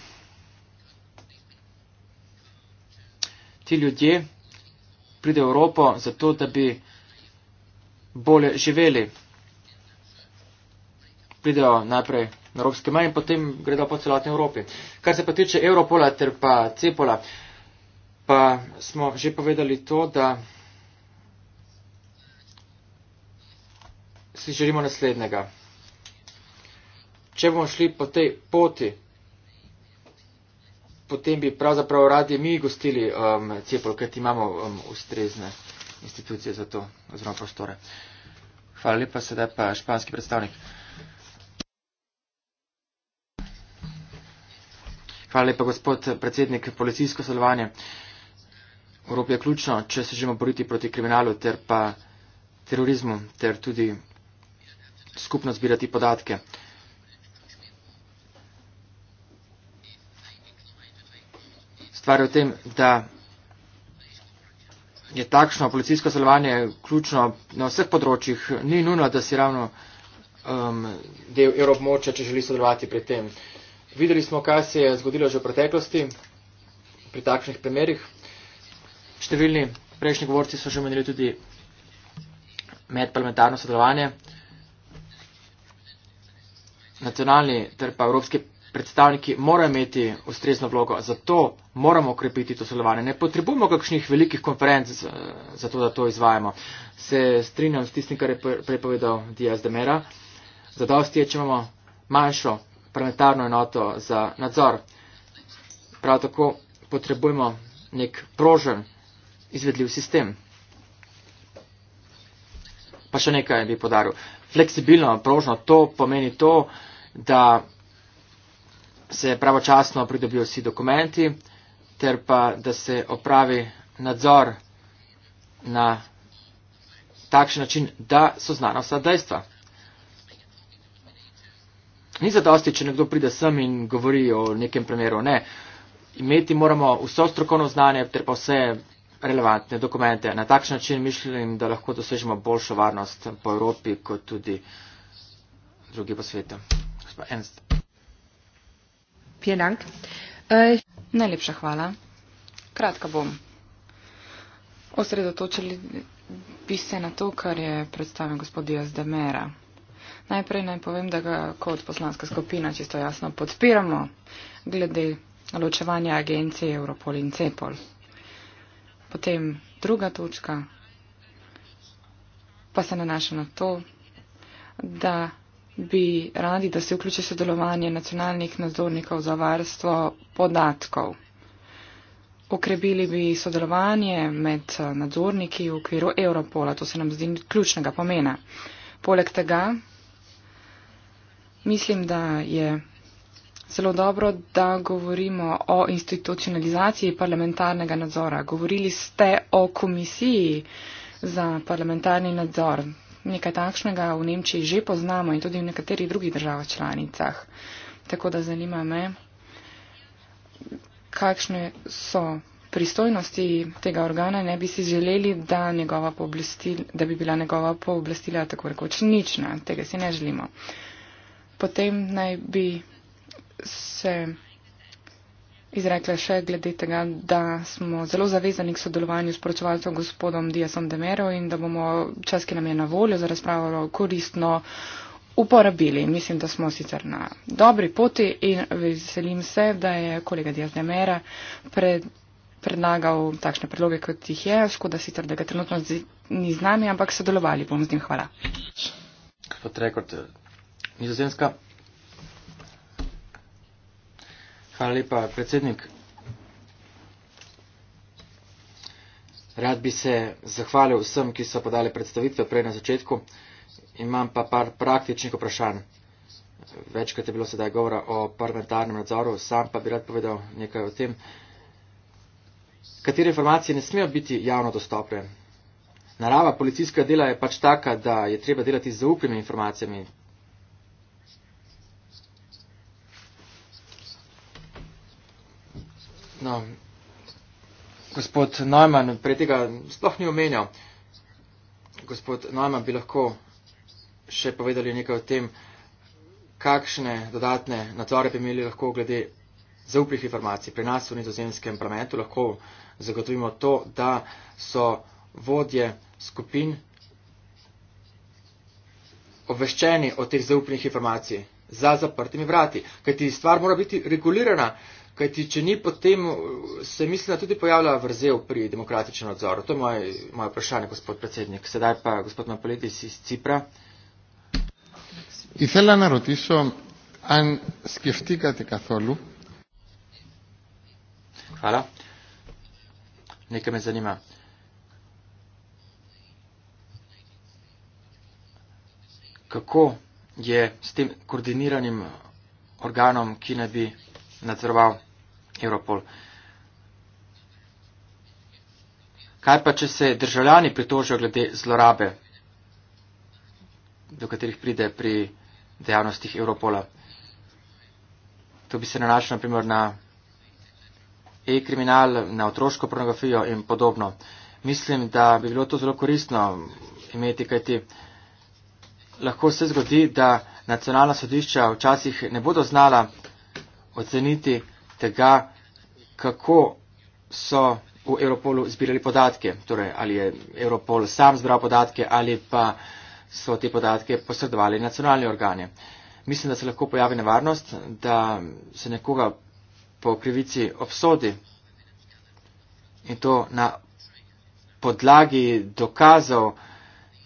ti ljudje pride v Evropo zato, da bi bolje živeli. Pridejo najprej na evropske meje in potem gredo po celotni Evropi. Kar se pa tiče Evropola ter pa Cepola, pa smo že povedali to, da si želimo naslednjega. Če bomo šli po tej poti, potem bi pravzaprav radi mi gostili um, cepol, ker imamo um, ustrezne institucije za to oziroma prostore. Hvala lepa, sedaj pa španski predstavnik. Hvala lepa, gospod predsednik, policijsko sodelovanje. Evropa je ključno, če se želimo boriti proti kriminalu ter pa terorizmu ter tudi skupno zbirati podatke. stvar je v tem, da je takšno policijsko sodelovanje ključno na vseh področjih. Ni nujno, da si ravno um, del evroobmočja, če želi sodelovati pri tem. Videli smo, kaj se je zgodilo že v preteklosti pri takšnih primerih. Številni prejšnji govorci so že omenili tudi medparlamentarno sodelovanje. Nacionalni ter pa evropski predstavniki morajo imeti ustrezno vlogo, zato moramo okrepiti to sodelovanje. Ne potrebujemo kakšnih velikih konferenc eh, za to, da to izvajamo. Se strinjam s tistim, kar je prepovedal Diaz de Mera. Zadosti je, če imamo manjšo parlamentarno enoto za nadzor. Prav tako potrebujemo nek prožen, izvedljiv sistem. Pa še nekaj bi podaril. Fleksibilno, prožno, to pomeni to, da se pravočasno pridobijo vsi dokumenti, ter pa da se opravi nadzor na takšen način, da so znana vsa dejstva. Ni zadosti, če nekdo pride sem in govori o nekem primeru. Ne. Imeti moramo vso strokovno znanje, ter pa vse relevantne dokumente. Na takšen način mislim, da lahko dosežemo boljšo varnost po Evropi, kot tudi drugi po svetu. Gospod Enst. Äh, Najlepša hvala. Kratka bom. Osredotočili bi se na to, kar je predstavil gospod Diaz de Mera. Najprej naj povem, da ga kot poslanska skupina čisto jasno podpiramo glede ločevanja agencije Europol in Cepol. Potem druga točka pa se nanaša na to, da bi radi, da se vključi sodelovanje nacionalnih nadzornikov za varstvo podatkov. Okrepili bi sodelovanje med eh, nadzorniki v okviru Europola, to se nam zdi ključnega pomena. Poleg tega mislim, da je zelo dobro, da govorimo o institucionalizaciji parlamentarnega nadzora. Govorili ste o komisiji za parlamentarni nadzor. Nekaj takšnega v Nemčiji že poznamo in tudi v nekaterih drugih državah članicah. Tako da zanima me, kakšne so pristojnosti tega organa. Ne bi si želeli, da, da bi bila njegova pooblastila tako rekoč nična. Tega si ne želimo. Potem naj bi se izrekla še glede tega, da smo zelo zavezani k sodelovanju s poročevalcem gospodom Diasom Demero in da bomo čas, ki nam je na voljo za razpravo, koristno uporabili. Mislim, da smo sicer na dobri poti in veselim se, da je kolega Dias Demera pred predlagal takšne predloge, kot jih je, škoda sicer, da ga trenutno z, ni z nami, ampak sodelovali bomo z njim. Hvala. Kot rekord, nizozemska Hvala lepa, predsednik. Rad bi se zahvalil vsem, ki so podali predstavitve prej na začetku. Imam pa par praktičnih vprašanj. Večkrat je bilo sedaj govora o parlamentarnem nadzoru, sam pa bi rad povedal nekaj o tem, katere informacije ne smejo biti javno dostopne. Narava policijskega dela je pač taka, da je treba delati z zaupnimi informacijami, No, gospod Najman prej tega sploh ni omenjal. Gospod Najman bi lahko še povedali nekaj o tem, kakšne dodatne nadzore bi imeli lahko glede zaupih informacij. Pri nas v nizozemskem parlamentu lahko zagotovimo to, da so vodje skupin obveščeni o teh zaupnih informacij za zaprtimi vrati, kajti stvar mora biti regulirana. Kajti, če ni potem, uh, se mislim, da tudi pojavlja vrzel pri demokratičnem nadzoru. To je moje, moje vprašanje, gospod predsednik. Sedaj pa gospod Napoletis iz Cipra. Ithela na rotišo, an skeftikate katolu? Hvala. Nekaj me zanima. Kako je s tem koordiniranim organom, ki naj bi nadzoroval Europol. Kaj pa, če se državljani pritožijo glede zlorabe, do katerih pride pri dejavnostih Europola? To bi se nanašalo naprimer na e-kriminal, na otroško pornografijo in podobno. Mislim, da bi bilo to zelo koristno imeti, kajti lahko se zgodi, da nacionalna sodišča včasih ne bodo znala oceniti tega, kako so v Europolu zbirali podatke, torej ali je Europol sam zbral podatke ali pa so te podatke posredovali nacionalni organi. Mislim, da se lahko pojavi nevarnost, da se nekoga po krivici obsodi in to na podlagi dokazov,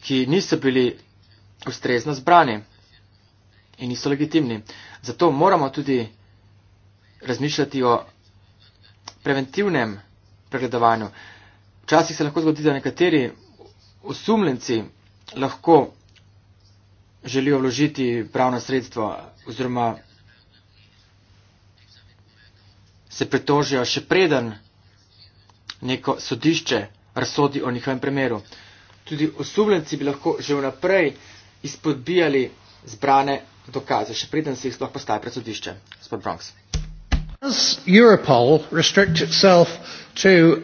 ki niso bili ustrezno zbrani in niso legitimni. Zato moramo tudi razmišljati o preventivnem pregledovanju. Včasih se lahko zgodi, da nekateri osumljenci lahko želijo vložiti pravno sredstvo oziroma se pretožijo še preden neko sodišče razsodi o njihovem primeru. Tudi osumljenci bi lahko že vnaprej izpodbijali zbrane dokaze, še preden se jih sploh postavi pred sodišče. Spod Bronx. Does Europol restrict itself to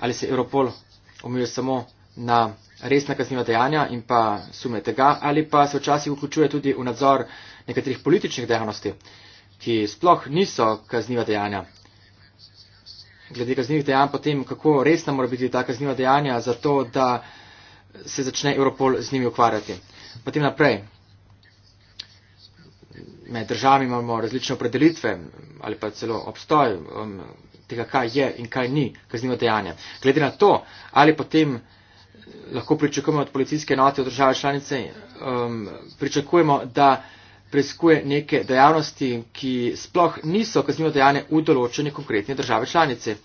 Ali se Europol omejuje samo na resna kazniva dejanja in pa sume tega, ali pa se včasih vključuje tudi v nadzor nekaterih političnih dejavnosti, ki sploh niso kazniva dejanja. Glede kaznivih dejanj potem, kako resna mora biti ta kazniva dejanja, zato da se začne Europol z njimi ukvarjati. Potem naprej, med državami imamo različne opredelitve ali pa celo obstoj um, tega, kaj je in kaj ni kaznivo dejanje. Glede na to, ali potem lahko pričakujemo od policijske enote v države članice, um, pričakujemo, da preizkuje neke dejavnosti, ki sploh niso kaznivo dejanje v določene konkretne države članice.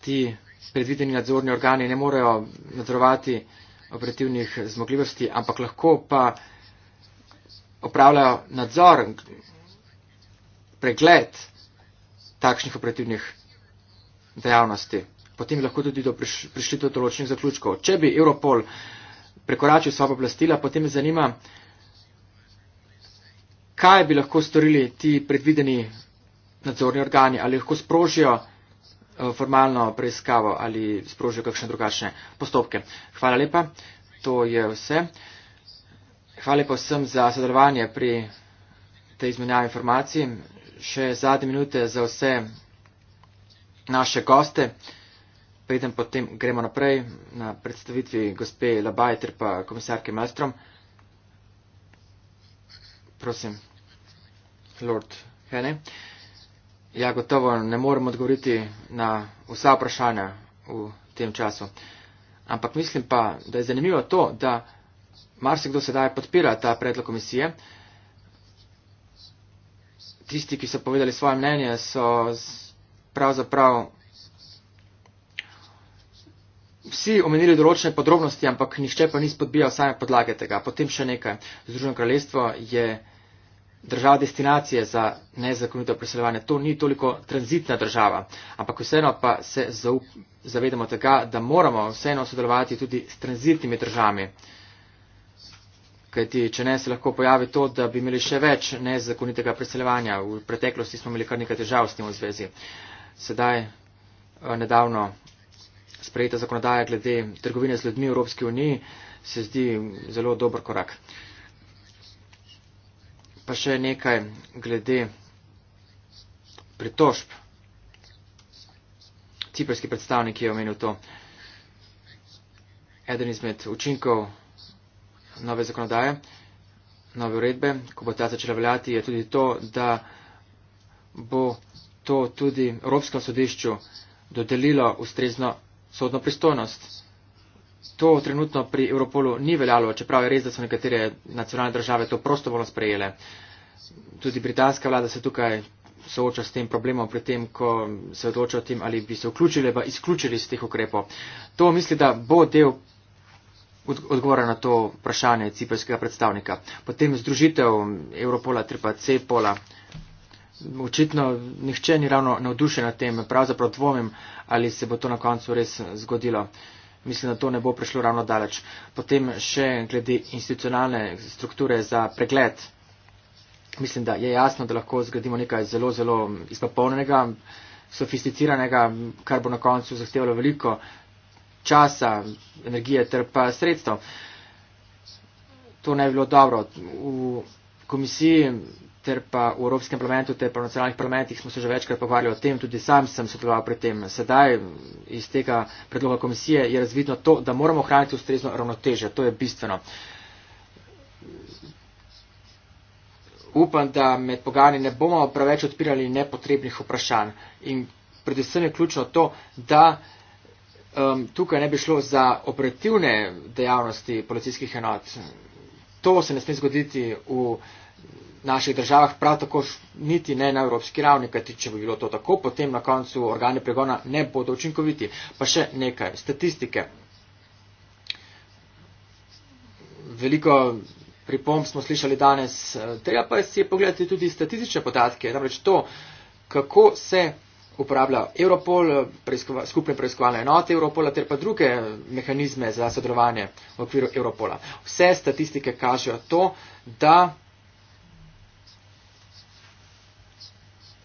Ti predvideni nadzorni organi ne morejo nadzorovati operativnih zmogljivosti, ampak lahko pa opravljajo nadzor, pregled takšnih operativnih dejavnosti. Potem lahko tudi do prišli do določenih zaključkov. Če bi Europol prekoračil svoje oblastila, potem me zanima, kaj bi lahko storili ti predvideni nadzorni organi ali lahko sprožijo Eh, formalno preiskavo ali sprožijo kakšne drugačne postopke. Hvala lepa, to je vse. Hvala lepa vsem za sodelovanje pri tej izmenjavi informacij. Še zadnje minute za vse naše goste. Preden potem gremo naprej na predstavitvi gospe Labaj ter pa komisarke Malstrom. Prosim, Lord Hene. Uh, Ja, gotovo ne morem odgovoriti na vsa vprašanja v tem času. Ampak mislim pa, da je zanimivo to, da marsikdo sedaj podpira ta predlog komisije. Tisti, ki so povedali svoje mnenje, so pravzaprav vsi omenili določene podrobnosti, ampak nišče pa ni spodbijal same podlage tega. Potem še nekaj. Združeno kraljestvo je država destinacije za nezakonito preseljevanje. To ni toliko tranzitna država, ampak vseeno pa se zaup, zavedamo tega, da moramo vseeno sodelovati tudi s tranzitnimi državami. Kajti, če ne, se lahko pojavi to, da bi imeli še več nezakonitega preseljevanja. V preteklosti smo imeli kar nekaj težav s tem v zvezi. Sedaj eh, nedavno sprejeta zakonodaja glede trgovine z ljudmi v Evropski uniji se zdi zelo dober korak pa še nekaj glede pritožb. Ciperski predstavnik je omenil to. Eden izmed učinkov nove zakonodaje, nove uredbe, ko bo ta začela veljati, je tudi to, da bo to tudi Evropskem sodišču dodelilo ustrezno sodno pristojnost. To trenutno pri Evropolu ni veljalo, čeprav je res, da so nekatere nacionalne države to prostovoljno sprejele. Tudi britanska vlada se tukaj sooča s tem problemom, pri tem, ko se odloča o tem, ali bi se vključili ali izključili iz teh ukrepov. To misli, da bo del odgovora na to vprašanje cipeljskega predstavnika. Potem združitev Evropola, trpa C-pola. Očitno nihče ni ravno navdušen na tem, pravzaprav dvomim, ali se bo to na koncu res zgodilo mislim, da to ne bo prišlo ravno daleč. Potem še glede institucionalne strukture za pregled. Mislim, da je jasno, da lahko zgradimo nekaj zelo, zelo izpopolnjenega, sofisticiranega, kar bo na koncu zahtevalo veliko časa, energije ter pa sredstev. To ne bi bilo dobro. V komisiji ter pa v Evropskem parlamentu, ter pa v nacionalnih parlamentih smo se že večkrat pogovarjali o tem, tudi sam sem sodeloval pri tem. Sedaj iz tega predloga komisije je razvidno to, da moramo ohraniti ustrezno ravnoteže, to je bistveno. Upam, da med pogani ne bomo preveč odpirali nepotrebnih vprašanj in predvsem je ključno to, da um, tukaj ne bi šlo za operativne dejavnosti policijskih enot. To se ne sme zgoditi v naših državah, prav tako niti ne na evropski ravni, kajti če bi bilo to tako, potem na koncu organe pregona ne bodo učinkoviti. Pa še nekaj statistike. Veliko pripomb smo slišali danes, eh, treba pa si je pogledati tudi statistične podatke, namreč to, kako se uporablja Europol, preizkova, skupne preiskovalne enote Europola ter pa druge mehanizme za sodelovanje v okviru Europola. Vse statistike kažejo to, da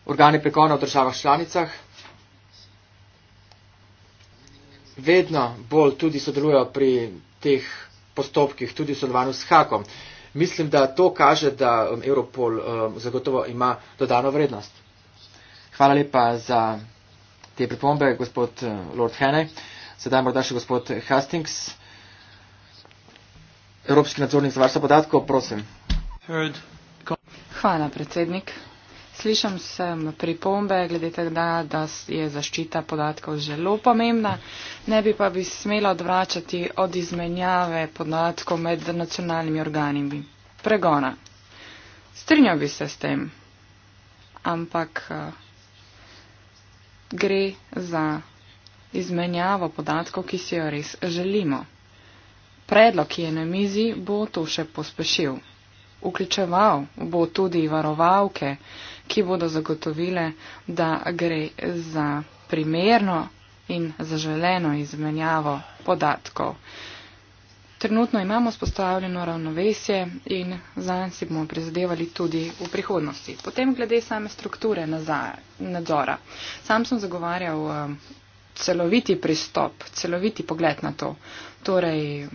organe pregona v državah članicah. Vedno bolj tudi sodelujo pri teh postopkih, tudi v sodelovanju s Hakom. Mislim, da to kaže, da um, Europol um, zagotovo ima dodano vrednost. Hvala lepa za te pripombe, gospod uh, Lord Hene. Sedaj morda še gospod Hastings, Evropski nadzornik za varstvo podatkov, prosim. Hvala, predsednik. Slišam sem pripombe glede tega, da je zaščita podatkov zelo pomembna. Ne bi pa bi smela odvračati od izmenjave podatkov med nacionalnimi organimi. Pregona. Strinjal bi se s tem, ampak eh, gre za izmenjavo podatkov, ki si jo res želimo. Predlog, ki je na mizi, bo to še pospešil vključeval bo tudi varovalke, ki bodo zagotovile, da gre za primerno in zaželeno izmenjavo podatkov. Trenutno imamo spostavljeno ravnovesje in zanj si bomo prizadevali tudi v prihodnosti. Potem glede same strukture nadzora. Sam sem zagovarjal eh, celoviti pristop, celoviti pogled na to. Torej,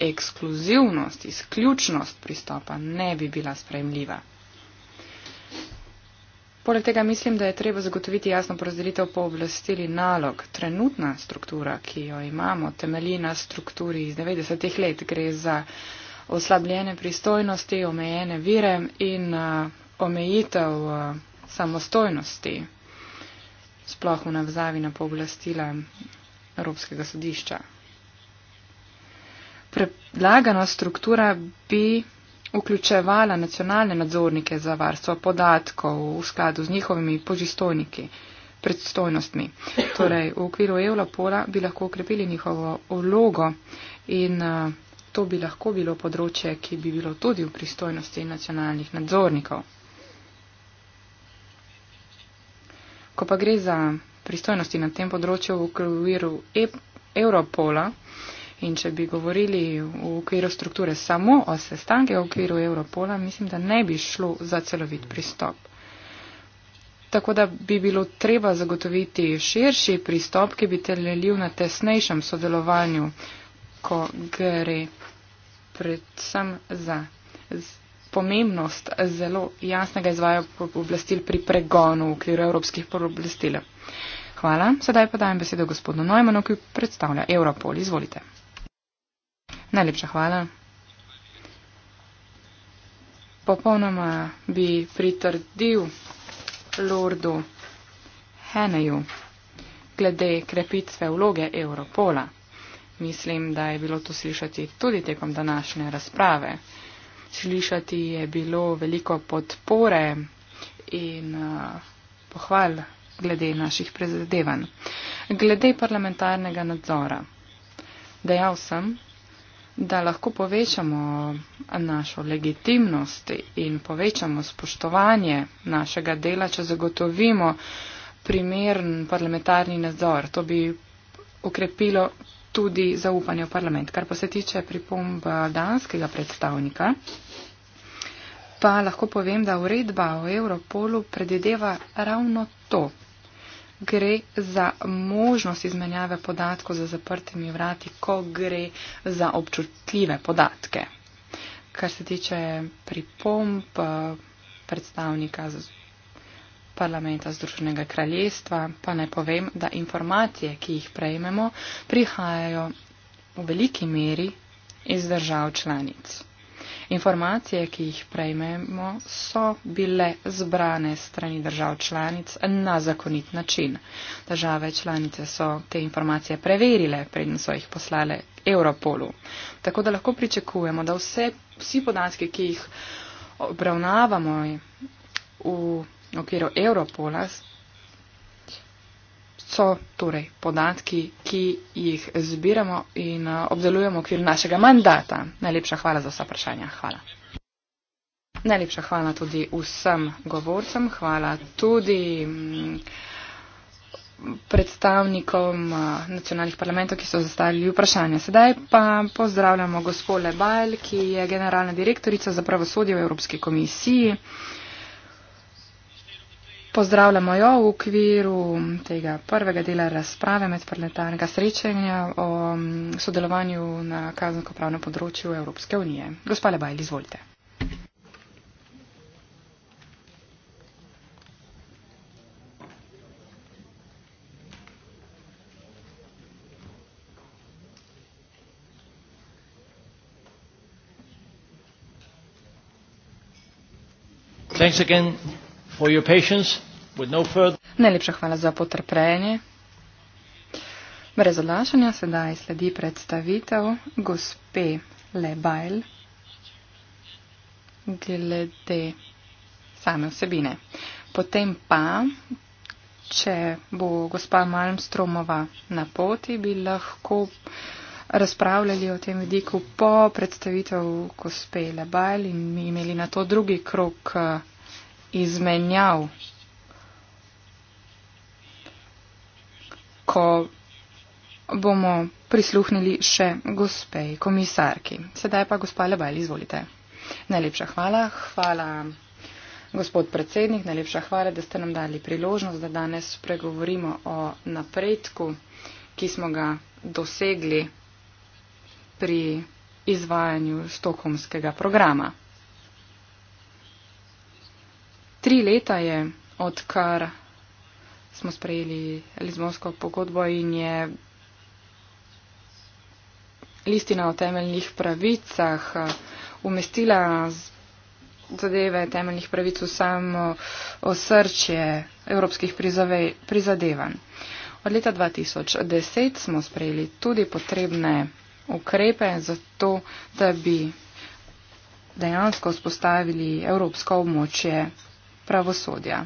ekskluzivnost, izključnost pristopa ne bi bila sprejemljiva. Poleg tega mislim, da je treba zagotoviti jasno porazdelitev po oblastili nalog. Trenutna struktura, ki jo imamo, temelji na strukturi iz 90-ih let. Gre za oslabljene pristojnosti, omejene vire in omejitev samostojnosti, sploh v navzavi na pooblastila Evropskega sodišča. Predlagana struktura bi vključevala nacionalne nadzornike za varstvo podatkov v skladu z njihovimi požistojniki, predstojnostmi. Torej, v okviru Evlopola bi lahko ukrepili njihovo vlogo in eh, to bi lahko bilo področje, ki bi bilo tudi v pristojnosti nacionalnih nadzornikov. Ko pa gre za pristojnosti na tem področju v okviru Evropola, In če bi govorili v okviru strukture samo o sestanke v okviru Evropola, mislim, da ne bi šlo za celovit pristop. Tako da bi bilo treba zagotoviti širši pristop, ki bi temeljil na tesnejšem sodelovanju, ko gre predvsem za pomembnost zelo jasnega izvaja oblastil pri pregonu v okviru evropskih pooblastil. Hvala. Sedaj pa dajem besedo gospodu Neumannu, ki predstavlja Europol. Izvolite. Najlepša hvala. Popolnoma bi pritrdil lordu Heneju glede krepitve vloge Europola. Mislim, da je bilo to slišati tudi tekom današnje razprave. Slišati je bilo veliko podpore in uh, pohval glede naših prezadevanj. Glede parlamentarnega nadzora. Dejal sem, da lahko povečamo našo legitimnost in povečamo spoštovanje našega dela, če zagotovimo primern parlamentarni nadzor. To bi ukrepilo tudi zaupanje v parlament. Kar pa se tiče pripomb eh, danskega predstavnika, pa lahko povem, da uredba o Europolu predvideva ravno to gre za možnost izmenjave podatkov za zaprtimi vrati, ko gre za občutljive podatke. Kar se tiče pripomp eh, predstavnika parlamenta Združenega kraljestva, pa ne povem, da informacije, ki jih prejmemo, prihajajo v veliki meri iz držav članic. Informacije, ki jih prejmemo, so bile zbrane strani držav članic na zakonit način. Države članice so te informacije preverile, preden so jih poslale Europolu. Tako da lahko pričakujemo, da vse, vsi podatki, ki jih obravnavamo v okviru Europola, so torej podatki, ki jih zbiramo in eh, obdelujemo v okviru našega mandata. Najlepša hvala za vsa vprašanja. Hvala. Najlepša hvala tudi vsem govorcem, hvala tudi mm, predstavnikom eh, nacionalnih parlamentov, ki so zastavili vprašanje. Sedaj pa pozdravljamo gospole Bajl, ki je generalna direktorica za pravosodje v Evropski komisiji. Pozdravljamo jo v okviru tega prvega dela razprave medparlamentarnega srečanja o sodelovanju na kazenskopravnem področju Evropske unije. Gospa Lebajl, izvolite. Thanks again for your patience. No Najlepša hvala za potrpljenje. Brez odlašanja sedaj sledi predstavitev gospe Lebail glede same vsebine. Potem pa, če bo gospa Malmstromova na poti, bi lahko razpravljali o tem vidiku po predstavitev gospe Lebail in imeli na to drugi krok eh, izmenjav. ko bomo prisluhnili še gospej komisarki. Sedaj pa gospa Lebel, izvolite. Najlepša hvala. Hvala, gospod predsednik. Najlepša hvala, da ste nam dali priložnost, da danes pregovorimo o napredku, ki smo ga dosegli pri izvajanju stokomskega programa. Tri leta je, odkar smo sprejeli Lizbonsko pogodbo in je listina o temeljnih pravicah eh, umestila zadeve temeljnih pravic v samo osrčje evropskih prizave, prizadevanj. Od leta 2010 smo sprejeli tudi potrebne ukrepe za to, da bi dejansko spostavili evropsko območje pravosodja.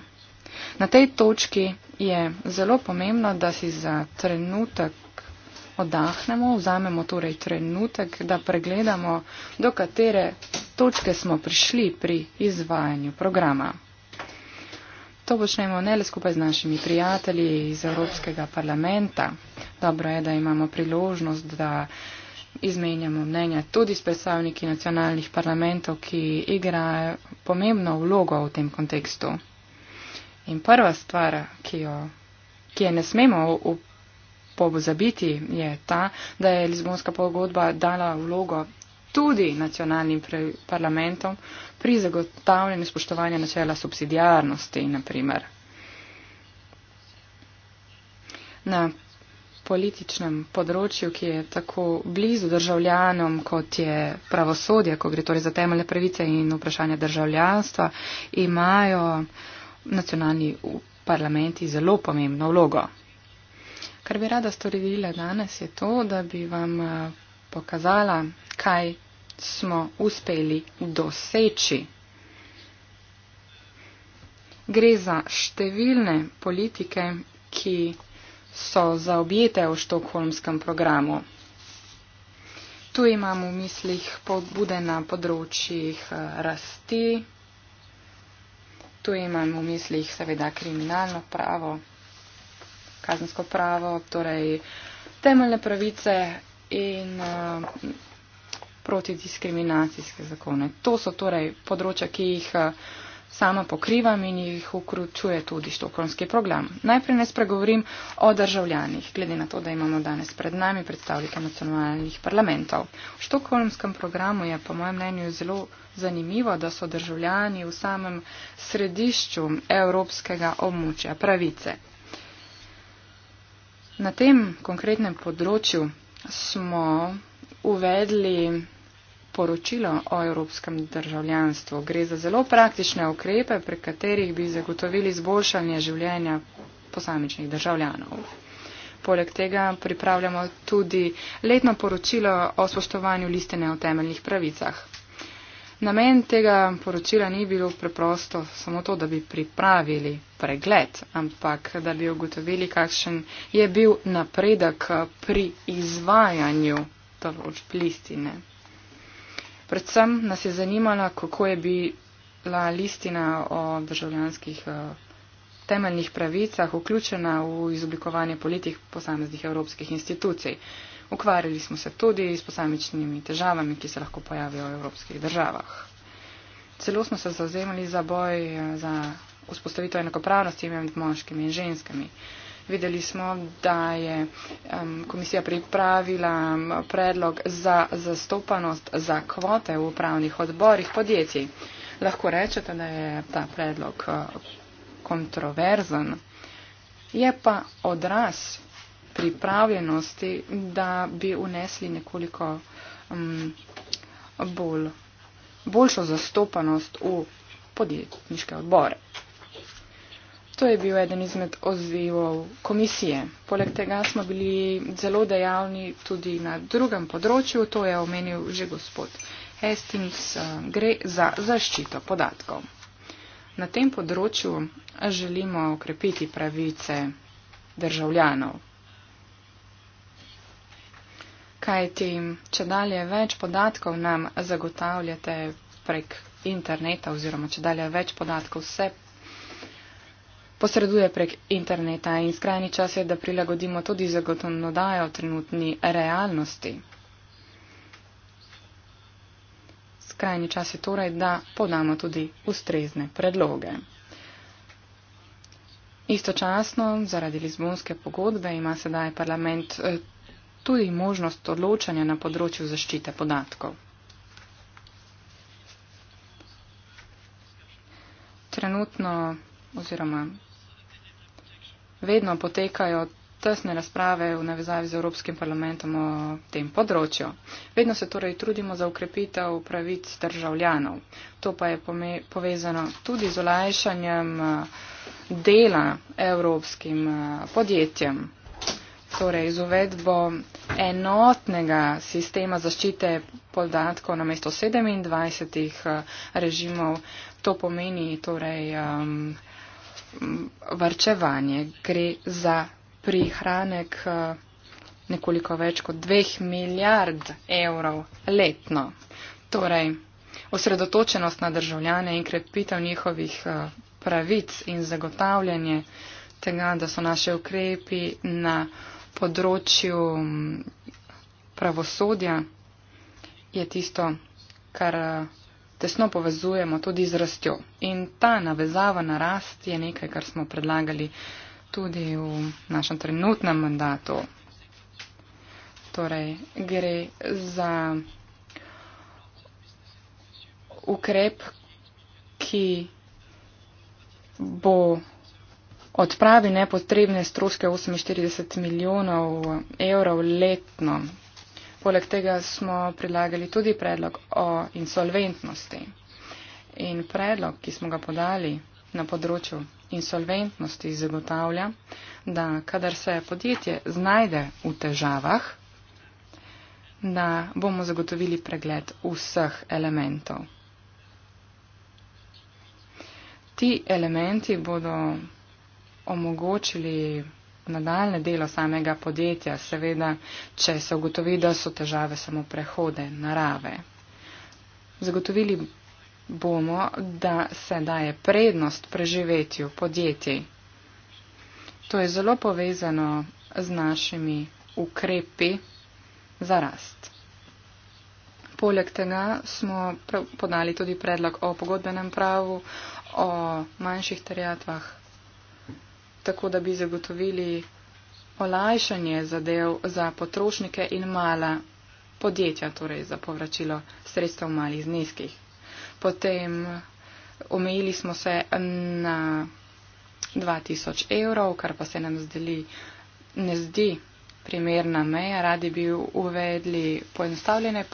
Na tej točki je zelo pomembno, da si za trenutek oddahnemo, vzamemo torej trenutek, da pregledamo, do katere točke smo prišli pri izvajanju programa. To počnemo ne le skupaj z našimi prijatelji iz Evropskega parlamenta. Dobro je, da imamo priložnost, da izmenjamo mnenja tudi s predstavniki nacionalnih parlamentov, ki igrajo pomembno vlogo v tem kontekstu. In prva stvar, ki, jo, ki je ne smemo pozabiti, je ta, da je Lizbonska pogodba dala vlogo tudi nacionalnim parlamentom pri zagotavljanju spoštovanja načela subsidijarnosti, naprimer. Na političnem področju, ki je tako blizu državljanom, kot je pravosodje, ko gre torej za temeljne pravice in vprašanje državljanstva, imajo uh, nacionalni parlamenti zelo pomembno vlogo. Kar bi rada storila danes je to, da bi vam eh, pokazala, kaj smo uspeli doseči. Gre za številne politike, ki so zaobjete v štokholmskem programu. Tu imamo v mislih pobude na področjih eh, rasti, Tu imam v mislih seveda kriminalno pravo, kazensko pravo, torej temeljne pravice in uh, protidiskriminacijske zakone. To so torej področja, ki jih. Uh, sama pokrivam in jih vključuje tudi štokholmski program. Najprej ne spregovorim o državljanih, glede na to, da imamo danes pred nami predstavnike nacionalnih parlamentov. V štokholmskem programu je po mojem mnenju zelo zanimivo, da so državljani v samem središču evropskega območja pravice. Na tem konkretnem področju smo uvedli poročilo o evropskem državljanstvu. Gre za zelo praktične ukrepe, pri katerih bi zagotovili zboljšanje življenja posamičnih državljanov. Poleg tega pripravljamo tudi letno poročilo o spoštovanju listine o temeljnih pravicah. Namen tega poročila ni bilo preprosto samo to, da bi pripravili pregled, ampak da bi ugotovili, kakšen je bil napredek pri izvajanju določb listine. Predvsem nas je zanimala, kako je bila listina o državljanskih eh, temeljnih pravicah vključena v izoblikovanje politik posameznih evropskih institucij. Ukvarjali smo se tudi s posamičnimi težavami, ki se lahko pojavijo v evropskih državah. Celo smo se zauzemali za boj eh, za vzpostavitev enakopravnosti med moškimi in ženskami. Videli smo, da je um, komisija pripravila predlog za zastopanost za kvote v upravnih odborih podjetij. Lahko rečete, da je ta predlog eh, kontroverzen. Je pa odraz pripravljenosti, da bi unesli nekoliko um, bolj, boljšo zastopanost v podjetniške odbore. To je bil eden izmed odzivov komisije. Poleg tega smo bili zelo dejavni tudi na drugem področju, to je omenil že gospod Hastings, eh, gre za zaščito podatkov. Na tem področju želimo okrepiti pravice državljanov. Kaj ti, če dalje več podatkov nam zagotavljate prek interneta oziroma če dalje več podatkov se posreduje prek interneta in skrajni čas je, da prilagodimo tudi zagotovnodajo trenutni realnosti. Skrajni čas je torej, da podamo tudi ustrezne predloge. Istočasno, zaradi Lizbonske pogodbe, ima sedaj parlament eh, tudi možnost odločanja na področju zaščite podatkov. Trenutno oziroma vedno potekajo tesne razprave v navezavi z Evropskim parlamentom o tem področju. Vedno se torej trudimo za ukrepitev pravic državljanov. To pa je povezano tudi z olajšanjem eh, dela evropskim eh, podjetjem. Torej, z uvedbo enotnega sistema zaščite podatkov na mesto 27 režimov, to pomeni torej, um, varčevanje, gre za prihranek eh, nekoliko več kot dveh milijard evrov letno. Torej, osredotočenost na državljane in krepitev njihovih eh, pravic in zagotavljanje tega, da so naše ukrepi na področju mm, pravosodja, je tisto, kar eh, tesno povezujemo tudi z rastjo. In ta navezava na rast je nekaj, kar smo predlagali tudi v našem trenutnem mandatu. Torej, gre za ukrep, ki bo odpravil nepotrebne stroške 48 milijonov evrov letno. Poleg tega smo predlagali tudi predlog o insolventnosti. In predlog, ki smo ga podali na področju insolventnosti, zagotavlja, da kadar se podjetje znajde v težavah, da bomo zagotovili pregled vseh elementov. Ti elementi bodo omogočili nadaljne delo samega podjetja, seveda, če se ugotovi, da so težave samo prehode narave. Zagotovili bomo, da se daje prednost preživetju podjetij. To je zelo povezano z našimi ukrepi za rast. Poleg tega smo podali tudi predlog o pogodbenem pravu, o manjših terjatvah tako da bi zagotovili olajšanje zadev za potrošnike in mala podjetja, torej za povračilo sredstev v malih zneskih. Potem omejili smo se na 2000 evrov, kar pa se nam zdeli, ne zdi primerna meja, radi bi uvedli poenostavljene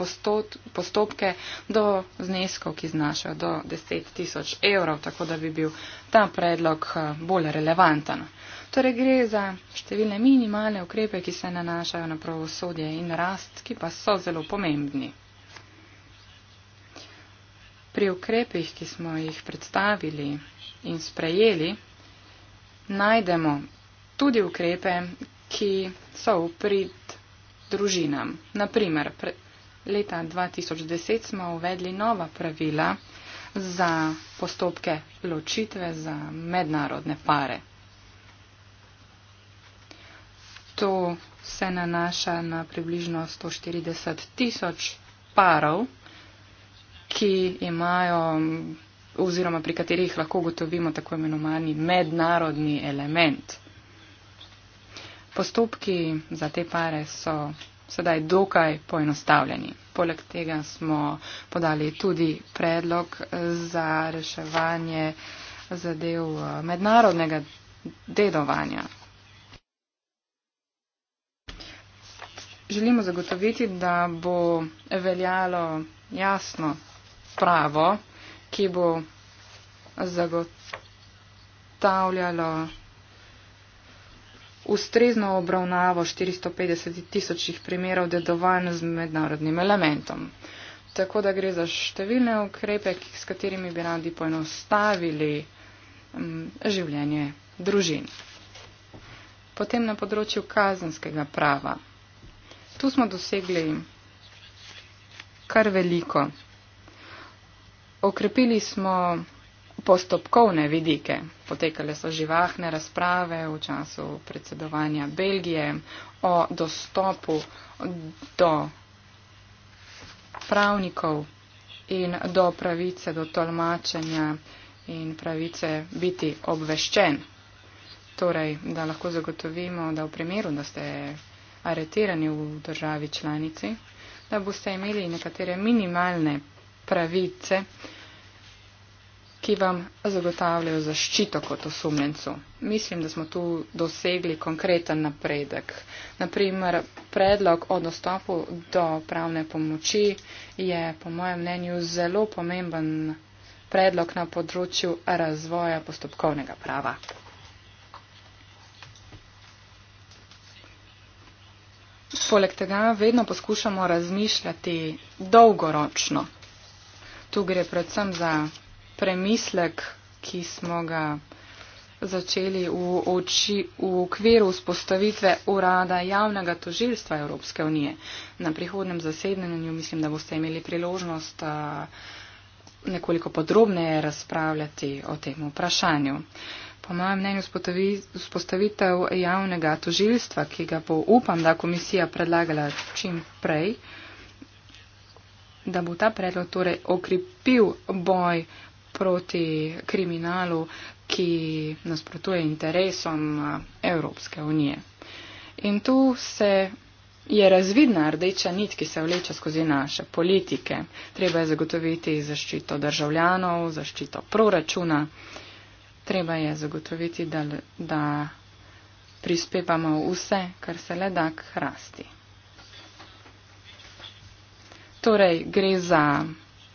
postopke do zneskov, ki znašajo do 10 tisoč evrov, tako da bi bil ta predlog eh, bolj relevanten. Torej gre za številne minimalne ukrepe, ki se nanašajo na pravosodje in rast, ki pa so zelo pomembni. Pri ukrepih, ki smo jih predstavili in sprejeli, najdemo tudi ukrepe, ki so v prid družinam. Naprimer, pre, leta 2010 smo uvedli nova pravila za postopke ločitve za mednarodne pare. To se nanaša na približno 140 tisoč parov, ki imajo oziroma pri katerih lahko gotovimo tako imenovani mednarodni element. Postopki za te pare so sedaj dokaj poenostavljeni. Poleg tega smo podali tudi predlog za reševanje zadev eh, mednarodnega dedovanja. Želimo zagotoviti, da bo veljalo jasno pravo, ki bo zagotavljalo ustrezno obravnavo 450 tisočih primerov dedovanj z mednarodnim elementom. Tako da gre za številne ukrepe, s katerimi bi radi poenostavili um, življenje družin. Potem na področju kazenskega prava. Tu smo dosegli kar veliko. Okrepili smo postopkovne vidike. Potekale so živahne razprave v času predsedovanja Belgije o dostopu do pravnikov in do pravice do tolmačenja in pravice biti obveščen. Torej, da lahko zagotovimo, da v primeru, da ste aretirani v državi članici, da boste imeli nekatere minimalne pravice, ki vam zagotavljajo zaščito kot osumljencu. Mislim, da smo tu dosegli konkreten napredek. Naprimer, predlog o dostopu do pravne pomoči je po mojem mnenju zelo pomemben predlog na področju razvoja postopkovnega prava. Poleg tega vedno poskušamo razmišljati dolgoročno. Tu gre predvsem za premislek, ki smo ga začeli v, oči, v okviru spostavitve urada javnega tožilstva Evropske unije. Na prihodnem zasednenju mislim, da boste imeli priložnost a, nekoliko podrobneje razpravljati o tem vprašanju. Po mojem mnenju spostavitev javnega tožilstva, ki ga bo upam, da komisija predlagala čim prej, da bo ta predlog torej okrepil boj proti kriminalu, ki nasprotuje interesom Evropske unije. In tu se je razvidna rdeča nit, ki se vleče skozi naše politike. Treba je zagotoviti zaščito državljanov, zaščito proračuna, treba je zagotoviti, da, da prispevamo vse, kar se le da k rasti. Torej, gre za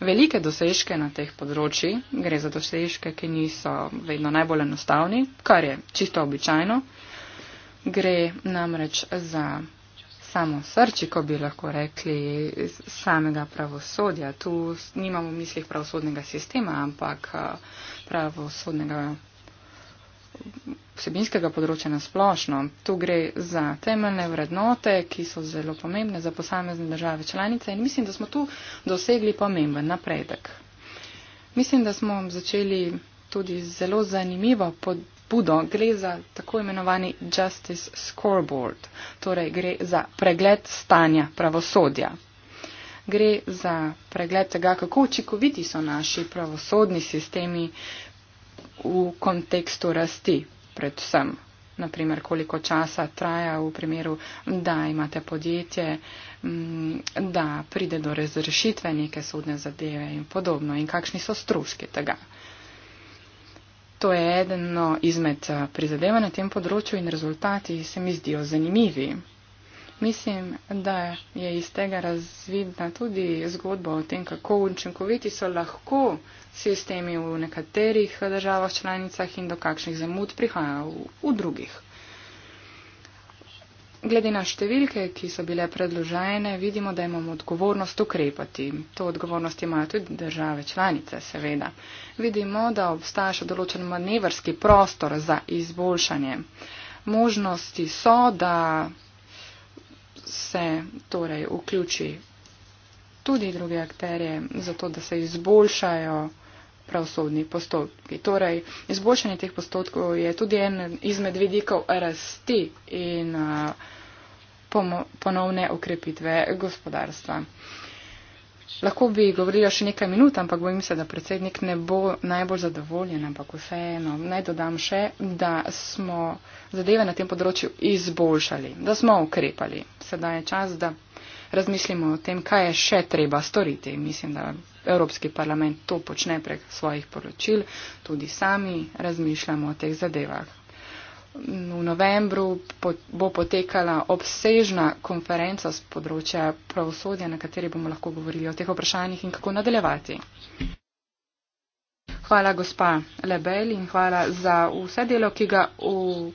velike dosežke na teh področjih, gre za dosežke, ki niso vedno najbolj enostavni, kar je čisto običajno. Gre namreč za samo srči, ko bi lahko rekli, samega pravosodja. Tu nimamo v mislih pravosodnega sistema, ampak eh, pravosodnega vsebinskega področja na splošno. Tu gre za temeljne vrednote, ki so zelo pomembne za posamezne države članice in mislim, da smo tu dosegli pomemben napredek. Mislim, da smo začeli tudi zelo zanimivo podbudo. Gre za tako imenovani Justice Scoreboard, torej gre za pregled stanja pravosodja. Gre za pregled tega, kako učinkoviti so naši pravosodni sistemi, v kontekstu rasti predvsem. Naprimer, koliko časa traja v primeru, da imate podjetje, mm, da pride do razrešitve neke sodne zadeve in podobno in kakšni so stroški tega. To je eno izmed eh, prizadeva na tem področju in rezultati se mi zdijo zanimivi. Mislim, da je iz tega razvidna tudi zgodba o tem, kako učinkoviti so lahko sistemi v nekaterih državah članicah in do kakšnih zamud prihaja v, v drugih. Glede na številke, ki so bile predložene, vidimo, da imamo odgovornost ukrepati. To odgovornost imajo tudi države članice, seveda. Vidimo, da obstaja še določen manevrski prostor za izboljšanje. Možnosti so, da se torej, vključi tudi druge akterje, zato da se izboljšajo pravosodni postopki. Torej, izboljšanje teh postopkov je tudi en izmed vidikov rasti in ponovne okrepitve gospodarstva. Lahko bi govorila še nekaj minut, ampak bojim se, da predsednik ne bo najbolj zadovoljen, ampak vseeno naj dodam še, da smo zadeve na tem področju izboljšali, da smo ukrepali. Sedaj je čas, da razmislimo o tem, kaj je še treba storiti. Mislim, da Evropski parlament to počne prek svojih poročil, tudi sami razmišljamo o teh zadevah. V novembru bo potekala obsežna konferenca z področja pravosodja, na kateri bomo lahko govorili o teh vprašanjih in kako nadaljevati. Hvala, gospa Lebel, in hvala za vse delo, ki ga v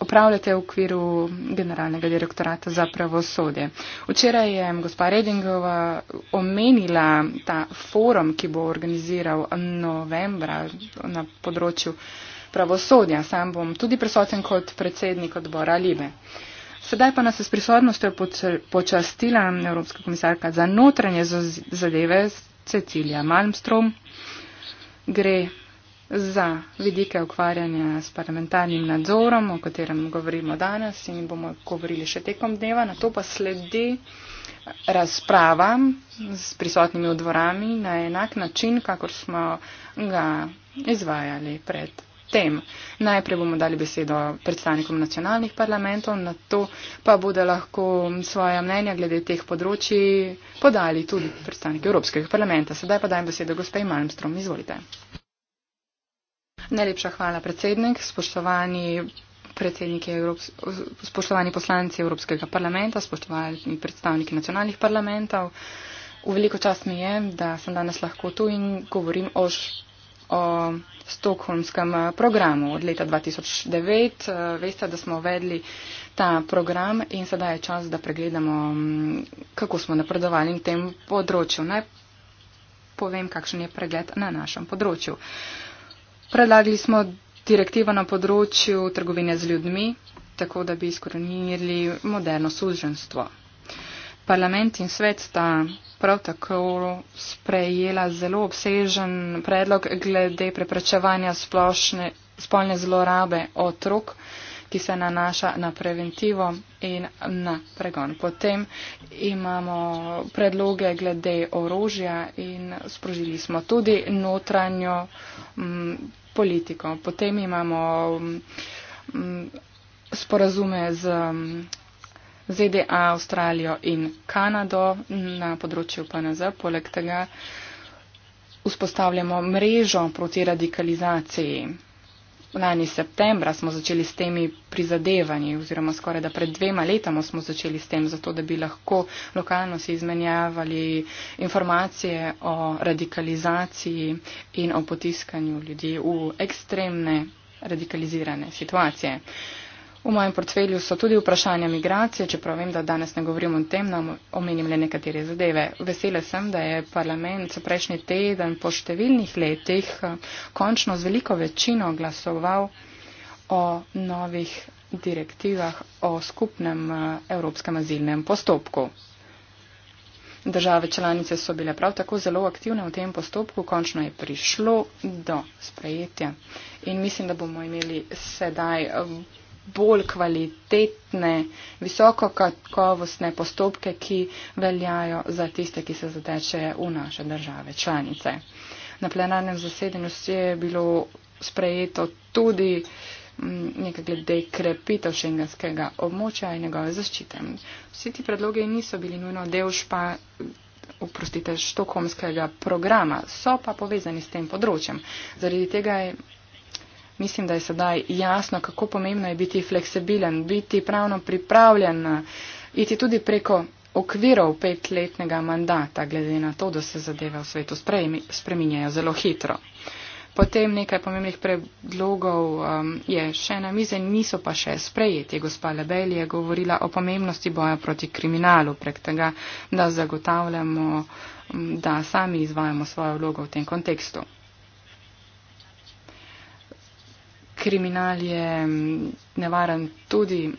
upravljate v okviru generalnega direktorata za pravosodje. Včeraj je gospa Redingova omenila ta forum, ki bo organiziral novembra na področju pravosodja. Sam bom tudi prisoten kot predsednik odbora Libe. Sedaj pa nas je s prisotnostjo počastila Evropska komisarka za notranje zadeve Cecilija Malmstrom. Gre za vidike ukvarjanja s parlamentarnim nadzorom, o katerem govorimo danes in bomo govorili še tekom dneva. Na to pa sledi razprava s prisotnimi v dvorami na enak način, kakor smo ga izvajali pred. Tem. Najprej bomo dali besedo predstavnikom nacionalnih parlamentov, na to pa bodo lahko svoja mnenja glede teh področji podali tudi predstavniki Evropskega parlamenta. Sedaj pa dajem besedo gospej Malmstrom. Izvolite. Najlepša hvala, predsednik. Spoštovani predsedniki, Evrops spoštovani poslanci Evropskega parlamenta, spoštovani predstavniki nacionalnih parlamentov. V veliko čas mi je, da sem danes lahko tu in govorim o, o Stokholmskem eh, programu od leta 2009. Eh, veste, da smo uvedli ta program in sedaj je čas, da pregledamo, mm, kako smo napredovali v tem področju. Naj povem, kakšen je pregled na našem področju. Predlagali smo direktivo na področju trgovine z ljudmi, tako da bi izkoreninili moderno suženstvo. Parlament in svet sta prav tako sprejela zelo obsežen predlog glede preprečevanja splošne, spolne zlorabe otrok, ki se nanaša na preventivo in na pregon. Potem imamo predloge glede orožja in sprožili smo tudi notranjo m, politiko. Potem imamo um, sporazume z um, mm, ZDA, Avstralijo in Kanado na področju PNZ. Poleg tega vzpostavljamo mrežo proti radikalizaciji. Lani septembra smo začeli s temi prizadevanji oziroma skoraj da pred dvema letama smo začeli s tem, zato da bi lahko lokalno si izmenjavali informacije o radikalizaciji in o potiskanju ljudi v ekstremne radikalizirane situacije. Uh, V mojem portfelju so tudi vprašanja migracije, čeprav vem, da danes ne govorim o tem, nam omenim le nekatere zadeve. Vesela sem, da je parlament prejšnji teden po številnih letih eh, končno z veliko večino glasoval o novih direktivah o skupnem eh, evropskem azilnem postopku. Države članice so bile prav tako zelo aktivne v tem postopku, končno je prišlo do sprejetja. In mislim, da bomo imeli sedaj eh, bolj kvalitetne, visoko kakovostne postopke, ki veljajo za tiste, ki se zatečejo v naše države članice. Na plenarnem zasedanju je bilo sprejeto tudi mm, nekaj glede krepitev šengenskega območja in njegove zaščite. Vsi ti predloge niso bili nujno del špa, oprostite, štokomskega programa, so pa povezani s tem področjem. Zaradi tega je Mislim, da je sedaj jasno, kako pomembno je biti fleksibilen, biti pravno pripravljen, iti tudi preko okvirov petletnega mandata, glede na to, da se zadeve v svetu spreminjajo zelo hitro. Potem nekaj pomembnih predlogov um, je še na mize, niso pa še sprejeti. Gospa Lebel je govorila o pomembnosti boja proti kriminalu, prek tega, da zagotavljamo, um, da sami izvajamo svojo vlogo v tem kontekstu. kriminal je mm, nevaren tudi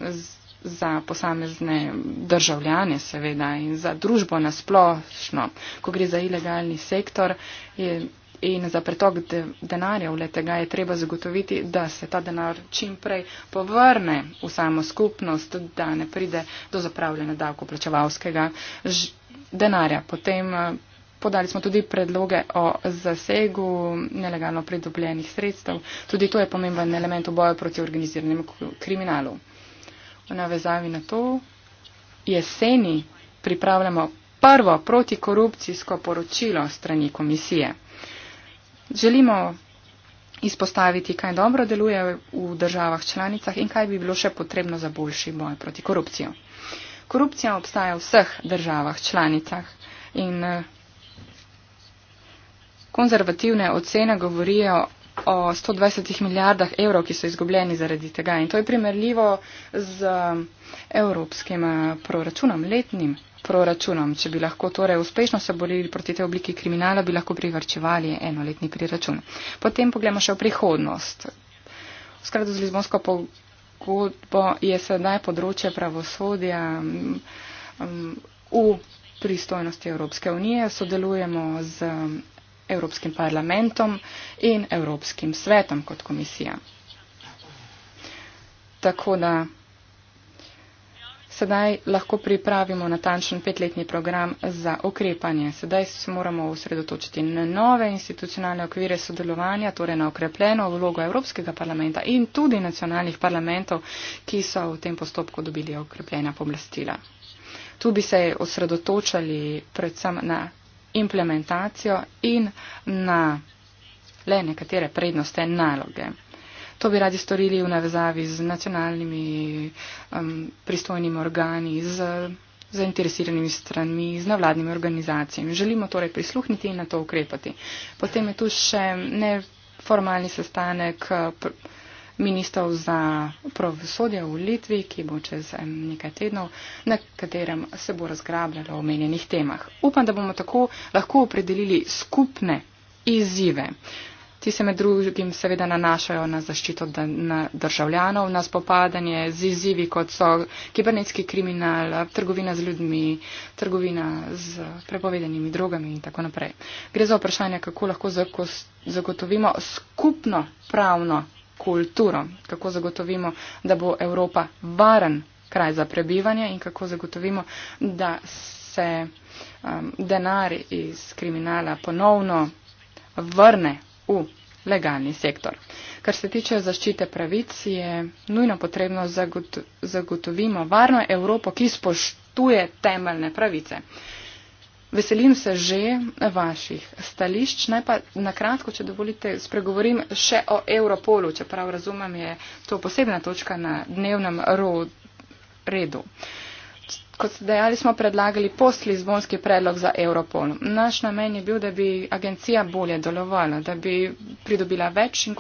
za posamezne državljane, seveda, in za družbo nasplošno, ko gre za ilegalni sektor. Je, In za pretok de denarja v letega je treba zagotoviti, da se ta denar čim prej povrne v samo skupnost, da ne pride do zapravljanja davkoplačevalskega denarja. Potem podali smo tudi predloge o zasegu nelegalno pridobljenih sredstev. Tudi to je pomemben element v boju proti organiziranemu kriminalu. V navezavi na to jeseni pripravljamo prvo protikorupcijsko poročilo strani komisije. Želimo izpostaviti, kaj dobro deluje v državah članicah in kaj bi bilo še potrebno za boljši boj proti korupcijo. Korupcija obstaja v vseh državah članicah in eh, konzervativne ocene govorijo o 120 milijardah evrov, ki so izgubljeni zaradi tega. In to je primerljivo z evropskim eh, proračunom, letnim proračunom. Če bi lahko torej uspešno se borili proti te obliki kriminala, bi lahko privrčevali enoletni priračun. Potem pogledamo še v prihodnost. V skladu z Lizbonsko pogodbo je sedaj področje pravosodja mm, mm, v pristojnosti Evropske unije. Sodelujemo z Evropskim parlamentom in Evropskim svetom kot komisija. Tako da sedaj lahko pripravimo natančen petletni program za okrepanje. Sedaj se moramo osredotočiti na nove institucionalne okvire sodelovanja, torej na okrepljeno vlogo Evropskega parlamenta in tudi nacionalnih parlamentov, ki so v tem postopku dobili okrepljena pomlastila. Tu bi se osredotočali predvsem na implementacijo in na le nekatere prednostne naloge. To bi radi storili v navezavi z nacionalnimi um, pristojnimi organi, z zainteresiranimi stranmi, z nevladnimi organizacijami. Želimo torej prisluhniti in na to ukrepati. Potem je tu še neformalni sestanek. Pr, ministrov za pravosodje v Litvi, ki bo čez nekaj tednov, na katerem se bo razgrabljalo o omenjenih temah. Upam, da bomo tako lahko opredelili skupne izzive. Ti se med drugim seveda nanašajo na zaščito državljanov, na spopadanje z izzivi, kot so kibernetski kriminal, trgovina z ljudmi, trgovina z prepovedanimi drogami in tako naprej. Gre za vprašanje, kako lahko zagotovimo skupno pravno kulturo, kako zagotovimo, da bo Evropa varen kraj za prebivanje in kako zagotovimo, da se um, denar iz kriminala ponovno vrne v legalni sektor. Kar se tiče zaščite pravic, je nujno potrebno zagot zagotovimo varno Evropo, ki spoštuje temeljne pravice. Veselim se že vaših stališč. Naj pa na kratko, če dovolite, spregovorim še o Europolu, čeprav razumem, je to posebna točka na dnevnem redu. Kot ste dejali, smo predlagali poslizbonski predlog za Europol. Naš namen je bil, da bi agencija bolje delovala, da bi pridobila več in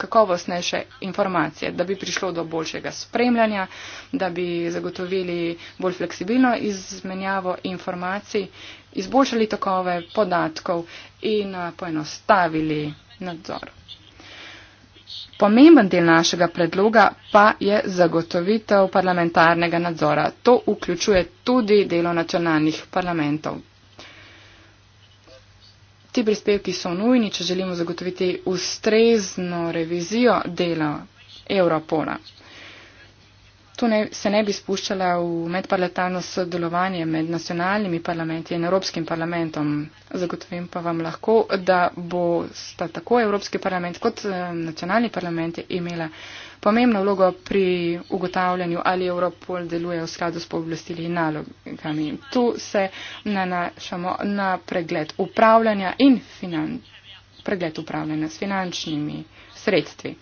kakovostnejše informacije, da bi prišlo do boljšega spremljanja, da bi zagotovili bolj fleksibilno izmenjavo informacij, izboljšali tokove podatkov in eh, poenostavili nadzor. Pomemben del našega predloga pa je zagotovitev parlamentarnega nadzora. To vključuje tudi delo nacionalnih parlamentov. Ti prispevki so nujni, če želimo zagotoviti ustrezno revizijo dela Evropola tu ne, se ne bi spuščala v medparlamentarno sodelovanje med nacionalnimi parlamenti in Evropskim parlamentom. Zagotovim pa vam lahko, da bo sta tako Evropski parlament kot eh, nacionalni parlament imela pomembno vlogo pri ugotavljanju, ali Evropol deluje v skladu s pooblastili in nalogami. Tu se nanašamo na pregled upravljanja in finan, pregled upravljanja s finančnimi sredstvi.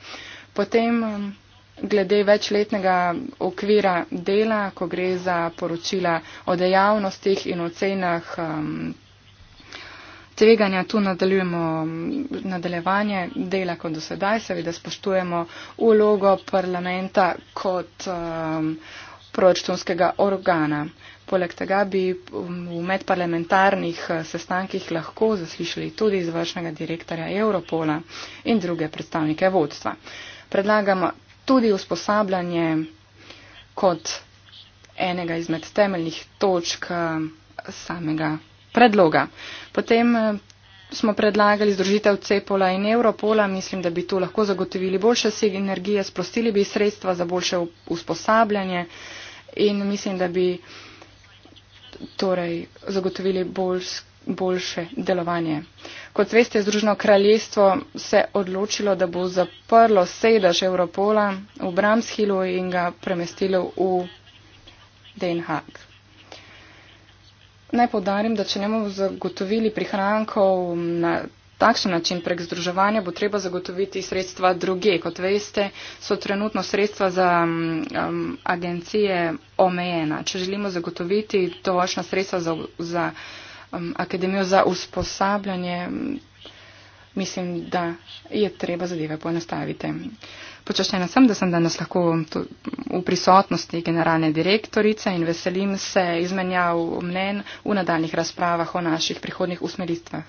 Potem, eh, glede večletnega okvira dela, ko gre za poročila o dejavnostih in ocenah um, tveganja, tu nadaljujemo um, nadaljevanje dela kot do sedaj, seveda spoštujemo ulogo parlamenta kot um, proračunskega organa. Poleg tega bi um, v medparlamentarnih uh, sestankih lahko zaslišali tudi izvršnega direktorja Europola in druge predstavnike vodstva. Predlagamo tudi usposabljanje kot enega izmed temeljnih točk eh, samega predloga. Potem eh, smo predlagali združitev CEPOLA in Europola. Mislim, da bi tu lahko zagotovili boljše sinergije, sprostili bi sredstva za boljše usposabljanje in mislim, da bi torej zagotovili bolj skupaj boljše delovanje. Kot veste, Združeno kraljestvo se odločilo, da bo zaprlo sedež Europola v Bramshilu in ga premestilo v Den Haag. Naj podarim, da če ne bomo zagotovili prihrankov na takšen način prek združevanja, bo treba zagotoviti sredstva druge. Kot veste, so trenutno sredstva za um, agencije omejena. Če želimo zagotoviti dovoljšna sredstva za. za um, akademijo za usposabljanje, um, mislim, da je treba zadeve poenostaviti. Počaščena sem, da sem danes lahko v prisotnosti generalne direktorice in veselim se izmenjav mnen v nadaljnih razpravah o naših prihodnih usmeritvah.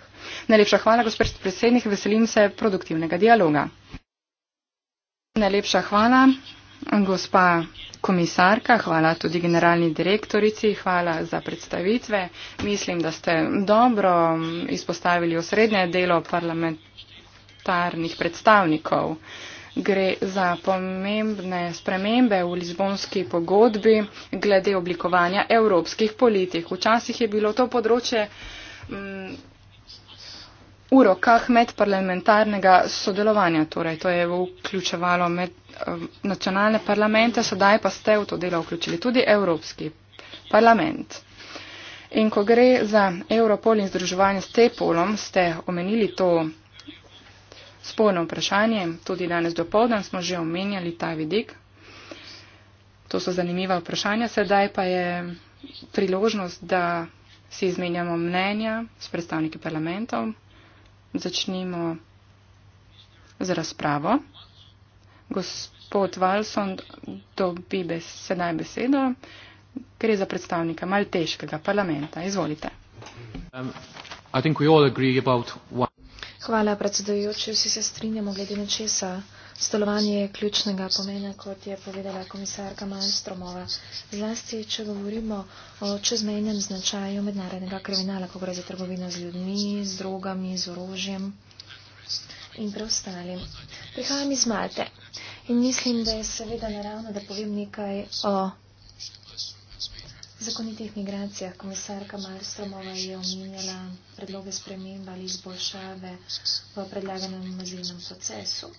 Najlepša hvala, gospod predsednik, veselim se produktivnega dialoga. Najlepša hvala, gospa komisarka, hvala tudi generalni direktorici, hvala za predstavitve. Mislim, da ste dobro izpostavili osrednje delo parlamentarnih predstavnikov. Gre za pomembne spremembe v Lizbonski pogodbi glede oblikovanja evropskih politik. Včasih je bilo to področje. Mm, v rokah medparlamentarnega sodelovanja. Torej, to je vključevalo med eh, nacionalne parlamente, sedaj pa ste v to delo vključili tudi Evropski parlament. In ko gre za Evropol in združevanje s T-polom, ste omenili to sporno vprašanje, tudi danes do povdan smo že omenjali ta vidik. To so zanimiva vprašanja, sedaj pa je priložnost, da si izmenjamo mnenja s predstavniki parlamentov začnimo z razpravo. Gospod Valson dobi sedaj besedo, ker je za predstavnika malteškega parlamenta. Izvolite. Um, Hvala, predsedujoči. Vsi se strinjamo glede na česa. Stolovanje je ključnega pomena, kot je povedala komisarka Malstromova. Zlasti, če govorimo o čezmejnem značaju mednarodnega kriminala, ko gre za trgovino z ljudmi, z drogami, z orožjem in preostalim. Prihajam iz Malte in mislim, da je seveda naravno, da povem nekaj o zakonitih migracijah. Komisarka Malstromova je omenjala predloge spremembe ali izboljšave v predlaganem azilnem procesu.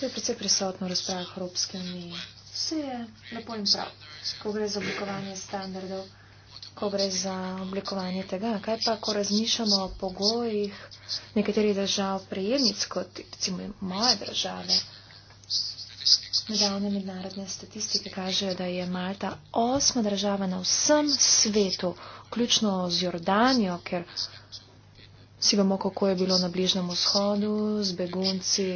To je precej prisotno v razpravah Evropske unije. Vse je lepo in prav, ko gre za oblikovanje standardov, ko gre za oblikovanje tega. Kaj pa, ko razmišljamo o pogojih nekaterih držav prijednic, kot recimo moje države? Nedavne mednarodne statistike kažejo, da je Malta osma država na vsem svetu, vključno z Jordanijo, ker si vemo, kako je bilo na Bližnem vzhodu z begunci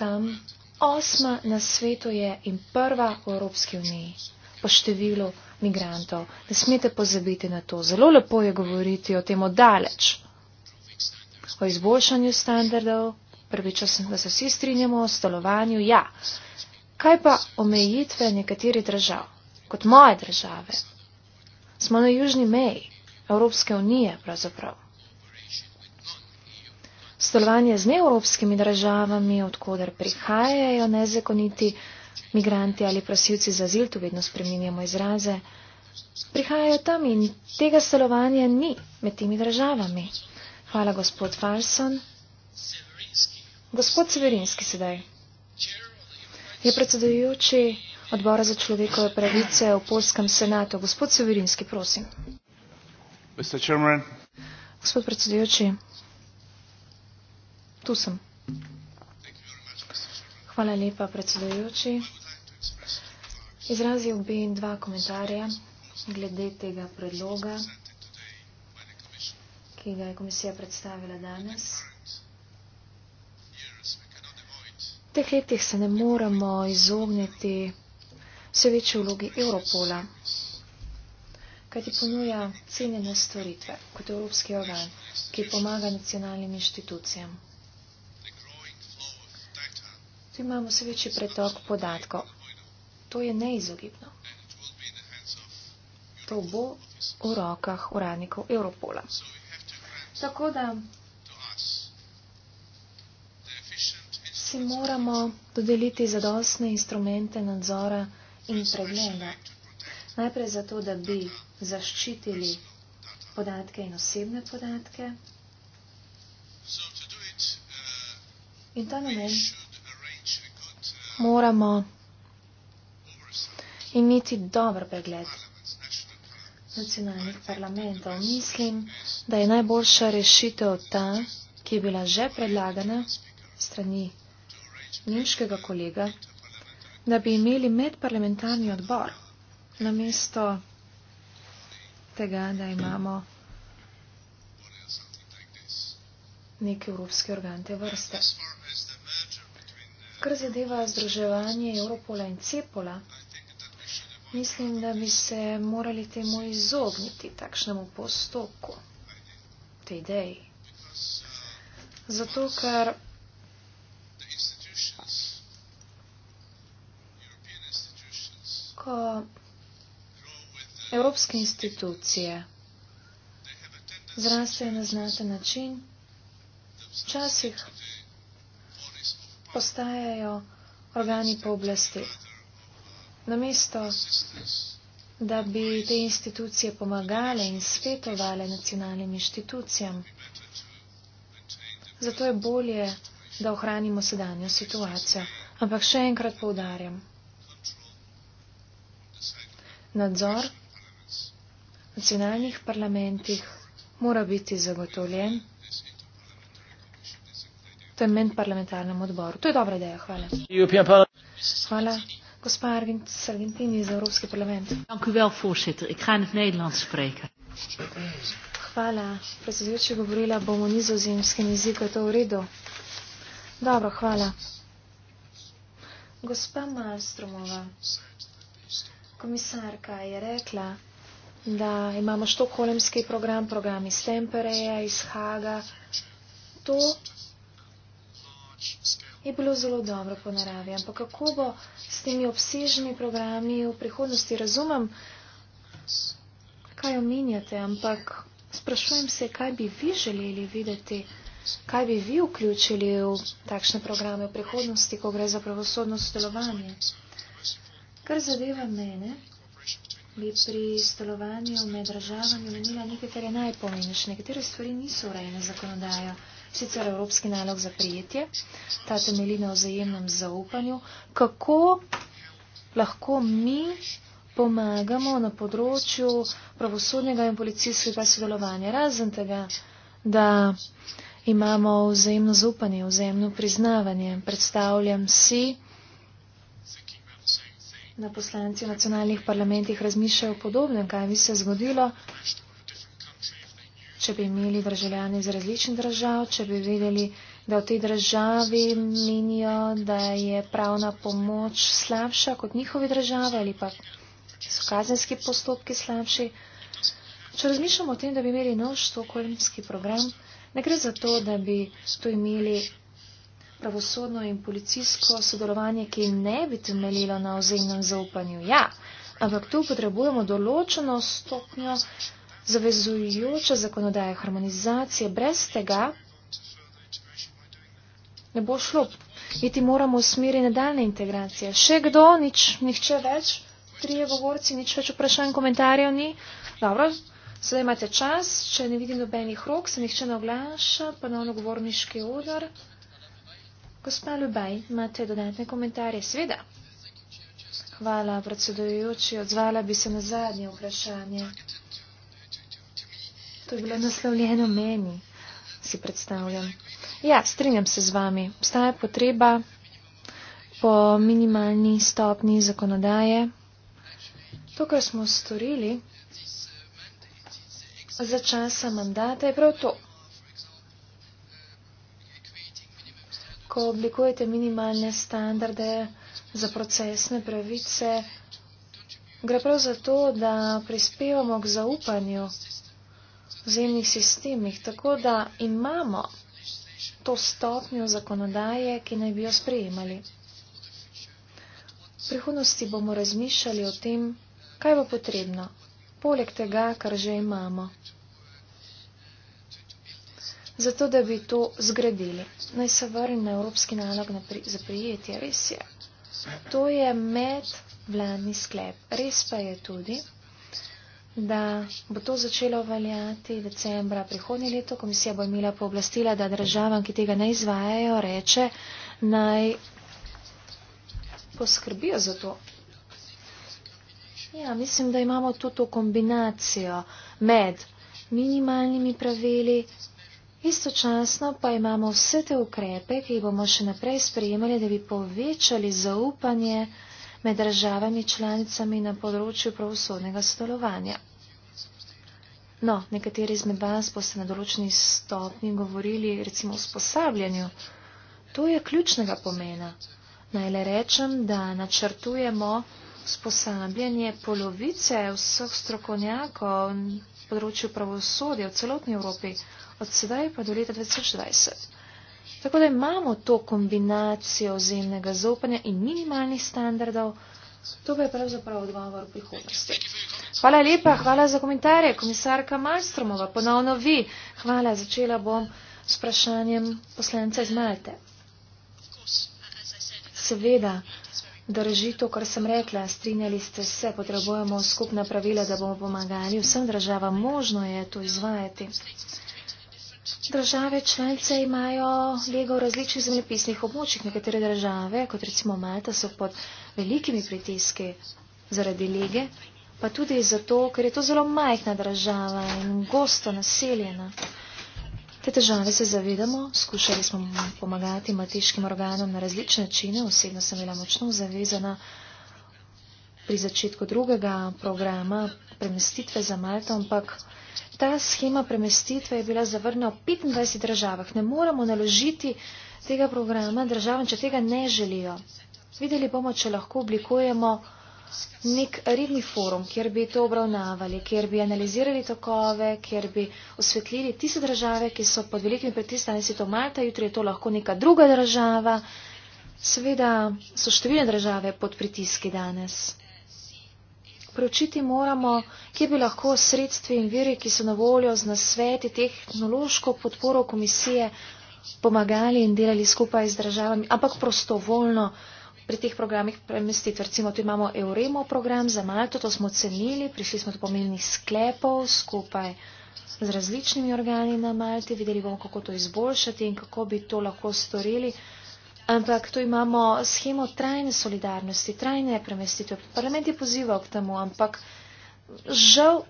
tam, osma na svetu je in prva v Evropski uniji po številu migrantov. Ne smete pozabiti na to. Zelo lepo je govoriti o tem odaleč, o izboljšanju standardov, prvič, da se vsi strinjamo o stolovanju, ja. Kaj pa omejitve nekaterih držav, kot moje države? Smo na južni meji Evropske unije pravzaprav sodelovanje z neevropskimi državami, odkuder prihajajo nezakoniti migranti ali prosilci za azil, tu vedno spreminjamo izraze, prihajajo tam in tega sodelovanja ni med temi državami. Hvala, gospod Farson. Gospod Severinski sedaj je predsedujoči odbora za človekove pravice v Polskem senatu. Gospod Severinski, prosim. Gospod predsedujoči tu sem. Hvala lepa, predsedujoči. Izrazil bi dva komentarja glede tega predloga, ki ga je komisija predstavila danes. V teh letih se ne moremo izogniti vse večji vlogi Europola, kajti ponuja cenjene storitve kot evropski organ, ki pomaga nacionalnim inštitucijam imamo vse večji pretok podatkov. To je neizogibno. To bo v rokah uradnikov Europola. Tako da si moramo dodeliti zadostne instrumente nadzora in pregleda. Najprej zato, da bi zaščitili podatke in osebne podatke. In ta namen moramo imeti dober pregled nacionalnih parlamentov. Mislim, da je najboljša rešitev ta, ki je bila že predlagana strani nemškega kolega, da bi imeli medparlamentarni odbor namesto tega, da imamo neke evropske organte vrste. Kar zadeva združevanje Evropola in Cepola, mislim, da bi se morali temu izogniti, takšnemu postopku, tej ideji. Zato, ker ko evropske institucije zrastejo na znaten način, včasih postajajo organi pooblasti. Namesto, da bi te institucije pomagale in svetovale nacionalnim inštitucijam, zato je bolje, da ohranimo sedanjo situacijo. Ampak še enkrat poudarjam. Nadzor v nacionalnih parlamentih mora biti zagotovljen tem medparlamentarnem odboru. To je dobra ideja. Hvala. Hvala. Gospa Argentini za Evropski parlament. Hvala. Predsedujoči, govorila bom o nizozemskem jeziku, je to v redu? Dobro, hvala. Gospa Malstromova, komisarka je rekla, da imamo štokolemski program, program iz Tempereja, iz Haga. To je bilo zelo dobro po naravi. Ampak kako bo s temi obsežnimi programi v prihodnosti? Razumem, kaj omenjate, ampak sprašujem se, kaj bi vi želeli videti, kaj bi vi vključili v takšne programe v prihodnosti, ko gre za pravosodno sodelovanje. Kar zadeva mene, bi pri sodelovanju med državami omenila nekaj, kar je najpomembnejše. Nekatere stvari niso urejene zakonodajo sicer evropski nalog za prijetje, ta temelji na vzajemnem zaupanju, kako lahko mi pomagamo na področju pravosodnega in policijskega sodelovanja, razen tega, da imamo vzajemno zaupanje, vzajemno priznavanje. Predstavljam si, da na poslanci v nacionalnih parlamentih razmišljajo podobno, kaj bi se zgodilo, če bi imeli državljane iz različnih držav, če bi videli, da v tej državi menijo, da je pravna pomoč slabša kot njihovi državi ali pa so kazenski postopki slabši. Če razmišljamo o tem, da bi imeli nov štokolmski program, ne gre za to, da bi to imeli pravosodno in policijsko sodelovanje, ki ne bi temeljilo na vzajemnem zaupanju. Ja, ampak tu potrebujemo določeno stopnjo zavezujoča zakonodaja, harmonizacija, brez tega ne bo šlo. Iti moramo v smeri nadaljne integracije. Še kdo, nič, nihče več, trije govorci, nič več vprašanj, komentarjev ni. Dobro, sedaj imate čas, če ne vidim nobenih rok, se nihče ne oglaša, ponovno govorniški odor. Gospa Ljubaj, imate dodatne komentarje? Sveda. Hvala, predsedujoči. Odzvala bi se na zadnje vprašanje. To je bilo naslovljeno meni, si predstavljam. Ja, strinjam se z vami. Obstaja potreba po minimalni stopni zakonodaje. To, kar smo storili za časa mandata, je prav to. Ko oblikujete minimalne standarde za procesne pravice, gre prav za to, da prispevamo k zaupanju vzemnih sistemih, tako da imamo to stopnjo zakonodaje, ki naj bi jo sprejemali. V prihodnosti bomo razmišljali o tem, kaj bo potrebno, poleg tega, kar že imamo. Zato, da bi to zgradili, naj se vrnem na evropski nalog za prijetje, res je. To je medvladni sklep, res pa je tudi da bo to začelo veljati decembra prihodnje leto. Komisija bo imela pooblastila, da državam, ki tega ne izvajajo, reče, naj poskrbijo za to. Ja, mislim, da imamo tudi to kombinacijo med minimalnimi pravili, istočasno pa imamo vse te ukrepe, ki jih bomo še naprej sprejemali, da bi povečali zaupanje med državami članicami na področju pravosodnega sodelovanja. No, nekateri izmed vas boste na določeni stopni govorili recimo o sposabljanju. To je ključnega pomena. Naj le rečem, da načrtujemo sposabljanje polovice vseh strokovnjakov področju pravosodja v celotni Evropi, od sedaj pa do leta 2020. Tako da imamo to kombinacijo ozemnega zaupanja in minimalnih standardov. To pa je pravzaprav odgovor v prihodnosti. Hvala lepa, hvala za komentarje. Komisarka Malstromova, ponovno vi. Hvala, začela bom s vprašanjem poslance iz Malte. Seveda, drži to, kar sem rekla, strinjali ste se, potrebujemo skupna pravila, da bomo pomagali vsem državam, možno je to izvajati. Države članice imajo lego različnih zemljepisnih območjih. Nekatere države, kot recimo Malta, so pod velikimi pritiski zaradi lege, pa tudi zato, ker je to zelo majhna država in gosto naseljena. Te težave se zavedamo, skušali smo pomagati matiškim organom na različne načine, osebno sem bila močno zavezana pri začetku drugega programa premestitve za Malto, ampak ta schema premestitve je bila zavrna v 25 državah. Ne moremo naložiti tega programa državam, če tega ne želijo. Videli bomo, če lahko oblikujemo nek redni forum, kjer bi to obravnavali, kjer bi analizirali tokove, kjer bi osvetlili tiste države, ki so pod velikimi pritiskami, si to Malta, jutri je to lahko neka druga država. Seveda so številne države pod pritiski danes preučiti moramo, kje bi lahko sredstvi in viri, ki so na voljo z nasveti tehnološko podporo komisije, pomagali in delali skupaj z državami, ampak prostovoljno pri teh programih premestiti. Recimo, tu imamo Euremo program za Malto, to smo cenili, prišli smo do pomembnih sklepov skupaj z različnimi organi na Malti, videli bomo, kako to izboljšati in kako bi to lahko storili. Ampak tu imamo schemo trajne solidarnosti, trajne premestitve. Parlament je pozival k temu, ampak žal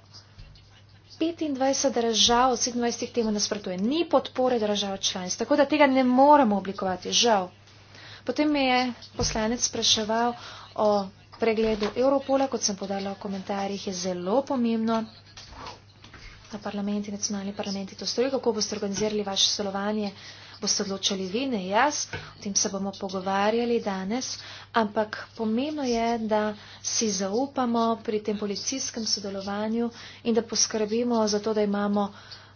25 držav od 27 temu nasprotuje. Ni podpore držav članic, tako da tega ne moremo oblikovati. Žal. Potem me je poslanec spraševal o pregledu Europola, kot sem podala v komentarjih, je zelo pomembno na parlamenti, nacionalni parlamenti to storijo, kako boste organizirali vaše sodelovanje boste odločali vi, ne jaz, o tem se bomo pogovarjali danes, ampak pomeno je, da si zaupamo pri tem policijskem sodelovanju in da poskrbimo za to, da imamo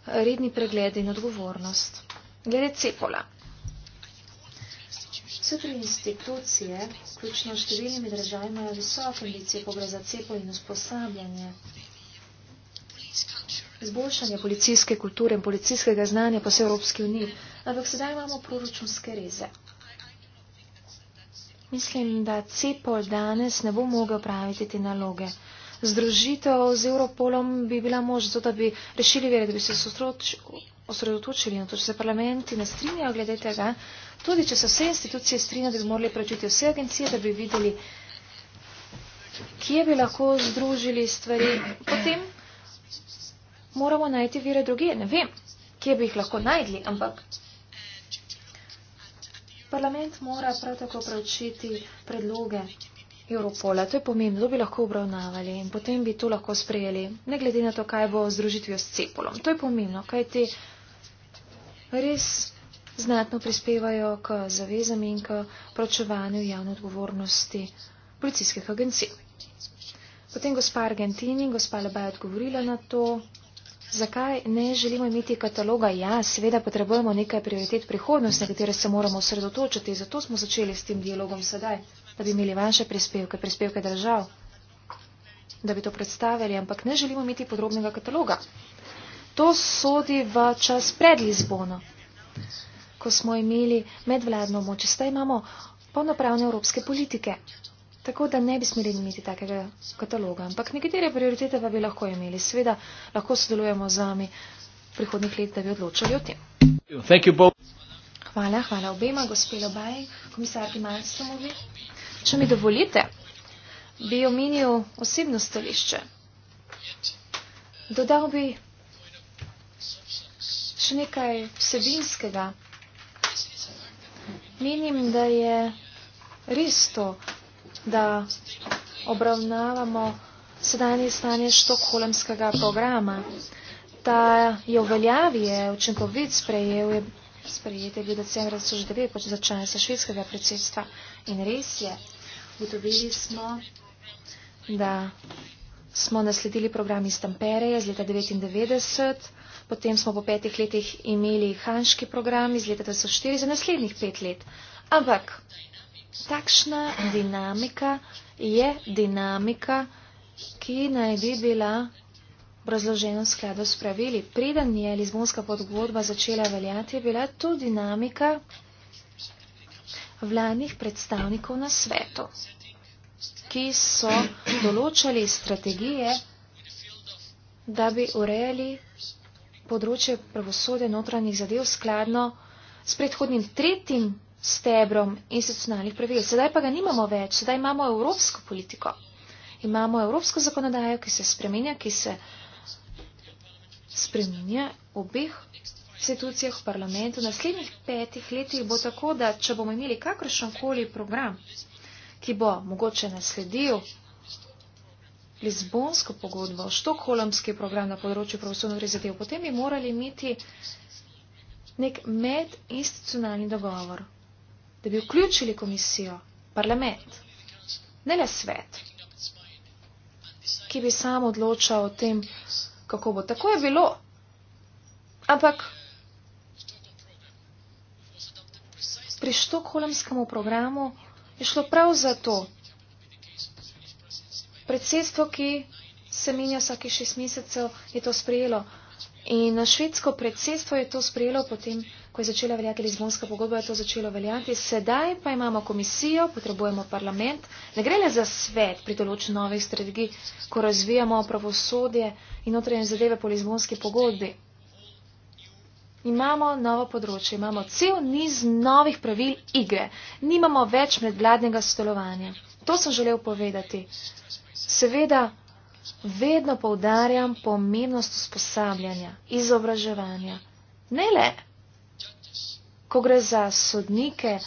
redni pregled in odgovornost. Glede cepola. Vse tri institucije, vključno s številnimi državami, imajo visoke indicije, ko gre za cepo in usposabljanje izboljšanje policijske kulture in policijskega znanja po vse Evropski uniji, ampak sedaj imamo proračunske reze. Mislim, da Cepol danes ne bo mogel praviti te naloge. Združitev z Europolom bi bila možno, zato da bi rešili vere, da bi se osredotočili na to, če se parlamenti ne strinjajo glede tega, tudi če se vse institucije strinjajo, da bi morali prečiti vse agencije, da bi videli, kje bi lahko združili stvari. Potem moramo najti vire druge. Ne vem, kje bi jih lahko najdli, ampak parlament mora prav tako preučiti predloge Europola. To je pomembno, to bi lahko obravnavali in potem bi to lahko sprejeli, ne glede na to, kaj bo združitvijo s cepolom. To je pomembno, kaj ti res znatno prispevajo k zavezam in k pročevanju javne odgovornosti policijskih agencij. Potem gospa Argentini, gospa Lebaj odgovorila na to, Zakaj ne želimo imeti kataloga? Ja, seveda potrebujemo nekaj prioritet prihodnosti, na katere se moramo osredotočiti. Zato smo začeli s tem dialogom sedaj, da bi imeli vaše prispevke, prispevke držav, da bi to predstavili, ampak ne želimo imeti podrobnega kataloga. To sodi v čas pred Lizbono, ko smo imeli medvladno moč. Zdaj imamo polnopravne evropske politike. Tako da ne bi smeli imeti takega kataloga, ampak nekatere prioritete pa bi lahko imeli. Sveda lahko sodelujemo z vami v prihodnih let, da bi odločali o tem. Hvala, hvala obema, gospe Lobaj, komisarki Malstomovi. Če mi dovolite, bi omenil osebno stališče. Dodal bi še nekaj vsebinskega. Menim, da je res to da obravnavamo sedanje stanje štokholmskega programa. Ta je v veljavi, je učinkovit sprejel, je sprejet je bil decembra 2009, pač začanje sa švedskega predsedstva. In res je, ugotovili smo, da smo nasledili program iz Tampereje iz leta 1999, potem smo po petih letih imeli Hanški program iz leta 2004 za naslednjih pet let. Ampak Takšna dinamika je dinamika, ki naj bi bila razložena v skladu s pravili. Preden je Lizbonska podgodba začela veljati, je bila to dinamika vladnih predstavnikov na svetu, ki so določali strategije, da bi urejali področje pravosode notranjih zadev skladno s predhodnim tretjim stebrom institucionalnih pravil. Sedaj pa ga nimamo več, sedaj imamo evropsko politiko. Imamo evropsko zakonodajo, ki se spremenja, ki se spremenja v obeh institucijah v parlamentu. Naslednjih petih letih bo tako, da če bomo imeli kakršen koli program, ki bo mogoče nasledil Lizbonsko pogodbo, štokholmski program na področju pravosodnih zadev, potem bi morali imeti nek medinstitucionalni dogovor da bi vključili komisijo, parlament, ne le svet, ki bi sam odločal o tem, kako bo. Tako je bilo. Ampak pri štokholmskem programu je šlo prav za to. Predsedstvo, ki se menja vsake šest mesecev, je to sprejelo. In švedsko predsedstvo je to sprejelo potem ko je začela veljati Lizbonska pogodba, je to začelo veljati. Sedaj pa imamo komisijo, potrebujemo parlament. Ne gre le za svet pri določen novih strategij, ko razvijamo pravosodje in notranje zadeve po Lizbonski pogodbi. Imamo novo področje, imamo cel niz novih pravil igre. Nimamo več medvladnega sodelovanja. To sem želel povedati. Seveda, vedno poudarjam pomembnost usposabljanja, izobraževanja. Ne le ko gre za sodnike,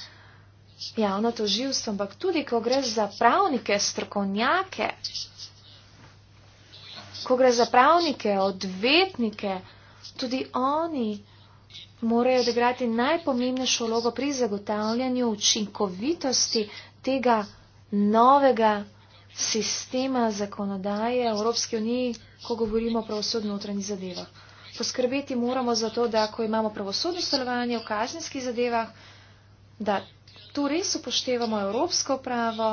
javno toživstvo, ampak tudi, ko gre za pravnike, strokovnjake, ko gre za pravnike, odvetnike, tudi oni morajo odigrati najpomembnejšo vlogo pri zagotavljanju učinkovitosti tega novega sistema zakonodaje Evropske unije, ko govorimo o pravosodnotranjih zadevah poskrbeti moramo za to, da ko imamo pravosodno stanovanje v kazninskih zadevah, da tu res upoštevamo evropsko pravo,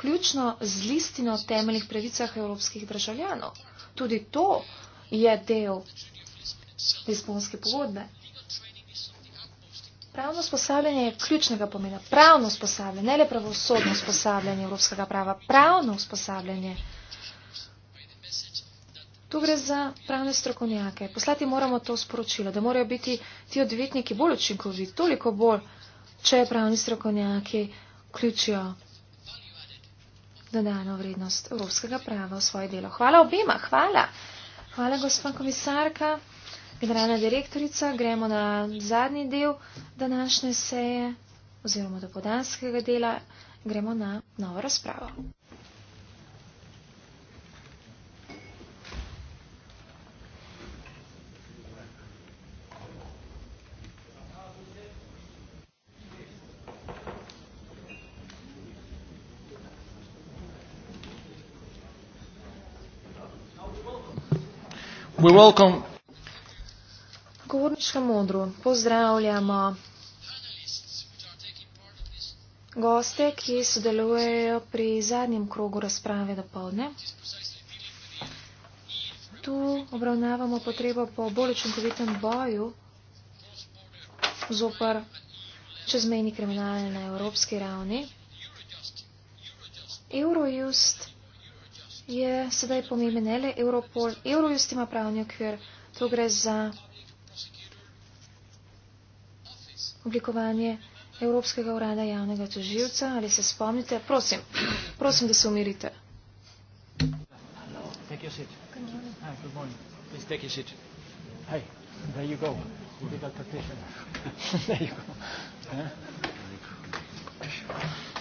ključno z listino o temeljnih pravicah evropskih državljanov. Tudi to je del Lisbonske pogodbe. Pravno usposabljanje je ključnega pomena. Pravno usposabljanje, ne le pravosodno usposabljanje evropskega prava, pravno usposabljanje. Tu gre za pravne strokovnjake. Poslati moramo to sporočilo, da morajo biti ti odvetniki bolj učinkoviti, toliko bolj, če pravni strokovnjaki vključijo dodano vrednost evropskega prava v svoje delo. Hvala obima, hvala. Hvala, gospa komisarka, generalna direktorica. Gremo na zadnji del današnje seje oziroma do podanskega dela. Gremo na novo razpravo. We welcome. Govorniška modru, pozdravljamo goste, ki sodelujejo pri zadnjem krogu razprave do povdne. Tu obravnavamo potrebo po bolj učinkovitem boju zopr čezmejni kriminal na evropski ravni. Eurojust je sedaj pomemben le Europol. Eurojust ima pravni okvir, to gre za oblikovanje Evropskega urada javnega toživca. Ali se spomnite? Prosim, prosim, da se umirite.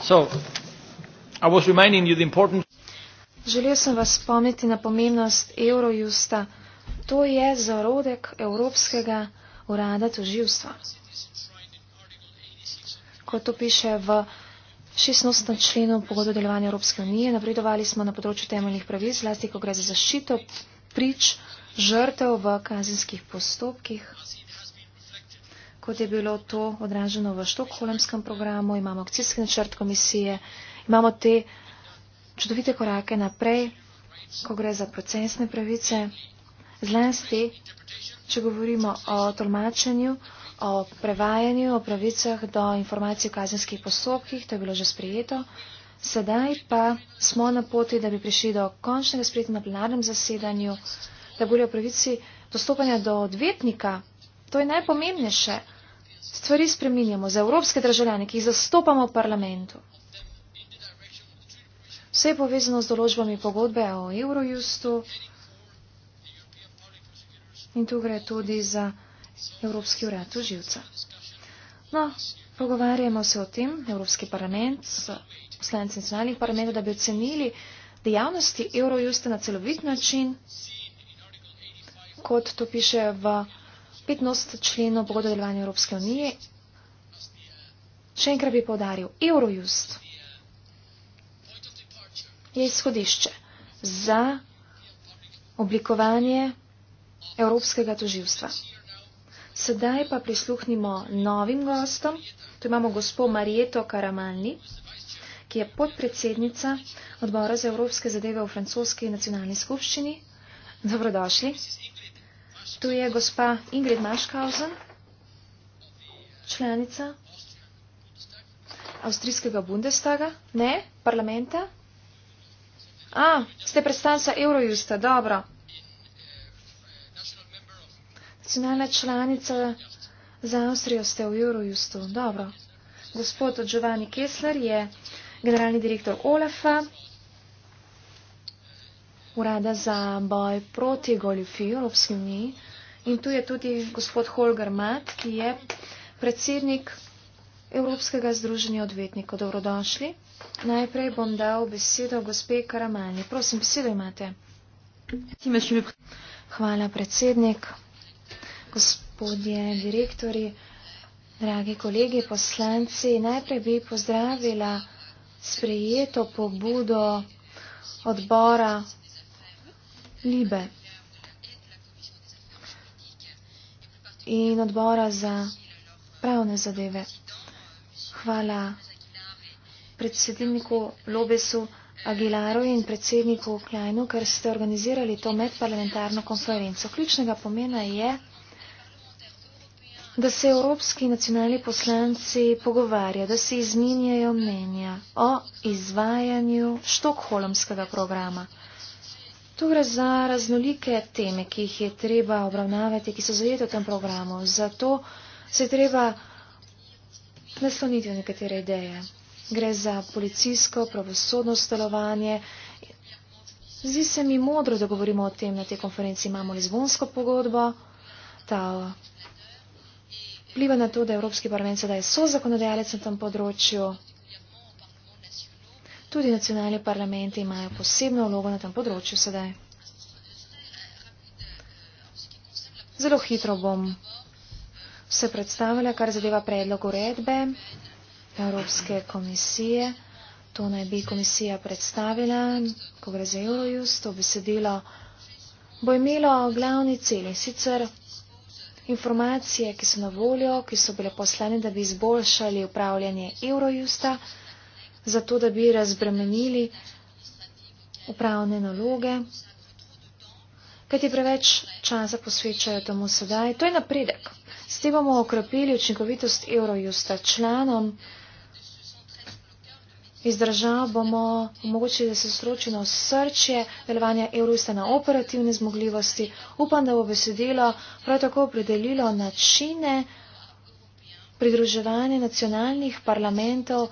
So, I was reminding you the importance. Želel sem vas spomniti na pomembnost Eurojusta. To je zarodek Evropskega urada toživstva. Kot to piše v 16. členu pogodbe delovanja Evropske unije, napredovali smo na področju temeljnih pravic, zlasti ko gre za zaščito prič žrtev v kazenskih postopkih. Kot je bilo to odraženo v štokholmskem programu, imamo akcijski načrt komisije, imamo te čudovite korake naprej, ko gre za procesne pravice, zlasti, če govorimo o tolmačenju, o prevajanju, o pravicah do informacij o kazenskih postopkih, to je bilo že sprejeto. Sedaj pa smo na poti, da bi prišli do končnega sprejeta na plenarnem zasedanju, da govorijo o pravici dostopanja do odvetnika. To je najpomembnejše. Stvari spreminjamo za evropske državljane, ki jih zastopamo v parlamentu. Vse je povezano z določbami pogodbe o Eurojustu in tu gre tudi za Evropski urad uživca. No, pogovarjamo se o tem, Evropski parlament, poslanci nacionalnih parlamentov, da bi ocenili dejavnosti Eurojusta na celovit način, kot to piše v 15. členu pogodbe delovanja Evropske unije. Še enkrat bi podaril, Eurojust je izhodišče za oblikovanje Evropskega toživstva. Sedaj pa prisluhnimo novim gostom. Tu imamo gospo Marieto Karamalni, ki je podpredsednica odbora za Evropske zadeve v francoski nacionalni skupščini. Dobrodošli. Tu je gospa Ingrid Maškausen, članica avstrijskega Bundestaga, ne, parlamenta. A, ste predstavnica Eurojusta, dobro. Nacionalna članica za Avstrijo ste v Eurojustu, dobro. Gospod Giovanni Kessler je generalni direktor OLAF-a, urada za boj proti goljufiju v Evropski uniji. In tu je tudi gospod Holger Matt, ki je predsednik Evropskega združenja odvetnikov. Dobrodošli. Najprej bom dal besedo gospe Karamani. Prosim, besedo imate. Hvala, predsednik, gospodje direktori, dragi kolegi poslanci. Najprej bi pozdravila sprejeto pobudo odbora Libe in odbora za pravne zadeve hvala predsedniku Lobesu Aguilaru in predsedniku Kleinu, ker ste organizirali to medparlamentarno konferenco. Ključnega pomena je, da se evropski nacionalni poslanci pogovarjajo, da se izminjajo mnenja o izvajanju štokholmskega programa. Tu gre za raznolike teme, ki jih je treba obravnavati, ki so zajete v tem programu. Zato se treba naslonitev nekatere ideje. Gre za policijsko, pravosodno stelovanje. Zdi se mi modro, da govorimo o tem na tej konferenci. Imamo izvonsko pogodbo, ta pliva na to, da Evropski parlament sedaj so zakonodajalec na tem področju. Tudi nacionalni parlamenti imajo posebno vlogo na tem področju sedaj. Zelo hitro bom vse predstavila, kar zadeva predlog uredbe Evropske komisije. To naj bi komisija predstavila, ko gre za Eurojust, to besedilo bo imelo glavni cilj in sicer informacije, ki so na voljo, ki so bile poslane, da bi izboljšali upravljanje Eurojusta, zato da bi razbremenili upravne naloge, kajti preveč časa posvečajo temu sedaj. To je napredek. S tem bomo okrepili učinkovitost Eurojusta. Članom iz držav bomo omogočili, da se sročeno srče delovanja Eurojusta na operativne zmogljivosti. Upam, da bo besedilo prav tako opredelilo načine pridruževanja nacionalnih parlamentov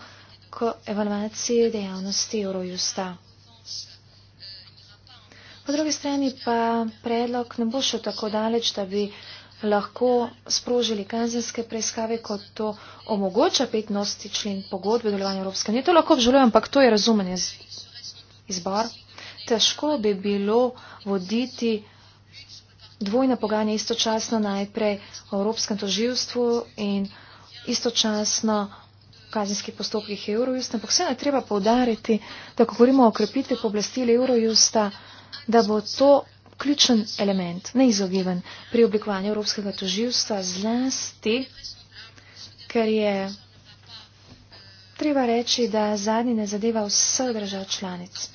k evalvaciji dejavnosti Eurojusta. Po drugi strani pa predlog ne bo šel tako daleč, da bi lahko sprožili kazenske preiskave, kot to omogoča 15. člen pogodbe delovanja Evropske unije. To lahko obžalujem, ampak to je razumen izbor. Težko bi bilo voditi dvojna pogajanja istočasno najprej v Evropskem toživstvu in istočasno v kazenskih postopkih Eurojusta, ampak vse ne treba povdariti, da ko govorimo o krepitvi poblastili Eurojusta, da bo to ključen element, neizogiben pri oblikovanju evropskega toživstva zlasti, ker je treba reči, da zadnji ne zadeva vse držav članic.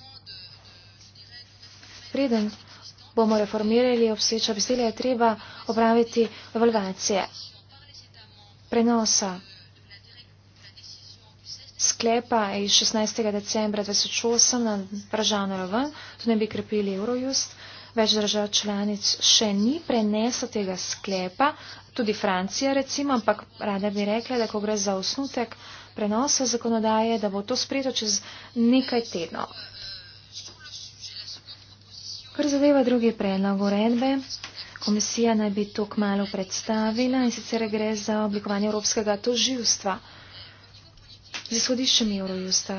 Preden bomo reformirali obseča bestelja, je treba opraviti evalvacije, prenosa sklepa iz 16. decembra 2008 na državno raven, tu ne bi krepili Eurojust, več držav članic še ni prenesla tega sklepa, tudi Francija recimo, ampak rada bi rekla, da ko gre za osnutek prenosa zakonodaje, da bo to sprejeto čez nekaj tednov. Kar zadeva drugi predlog uredbe, komisija naj bi to kmalo predstavila in sicer gre za oblikovanje evropskega toživstva z izhodiščem Eurojusta.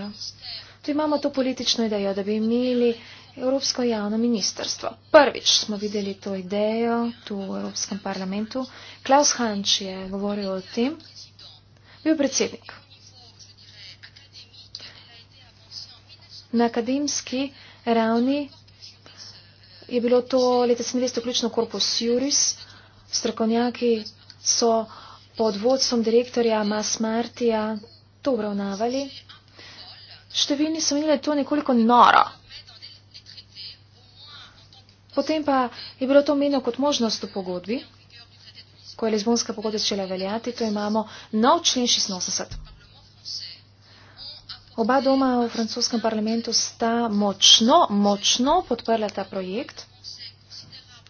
Tu imamo to politično idejo, da bi imeli Evropsko javno ministrstvo. Prvič smo videli to idejo tu v Evropskem parlamentu. Klaus Hanč je govoril o tem, bil predsednik. Na akademski ravni je bilo to leta 70 vključno korpus Juris. Strokovnjaki so pod vodstvom direktorja Masmartija to obravnavali. Številni so menili, da je to nekoliko noro. Potem pa je bilo to menjeno kot možnost v pogodbi, ko je Lizbonska pogodba začela veljati, to imamo nov člen 86. Oba doma v francoskem parlamentu sta močno, močno podprla ta projekt.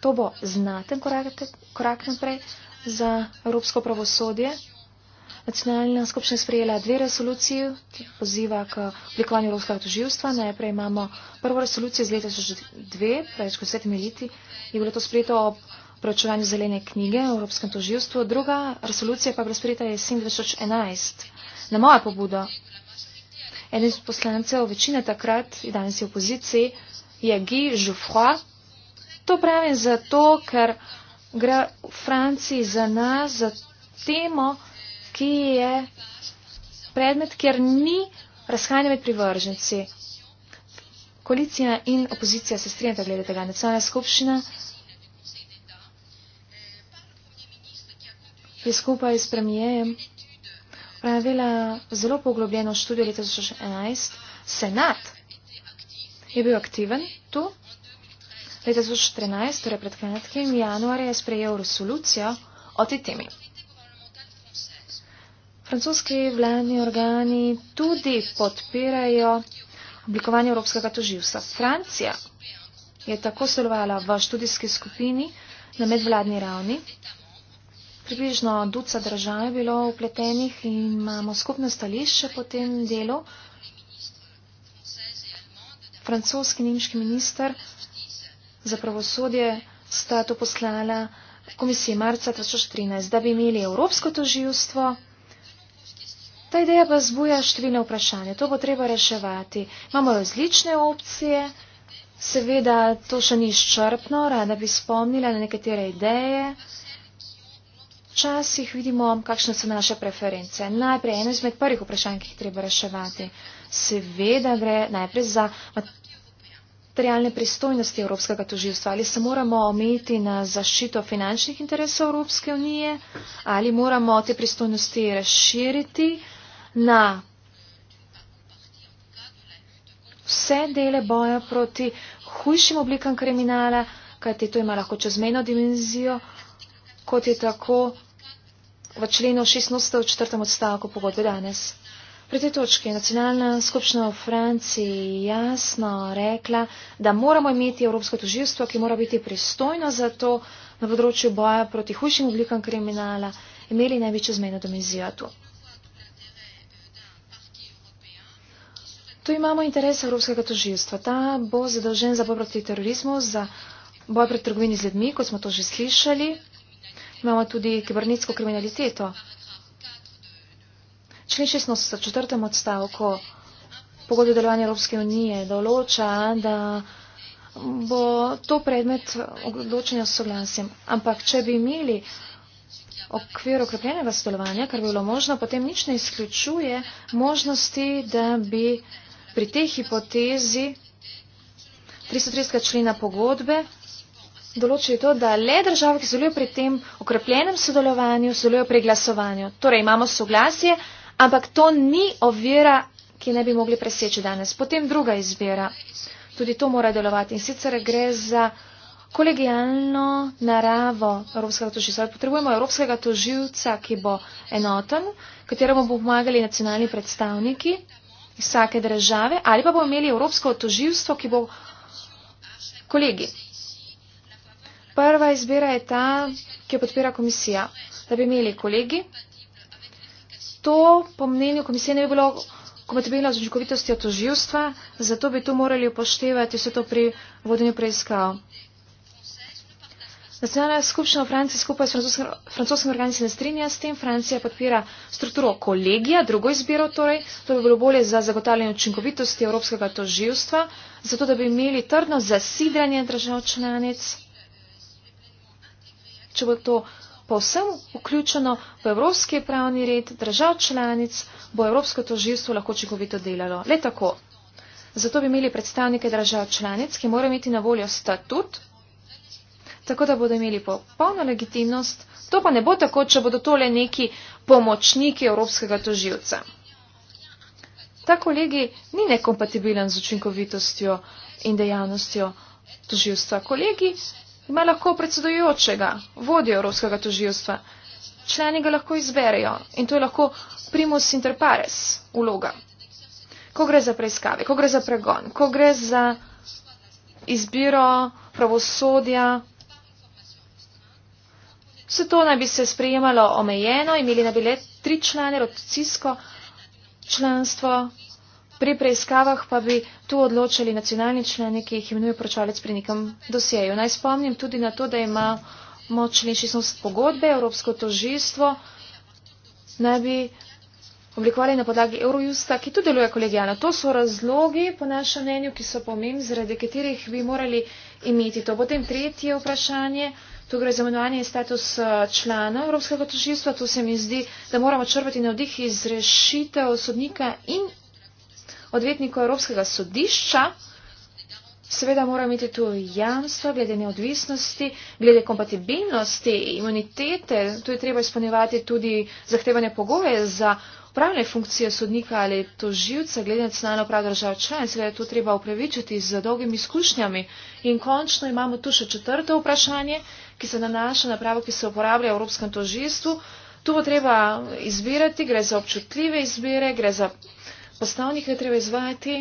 To bo znaten korak, korak naprej za evropsko pravosodje. Nacionalna skupščina sprejela dve resoluciji, poziva k oblikovanju evropskega toživstva. Najprej imamo prvo resolucijo iz leta 2002, preveč kot sedmi leti, je bilo to sprejeto ob pročevanju zelene knjige o evropskem toživstvu. Druga resolucija pa je bila sprejeta jesen 2011. Na mojo pobudo, eden iz poslancev večine takrat in danes je v opoziciji, je Guy Jouffroy. To pravim zato, ker gre v Franciji za nas, za temo, ki je predmet, kjer ni razhajanja med privrženci. Koalicija in opozicija se strinjata glede tega. Nacionalna skupščina je skupaj s premijejem pravila zelo poglobljeno študijo leta 2011. Senat je bil aktiven tu. Leta 2013, torej pred kratkim, januarja je sprejel resolucijo o tej temi francoski vladni organi tudi podpirajo oblikovanje Evropskega toživstva. Francija je tako sodelovala v študijski skupini na medvladni ravni. Približno duca držav je bilo upletenih in imamo skupno stališče po tem delu. Francoski in nemški minister za pravosodje sta to poslala komisiji marca 2014, da bi imeli evropsko toživstvo Ta ideja pa zbuja številne vprašanja. To bo treba reševati. Imamo različne opcije. Seveda to še ni izčrpno. Rada bi spomnila na nekatere ideje. Včasih vidimo, kakšne so naše preference. Najprej eno izmed prvih vprašanj, ki jih treba reševati. Seveda gre najprej za materialne pristojnosti Evropskega toživstva. Ali se moramo omejiti na zaščito finančnih interesov Evropske unije, ali moramo te pristojnosti razširiti na vse dele boja proti hujšim oblikam kriminala, kajti to ima lahko čezmejno dimenzijo, kot je tako v členu 16.4. odstavku pogodbe danes. Pri tej točki je nacionalna skupščina v Franciji jasno rekla, da moramo imeti Evropsko tožilstvo, ki mora biti pristojno za to na področju boja proti hujšim oblikam kriminala, imeli največjo zmejno dimenzijo tu. Tu imamo interes evropskega tožilstva. Ta bo zadolžen za boj proti terorizmu, za boj proti trgovini z ljudmi, kot smo to že slišali. Imamo tudi kibernetsko kriminaliteto. Člen 16. četrtem odstavku pogodbe o delovanju Evropske unije določa, da bo to predmet odločenja s soglasjem. Ampak, če bi imeli okvir okrepljenega sodelovanja, kar bi bilo možno, potem nič ne izključuje možnosti, da bi pri tej hipotezi 330. člena pogodbe določijo to, da le države, ki sodelujo pri tem okrepljenem sodelovanju, sodelujo pri glasovanju. Torej imamo soglasje, ampak to ni ovira, ki ne bi mogli preseči danes. Potem druga izbira. Tudi to mora delovati. In sicer gre za kolegijalno naravo Evropskega toživca. Potrebujemo Evropskega toživca, ki bo enoten, kateremu bo pomagali nacionalni predstavniki iz vsake države, ali pa bomo imeli Evropsko toživstvo, ki bo kolegi. Prva izbira je ta, ki jo podpira komisija, da bi imeli kolegi. To, po mnenju komisije, ne bi bilo kompatibilno z učinkovitostjo toživstva, zato bi to morali upoštevati vse to pri vodenju preiskav. Nacionalna skupščina v Franciji skupaj s francoskim, francoskim organi se ne strinja s tem. Francija podpira strukturo kolegija, drugo izbiro torej. To bi bilo bolje za zagotavljanje učinkovitosti evropskega toživstva, zato da bi imeli trdno zasidranje držav članic. Če bo to povsem vključeno v evropski pravni red držav članic, bo evropsko toživstvo lahko učinkovito delalo. Le tako. Zato bi imeli predstavnike držav članic, ki morajo imeti na voljo statut tako da bodo imeli popolno legitimnost, to pa ne bo tako, če bodo tole neki pomočniki evropskega toživca. Ta kolegi ni nekompatibilen z učinkovitostjo in dejavnostjo toživstva. Kolegi ima lahko predsedujočega, vodjo evropskega toživstva. Člani ga lahko izberejo in to je lahko primus inter pares vloga. Ko gre za preiskave, ko gre za pregon, ko gre za izbiro pravosodja, Vse to naj bi se sprejemalo omejeno, imeli naj bi le tri člane, rotacijsko članstvo, pri preiskavah pa bi tu odločali nacionalni člani, ki jih imenuje pročalec pri nekem dosjeju. Naj spomnim tudi na to, da ima močnejši snost pogodbe, Evropsko tožistvo naj bi oblikovali na podlagi Eurojusta, ki tudi deluje kolegijalno. To so razlogi, po našem mnenju, ki so pomembni, zaradi katerih bi morali imeti to. Potem tretje vprašanje tu gre za imenovanje in status eh, člana Evropskega tožilstva, tu se mi zdi, da moramo črpati na vdih iz rešitev sodnika in odvetnika Evropskega sodišča. Seveda mora imeti tu jamstva glede neodvisnosti, glede kompatibilnosti, imunitete, tu je treba izpolnjevati tudi zahtevane pogoje za pravne funkcije sodnika ali toživca, glede na nacionalno prav držav člen, seveda je tu treba upravičiti z dolgimi izkušnjami. In končno imamo tu še četrto vprašanje ki se nanaša na pravo, ki se uporablja v Evropskem tožistvu. Tu bo treba izbirati, gre za občutljive izbire, gre za postavnje, ki je treba izvajati.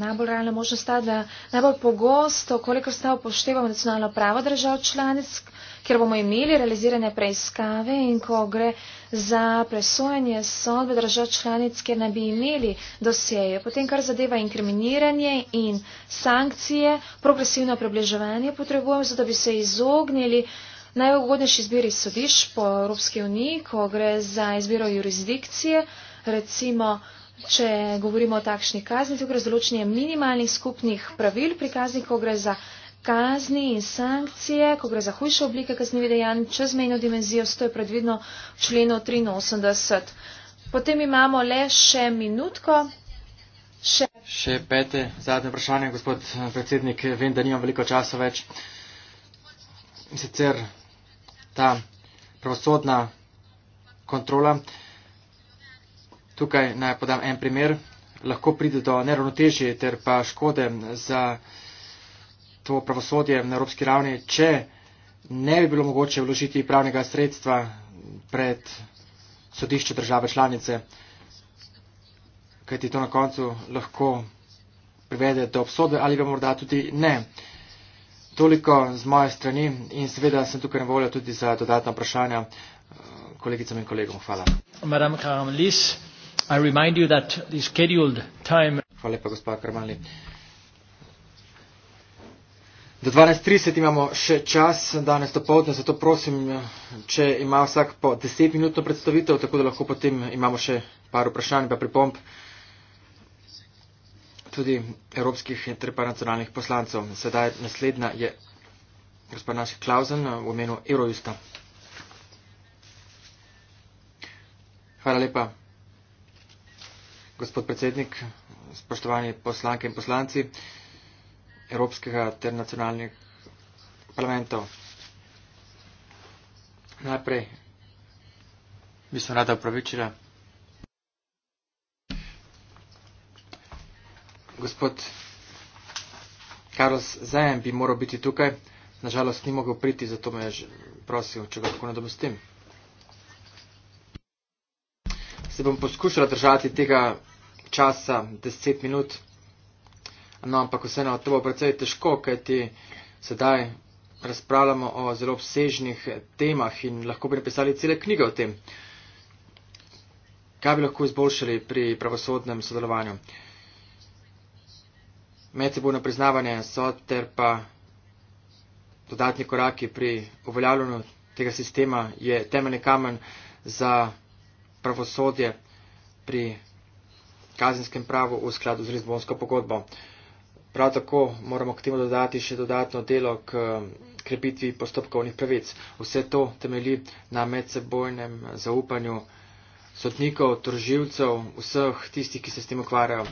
Najbolj realna možnost je, da najbolj pogosto, koliko sta upoštevamo nacionalno pravo držav članic, kjer bomo imeli realizirane preiskave in ko gre za presojanje sodbe držav članic, kjer ne bi imeli dosjeje. Potem, kar zadeva inkriminiranje in sankcije, progresivno približevanje potrebujemo, zato bi se izognili najugodnejši izbiri sodiš po Evropski uniji, ko gre za izbiro jurisdikcije, recimo. Če govorimo o takšni kazni, tu gre za določenje minimalnih skupnih pravil pri kazni, ko gre za kazni in sankcije, ko gre za hujše oblike kaznjivih dejanj čezmejno dimenzijo, to je predvidno v členu 83. Potem imamo le še minutko. Še, še pete, zadnje vprašanje, gospod eh, predsednik, eh, vem, da nimam veliko časa več. Sicer ta pravosodna kontrola. Tukaj naj podam en primer. Lahko pride do neravnotežje ter pa škode za to pravosodje na evropski ravni, če ne bi bilo mogoče vložiti pravnega sredstva pred sodišče države članice, kajti to na koncu lahko privede do obsodbe ali pa morda tudi ne. Toliko z moje strani in seveda sem tukaj na voljo tudi za dodatna vprašanja eh, kolegicam in kolegom. Hvala. Hvala lepa, gospod Karmali. Uh, Do 12.30 imamo še čas danes do povdne, zato prosim, če ima vsak po 10 minutno predstavitev, tako da lahko potem imamo še par vprašanj, pa pripomp tudi evropskih in trepa nacionalnih poslancev. Sedaj naslednja je gospod naš Klausen eh, v imenu Eurojusta. Hvala lepa, gospod predsednik, spoštovani poslanke in poslanci evropskega ter nacionalnih parlamentov. Najprej bi se rada upravičila. Gospod Karls Zajem bi moral biti tukaj, nažalost ni mogel priti, zato me je prosil, če ga lahko nadomestim. Se bom poskušala držati tega časa 10 minut. No, ampak vseeno to bo precej težko, kajti sedaj razpravljamo o zelo obsežnih temah in lahko bi napisali cele knjige o tem, kaj bi lahko izboljšali pri pravosodnem sodelovanju. Medsebojno priznavanje so ter pa dodatni koraki pri uveljavljanju tega sistema je temeljni kamen za pravosodje pri kazenskem pravu v skladu z Lizbonsko pogodbo. Prav tako moramo k temu dodati še dodatno delo k krepitvi postopkovnih pravic. Vse to temelji na medsebojnem zaupanju sodnikov, toživcev, vseh tistih, ki se s tem ukvarjajo.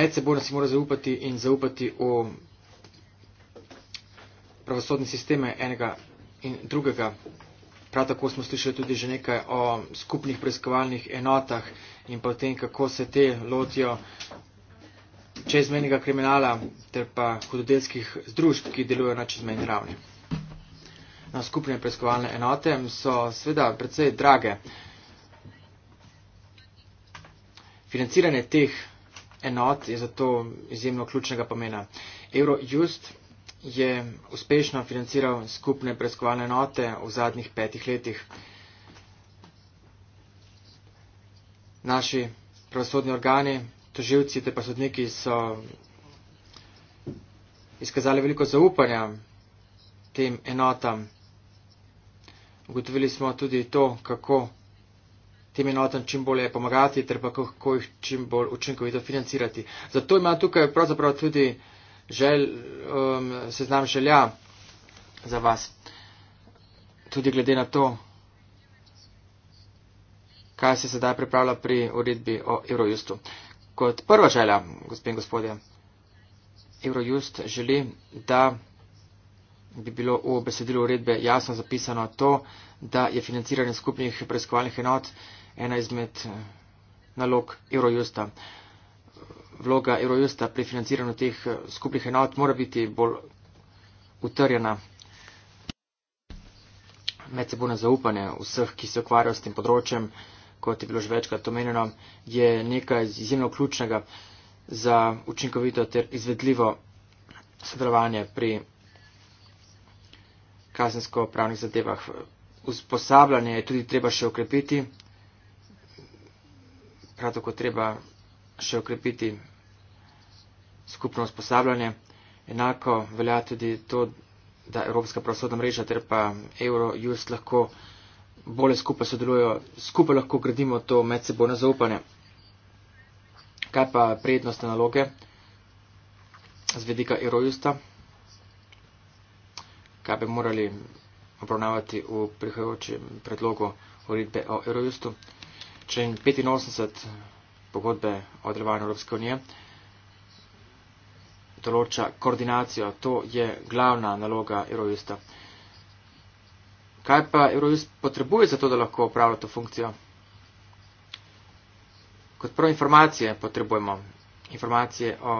Medsebojno si mora zaupati in zaupati v pravosodne sisteme enega in drugega. Prav tako smo slišali tudi že nekaj o skupnih preiskovalnih enotah in pa o tem, kako se te lotijo čezmenjega kriminala ter pa hudodelskih združb, ki delujejo na čezmenji ravni. Na skupne preiskovalne enote so sveda predvsej drage. Financiranje teh enot je zato izjemno ključnega pomena. Eurojust je uspešno financiral skupne preiskovalne enote v zadnjih petih letih. Naši pravosodni organi toživci te pa sodniki so izkazali veliko zaupanja tem enotam. Ugotovili smo tudi to, kako tem enotam čim bolje pomagati, ter pa kako jih čim bolj učinkovito financirati. Zato ima tukaj pravzaprav tudi žel, um, seznam želja za vas. Tudi glede na to, kaj se sedaj pripravlja pri uredbi o Eurojustu kot prva želja, gospod in gospodje, Eurojust želi, da bi bilo v besedilu uredbe jasno zapisano to, da je financiranje skupnih preiskovalnih enot ena izmed eh, nalog Eurojusta. Vloga Eurojusta pri financiranju teh eh, skupnih enot mora biti bolj utrjena. Medsebojno zaupanje vseh, ki se ukvarjajo s tem področjem kot je bilo že večkrat omenjeno, je nekaj izjemno ključnega za učinkovito ter izvedljivo sodelovanje pri kazensko-pravnih zadevah. Usposabljanje je tudi treba še okrepiti, prav tako treba še okrepiti skupno usposabljanje. Enako velja tudi to, da Evropska pravosodna mreža ter pa Eurojust lahko bolje skupaj sodelujo, skupaj lahko gradimo to medsebojno zaupanje. Kaj pa prednostne naloge z vedika Erojusta? Kaj bi morali obravnavati v prihajajočem predlogu uredbe o Erojustu? Če in 85 pogodbe o delovanju Evropske unije določa koordinacijo, to je glavna naloga Erojusta. Kaj pa Eurovis potrebuje za to, da lahko upravlja to funkcijo? Kot prvo informacije potrebujemo. Informacije o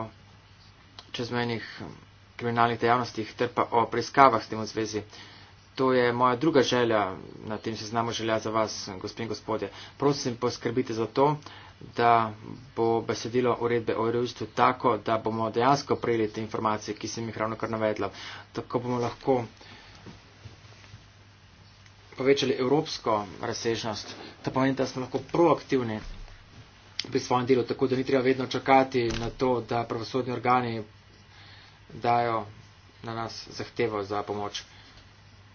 čezmenih kriminalnih dejavnostih ter pa o preiskavah s tem v zvezi. To je moja druga želja, na tem se znamo želja za vas, gospod in gospodje. Prosim, poskrbite za to, da bo besedilo uredbe o revistu tako, da bomo dejansko prejeli te informacije, ki sem jih ravno kar navedla. Tako bomo lahko povečali evropsko razsežnost. To pomeni, da smo lahko proaktivni pri svojem delu, tako da ni treba vedno čakati na to, da pravosodni organi dajo na nas zahtevo za pomoč.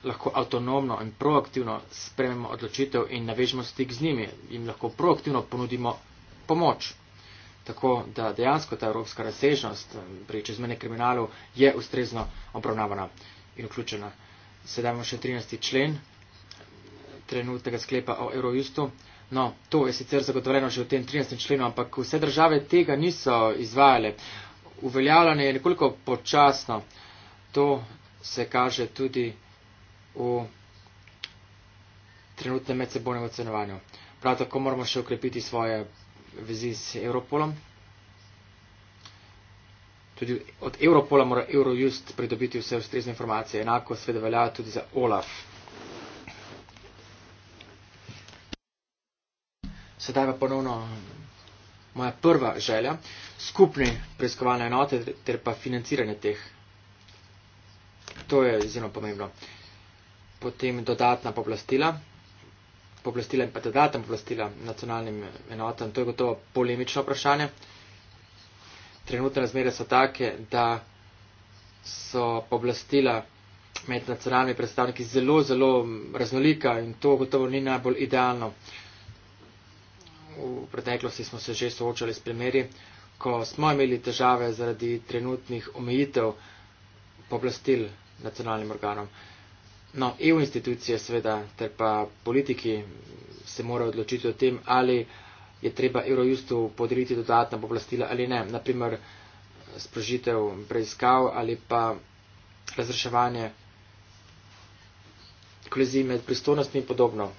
Lahko avtonomno in proaktivno sprememo odločitev in navežemo stik z njimi in lahko proaktivno ponudimo pomoč. Tako da dejansko ta evropska razsežnost pri čezmene kriminalu je ustrezno obravnavana in vključena. Sedaj imamo še 13. člen trenutnega sklepa o Eurojustu. No, to je sicer zagotovljeno že v tem 13. členu, ampak vse države tega niso izvajale. Uveljavljanje je nekoliko počasno. To se kaže tudi v trenutnem medsebojnem ocenovanju. Prav tako moramo še ukrepiti svoje vezi z Europolom. Tudi od Europola mora Eurojust pridobiti vse ustrezne informacije. Enako sveda velja tudi za OLAF. Sedaj pa ponovno moja prva želja, skupni preiskovalne enote ter pa financiranje teh. To je izjemno pomembno. Potem dodatna poblastila, poblastila in pa dodatna poblastila nacionalnim enotam, to je gotovo polemično vprašanje. Trenutne razmere so take, da so poblastila med nacionalnimi predstavniki zelo, zelo raznolika in to gotovo ni najbolj idealno v preteklosti smo se že soočali s primeri, ko smo imeli težave zaradi trenutnih omejitev poblastil nacionalnim organom. No, EU institucije seveda ter pa politiki se morajo odločiti o tem, ali je treba Eurojustu podeliti dodatna poblastila ali ne. Naprimer, sprožitev preiskav ali pa razreševanje kolizij med pristojnostmi in podobno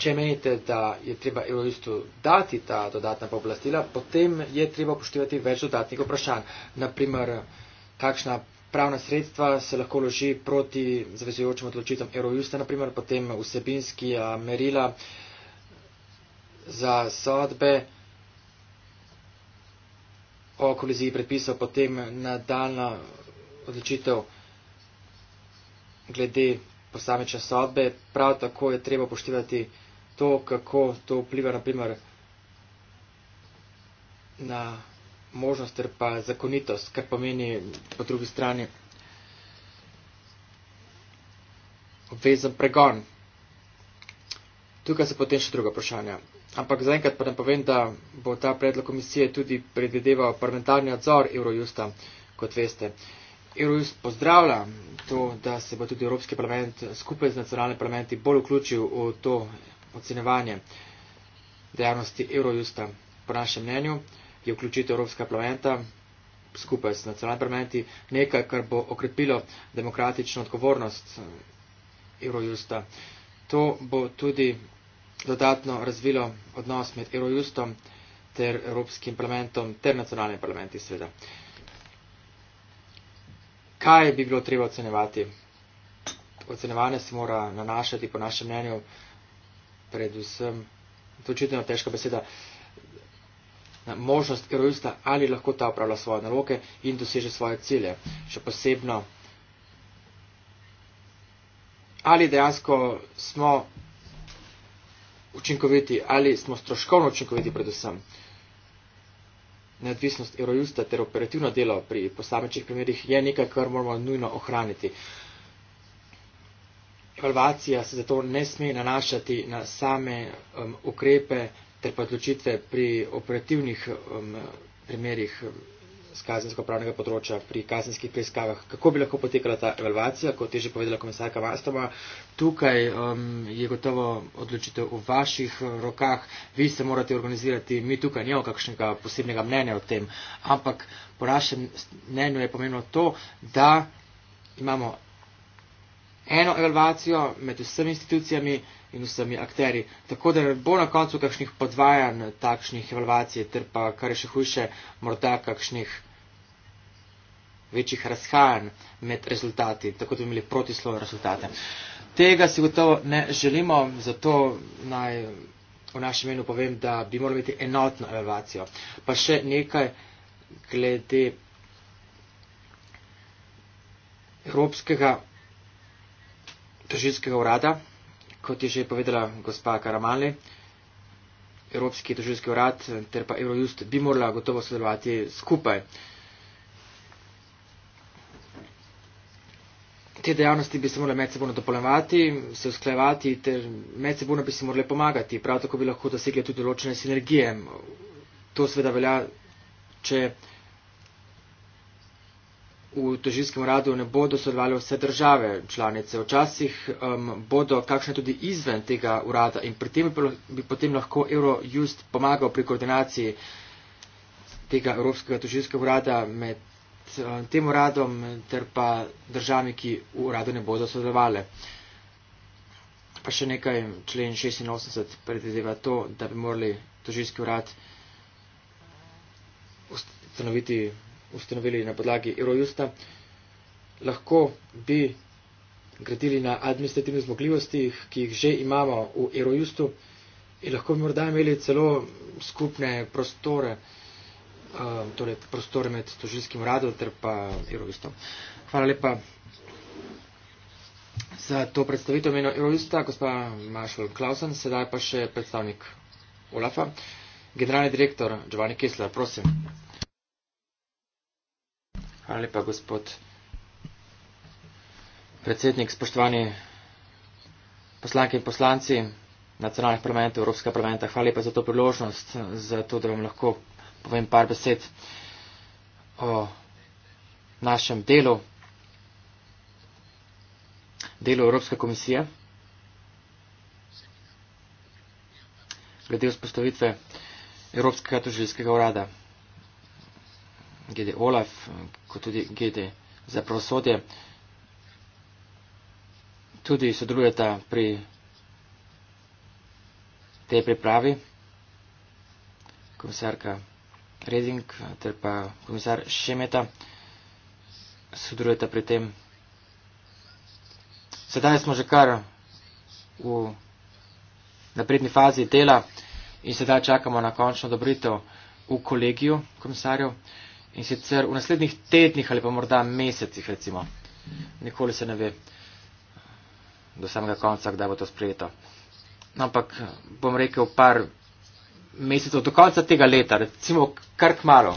če menite, da je treba evroistu dati ta dodatna pooblastila, potem je treba upoštevati več dodatnih vprašanj. Naprimer, kakšna pravna sredstva se lahko loži proti zavezujočim odločitvam evroista, naprimer, potem vsebinski merila za sodbe o koliziji predpisov, potem nadaljna odločitev glede posamečne sodbe. Prav tako je treba upoštevati to, kako to vpliva naprimer na možnost ter pa zakonitost, kar pomeni po drugi strani obvezen pregon. Tukaj se potem še druga vprašanja. Ampak zaenkrat pa ne povem, da bo ta predlog komisije tudi predvideval parlamentarni nadzor Eurojusta, kot veste. Eurojust pozdravlja to, da se bo tudi Evropski parlament skupaj z nacionalnimi parlamenti bolj vključil v to ocenevanje dejavnosti Eurojusta. Po našem mnenju je vključitev Evropska parlamenta skupaj s nacionalnimi parlamenti nekaj, kar bo okrepilo demokratično odgovornost eh, Eurojusta. To bo tudi dodatno razvilo odnos med Eurojustom ter Evropskim parlamentom ter nacionalnimi parlamenti sveda. Kaj bi bilo treba ocenevati? Ocenevanje se mora nanašati po našem mnenju predvsem, to je težka beseda, možnost heroista, ali lahko ta upravlja svoje naloge in doseže svoje cilje. Še posebno, ali dejansko smo učinkoviti, ali smo stroškovno učinkoviti predvsem. Neodvisnost heroista ter operativno delo pri posamečnih primerjih je nekaj, kar moramo nujno ohraniti evalvacija se zato ne sme nanašati na same um, ukrepe ter pa odločitve pri operativnih um, primerjih z um, kazensko pravnega področja pri kazenskih preiskavah. Kako bi lahko potekala ta evalvacija, kot je že povedala komisarka Mastoma, tukaj um, je gotovo odločitev v vaših uh, rokah, vi se morate organizirati, mi tukaj nijo kakšnega posebnega mnenja o tem, ampak po našem mnenju je pomembno to, da imamo eno evalvacijo med vsemi institucijami in vsemi akteri. Tako da ne bo na koncu kakšnih podvajanj takšnih evalvacij, ter pa, kar je še hujše, morda kakšnih večjih razhajanj med rezultati, tako da bi imeli protislove rezultate. Tega si gotovo ne želimo, zato naj v našem menu povem, da bi morali imeti enotno evalvacijo. Pa še nekaj glede Evropskega tožilskega urada, kot je že povedala gospa Karamale, Evropski tožilski urad ter pa Eurojust bi morala gotovo sodelovati skupaj. Te dejavnosti bi se morale medsebojno dopolnjevati, se usklajevati ter medsebojno bi se morale pomagati. Prav tako bi lahko dosegli tudi določene sinergije. To seveda velja, če v tožilskem uradu ne bodo sodelovali vse države članice. Včasih um, bodo kakšne tudi izven tega urada in pri tem bi, bi potem lahko Eurojust pomagal pri koordinaciji tega Evropskega tožilskega urada med um, tem uradom ter pa državami, ki v uradu ne bodo sodelovali. Pa še nekaj, člen 86 predvideva to, da bi morali tožilski urad ustanoviti ustanovili na podlagi Eurojusta, lahko bi gradili na administrativnih zmogljivostih, ki jih že imamo v Eurojustu in lahko bi morda imeli celo skupne prostore, um, torej prostore med tožilskim uradom ter pa Eurojustom. Hvala lepa za to predstavitev meno Eurojusta, gospa Marshall Klausen, sedaj pa še predstavnik Olafa. Generalni direktor Giovanni Kessler, prosim. Hvala lepa, gospod predsednik, spoštovani poslanki in poslanci nacionalnih parlamentov, Evropskega parlamenta. Hvala lepa za to priložnost, za to, da vam lahko povem par besed o našem delu, delu Evropske komisije, glede vzpostavitve Evropskega tožilskega urada glede Olaf, kot tudi glede za pravosodje, tudi sodelujeta pri tej pripravi, komisarka Reding ter pa komisar Šemeta sodelujeta pri tem. Sedaj smo že kar v napredni fazi dela in sedaj čakamo na končno dobritev v kolegiju komisarjev in sicer v naslednjih tednih ali pa morda mesecih, recimo. Nikoli se ne ve do samega konca, kdaj bo to sprejeto. Ampak bom rekel par mesecev do konca tega leta, recimo kark malo.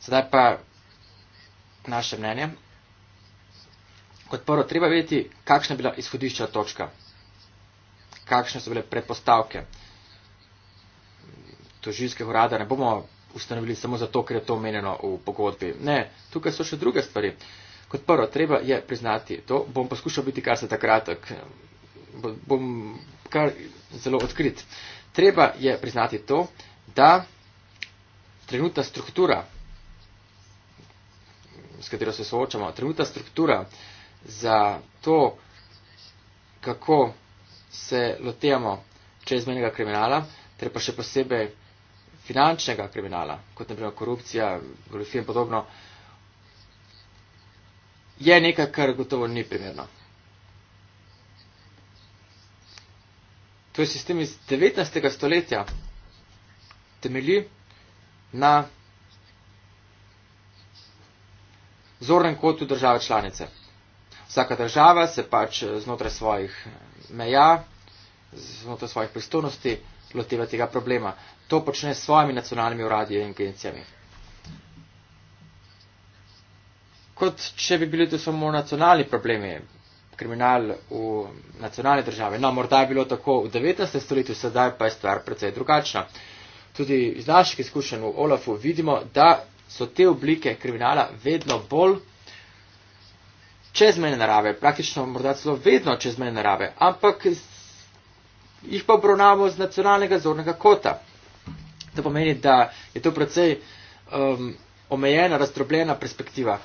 Sedaj pa naše mnenje. Kot prvo, treba vedeti, kakšna je bila izhodišča točka, kakšne so bile predpostavke tožilskega urada ne bomo ustanovili samo zato, ker je to omenjeno v pogodbi. Ne, tukaj so še druge stvari. Kot prvo, treba je priznati, to bom poskušal biti kar se takratek, bom kar zelo odkrit. Treba je priznati to, da trenutna struktura, s katero se soočamo, trenutna struktura za to, kako se lotevamo čezmenega kriminala, ter pa še posebej finančnega kriminala, kot naprimer korupcija, goljofije in podobno, je nekaj, kar gotovo ni primerno. To torej, je sistem iz 19. stoletja, temelji na zornem kotu države članice. Vsaka država se pač eh, znotraj svojih eh, meja, znotraj svojih pristojnosti, loteva tega problema. To počne s svojimi nacionalnimi uradi in agencijami. Kot če bi bili to samo nacionalni problemi, kriminal v nacionalni državi. No, morda je bilo tako v 19. stoletju, sedaj pa je stvar precej drugačna. Tudi iz naših izkušenj v Olafu vidimo, da so te oblike kriminala vedno bolj čezmejne narave, praktično morda celo vedno čezmejne narave, ampak jih pa obravnavamo z nacionalnega zornega kota. To pomeni, da je to precej um, omejena, razdrobljena perspektiva.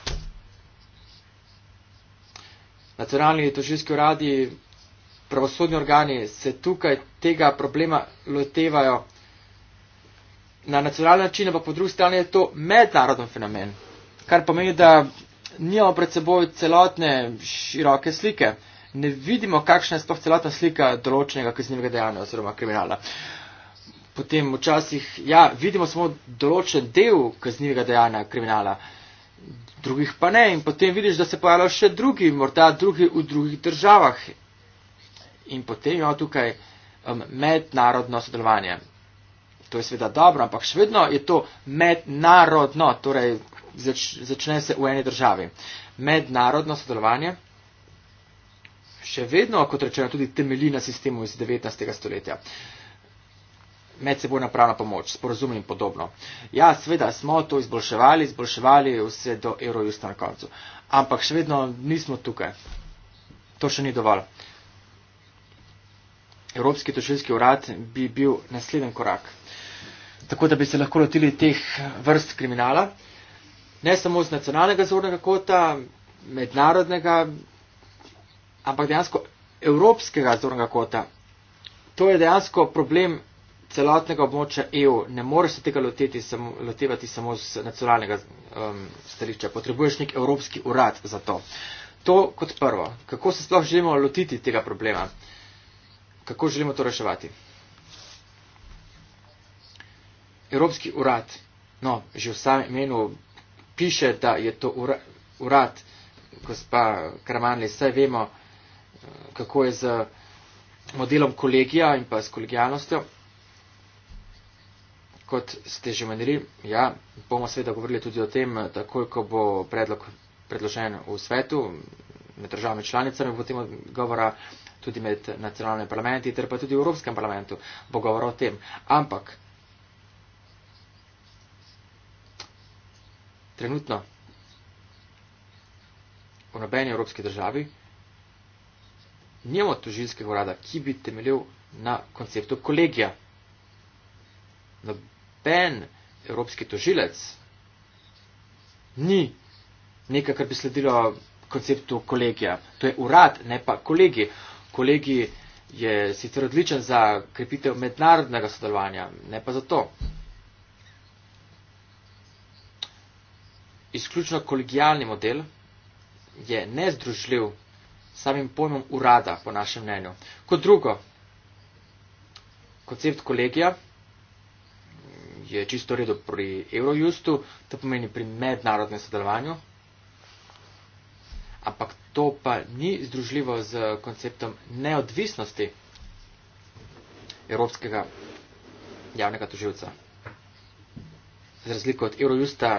Nacionalni tožilski uradi, pravosodni organi se tukaj tega problema lotevajo na nacionalni način, ampak po drugi strani je to mednarodni fenomen, kar pomeni, da nimamo pred seboj celotne široke slike ne vidimo, kakšna je sploh celotna slika določenega kaznjivega dejanja oziroma kriminala. Potem včasih, ja, vidimo samo določen del kaznjivega dejanja kriminala, drugih pa ne in potem vidiš, da se pojavljajo še drugi, morda drugi v drugih državah. In potem imamo tukaj um, mednarodno sodelovanje. To je sveda dobro, ampak še vedno je to mednarodno, torej zač, začne se v eni državi. Mednarodno sodelovanje še vedno, kot rečeno, tudi temelji na sistemu iz 19. stoletja. Medsebojna pravna pomoč, sporozumljen in podobno. Ja, sveda smo to izboljševali, izboljševali vse do Eurojusta na koncu. Ampak še vedno nismo tukaj. To še ni dovolj. Evropski tošilski urad bi bil nasleden korak. Tako da bi se lahko lotili teh vrst kriminala. Ne samo z nacionalnega zornega kota, mednarodnega, ampak dejansko evropskega zornega kota. To je dejansko problem celotnega območja EU. Ne moreš se tega loteti, sam, lotevati samo z nacionalnega um, stališča. Potrebuješ nek evropski urad za to. To kot prvo. Kako se sploh želimo lotiti tega problema? Kako želimo to reševati? Evropski urad, no, že v samem imenu piše, da je to ura, urad, gospa Kramanli, vse vemo, kako je z modelom kolegija in pa s kolegijalnostjo. Kot ste že omenili, ja, bomo seveda govorili tudi o tem, takoj ko bo predlog predložen v svetu med državami članicami, bo potem govora tudi med nacionalnimi parlamenti, ter pa tudi v Evropskem parlamentu bo govora o tem. Ampak trenutno v nobeni evropski državi nimamo tožilskega urada, ki bi temeljil na konceptu kolegija. Noben evropski tožilec ni nekaj, kar bi sledilo konceptu kolegija. To je urad, ne pa kolegi. Kolegi je sicer odličen za krepitev mednarodnega sodelovanja, ne pa za to. Izključno kolegijalni model je nezdružljiv samim pojmom urada, po našem mnenju. Kot drugo, koncept kolegija je čisto redo pri Eurojustu, to pomeni pri mednarodnem sodelovanju, ampak to pa ni združljivo z konceptom neodvisnosti evropskega javnega toživca. Z razliko od Eurojusta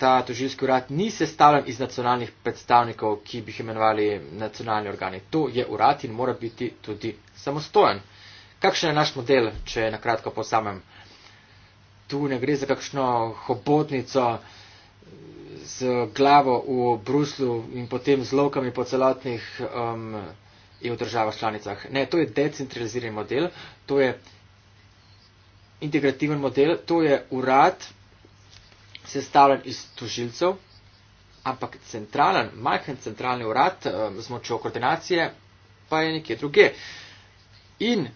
ta tožilski urad ni sestavljen iz nacionalnih predstavnikov, ki bi jih imenovali nacionalni organi. To je urad in mora biti tudi samostojen. Kakšen je naš model, če na kratko po samem? Tu ne gre za kakšno hobotnico z glavo v Bruslu in potem z lovkami po celotnih um, EU državah članicah. Ne, to je decentraliziran model, to je integrativen model, to je urad, sestavljen iz tožilcev, ampak centralen, majhen centralni urad eh, z močjo koordinacije pa je nekje druge. In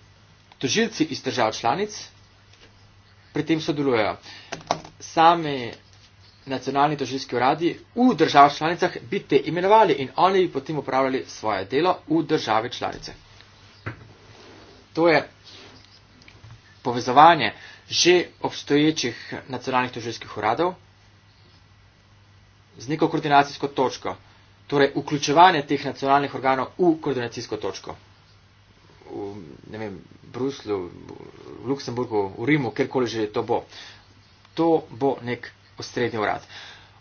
tožilci iz držav članic pri tem sodelujejo. Sami nacionalni tožilski uradi v držav članicah bi te imenovali in oni bi potem upravljali svoje delo v države članice. To je povezovanje že obstoječih nacionalnih tožilskih uradov z neko koordinacijsko točko. Torej, vključevanje teh nacionalnih organov v koordinacijsko točko. V, ne vem, Bruslju, v Luksemburgu, v Rimu, kjerkoli že to bo. To bo nek osrednji urad.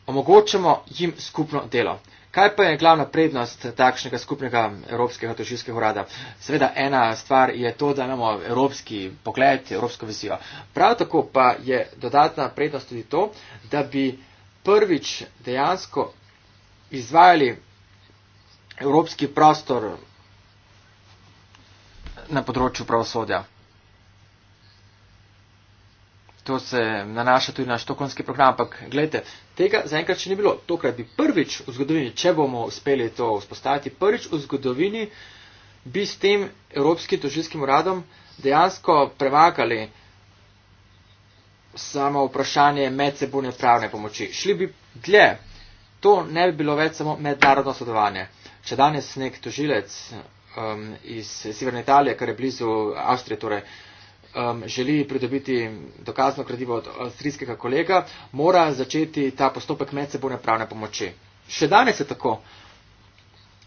Omogočamo jim skupno delo. Kaj pa je glavna prednost takšnega skupnega Evropskega tožilskega urada? Seveda ena stvar je to, da imamo evropski pogled, evropsko vizijo. Prav tako pa je dodatna prednost tudi to, da bi prvič dejansko izvajali evropski prostor na področju pravosodja. To se nanaša tudi na štokonski program, ampak gledajte, tega zaenkrat še ni bilo. Tokrat bi prvič v zgodovini, če bomo uspeli to vzpostaviti, prvič v zgodovini bi s tem Evropskim tožilskim uradom dejansko premakali samo vprašanje medsebune pravne pomoči. Šli bi dlje. To ne bi bilo več samo mednarodno sodelovanje. Če danes nek tožilec um, iz Severne Italije, kar je blizu Avstrije, torej, um, želi pridobiti dokazno kredivo od avstrijskega kolega, mora začeti ta postopek medsebune pravne pomoči. Še danes je tako.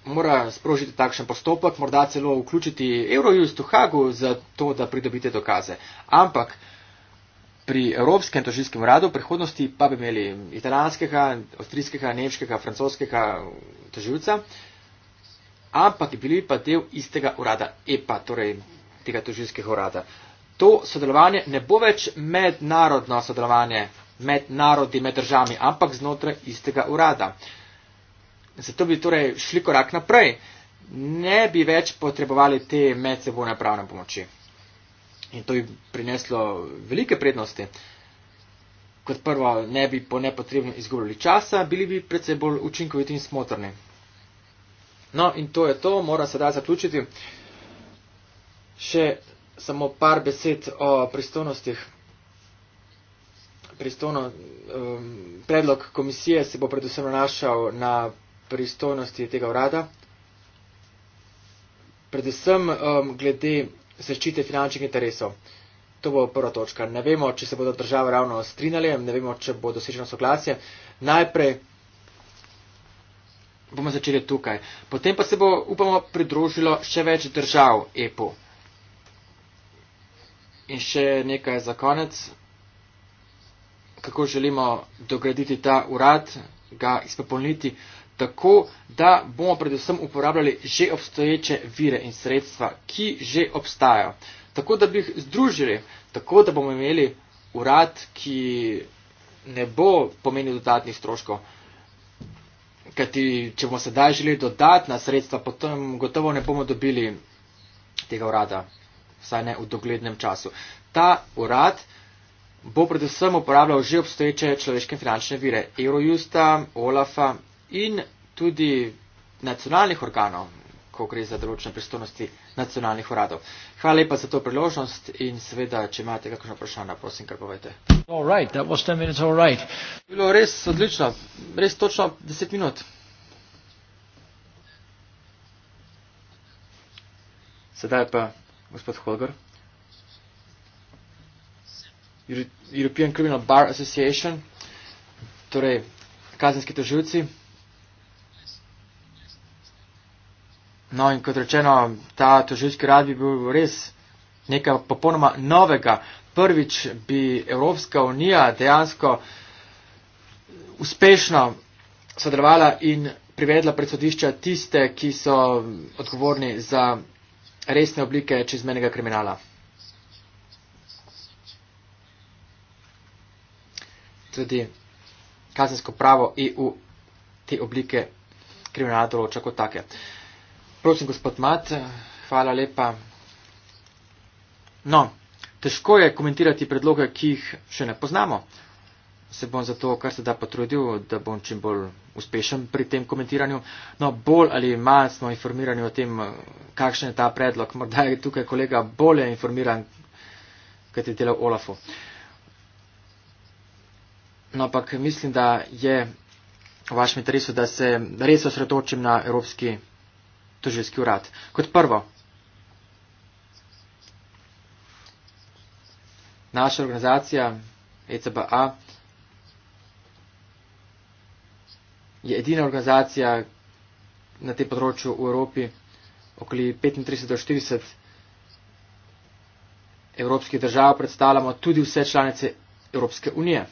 Mora sprožiti takšen postopek, morda celo vključiti Eurojust v Hagu za to, da pridobite dokaze. Ampak pri Evropskem tožilskem uradu, v prihodnosti pa bi imeli italijanskega, avstrijskega, nemškega, francoskega tožilca, ampak bili pa del istega urada, EPA, torej tega tožilskega urada. To sodelovanje ne bo več mednarodno sodelovanje med narodi, med državami, ampak znotraj istega urada. Zato bi torej šli korak naprej. Ne bi več potrebovali te medsebojne pravne pomoči in to bi prineslo velike prednosti. Kot prvo, ne bi po nepotrebnem izgubljali časa, bili bi predvsej bolj učinkoviti in smotrni. No, in to je to, mora se da zaključiti. Še samo par besed o pristojnostih. Pristojno, um, predlog komisije se bo predvsem nanašal na pristojnosti tega urada. Predvsem um, glede zaščite finančnih interesov. To bo prva točka. Ne vemo, če se bodo države ravno strinjali, ne vemo, če bo doseženo soglasje. Najprej bomo začeli tukaj. Potem pa se bo, upamo, pridružilo še več držav EPO. In še nekaj za konec. Kako želimo dograditi ta urad, ga izpopolniti, tako, da bomo predvsem uporabljali že obstoječe vire in sredstva, ki že obstajajo. Tako, da bi jih združili, tako, da bomo imeli urad, ki ne bo pomenil dodatnih stroškov. Kajti, če bomo sedaj želeli dodatna sredstva, potem gotovo ne bomo dobili tega urada, vsaj ne v doglednem času. Ta urad bo predvsem uporabljal že obstoječe človeške finančne vire, Eurojusta, Olafa in tudi nacionalnih organov, ko gre za določene pristojnosti nacionalnih uradov. Hvala lepa za to priložnost in seveda, če imate kakšno vprašanje, prosim, kar povete. Right, right. Bilo res odlično, res točno 10 minut. Sedaj pa gospod Holger. European Criminal Bar Association, torej kazenski toživci. No in kot rečeno, ta tožilski rad bi bil res nekaj popolnoma novega. Prvič bi Evropska unija dejansko uspešno sodelovala in privedla pred sodišča tiste, ki so odgovorni za resne oblike čezmenega kriminala. Tudi kazensko pravo EU te oblike kriminala določa kot take. Prosim, gospod Mat, hvala lepa. No, težko je komentirati predloge, ki jih še ne poznamo. Se bom zato kar se da potrudil, da bom čim bolj uspešen pri tem komentiranju. No, bolj ali manj smo informirani o tem, kakšen je ta predlog. Morda je tukaj kolega bolje informiran, kot je delal Olafu. No, ampak mislim, da je v vašem interesu, da se res osredotočim na evropski tožilski urad. Kot prvo, naša organizacija ECBA je edina organizacija na tem področju v Evropi, okoli 35 do 40 evropskih držav predstavljamo tudi vse članice Evropske unije.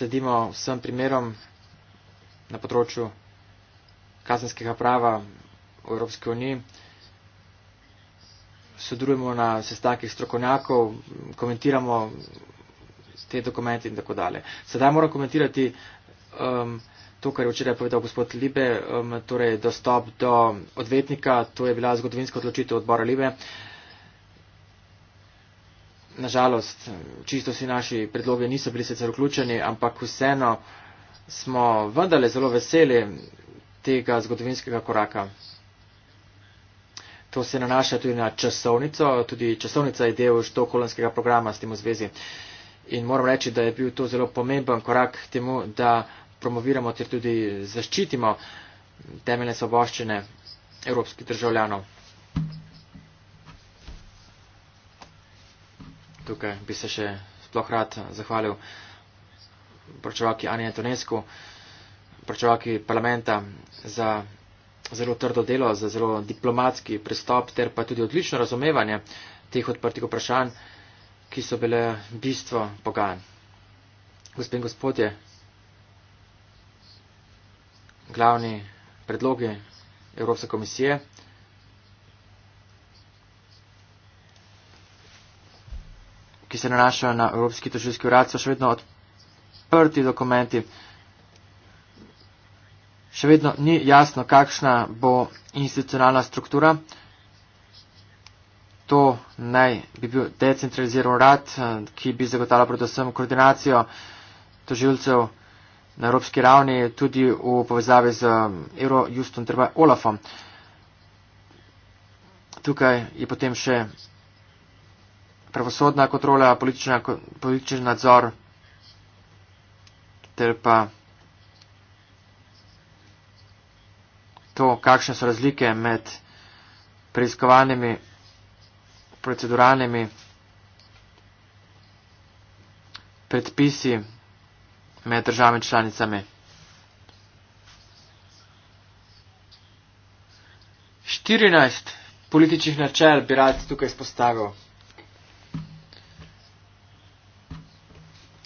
sledimo vsem primerom na področju kazenskega prava v Evropski uniji. Sodelujemo na sestankih strokovnjakov, komentiramo te dokumente in tako dalje. Sedaj moram komentirati um, to, kar je včeraj povedal gospod Libe, um, torej dostop do odvetnika. To je bila zgodovinska odločitev odbora Libe. Uh, nažalost, čisto vsi naši predloge niso bili sicer vključeni, ampak vseeno smo vendarle zelo veseli tega zgodovinskega koraka. To se nanaša tudi na časovnico, tudi časovnica je del štokolanskega programa s tem v zvezi. In moram reči, da je bil to zelo pomemben korak k temu, da promoviramo ter tudi zaščitimo temeljne svoboščine evropskih državljanov. tukaj bi se še sploh rad zahvalil pročevalki Ani Antonesku, pročevalki parlamenta za zelo trdo delo, za zelo diplomatski pristop ter pa tudi odlično razumevanje teh odprtih vprašanj, ki so bile bistvo pogajan. Gospod in gospodje, glavni predloge Evropske komisije. ki se nanašajo na Evropski tožilski urad, so še vedno odprti dokumenti. Še vedno ni jasno, kakšna bo institucionalna struktura. To naj bi bil decentraliziran urad, eh, ki bi zagotavljal predvsem koordinacijo tožilcev na evropski ravni, tudi v povezavi z um, Eurojustom, treba Olafom. Tukaj je potem še pravosodna kontrola, politična, politični nadzor ter pa to, kakšne so razlike med preiskovanimi proceduralnimi predpisi med državami članicami. Štirinajst političnih načel bi rad tukaj spostavil.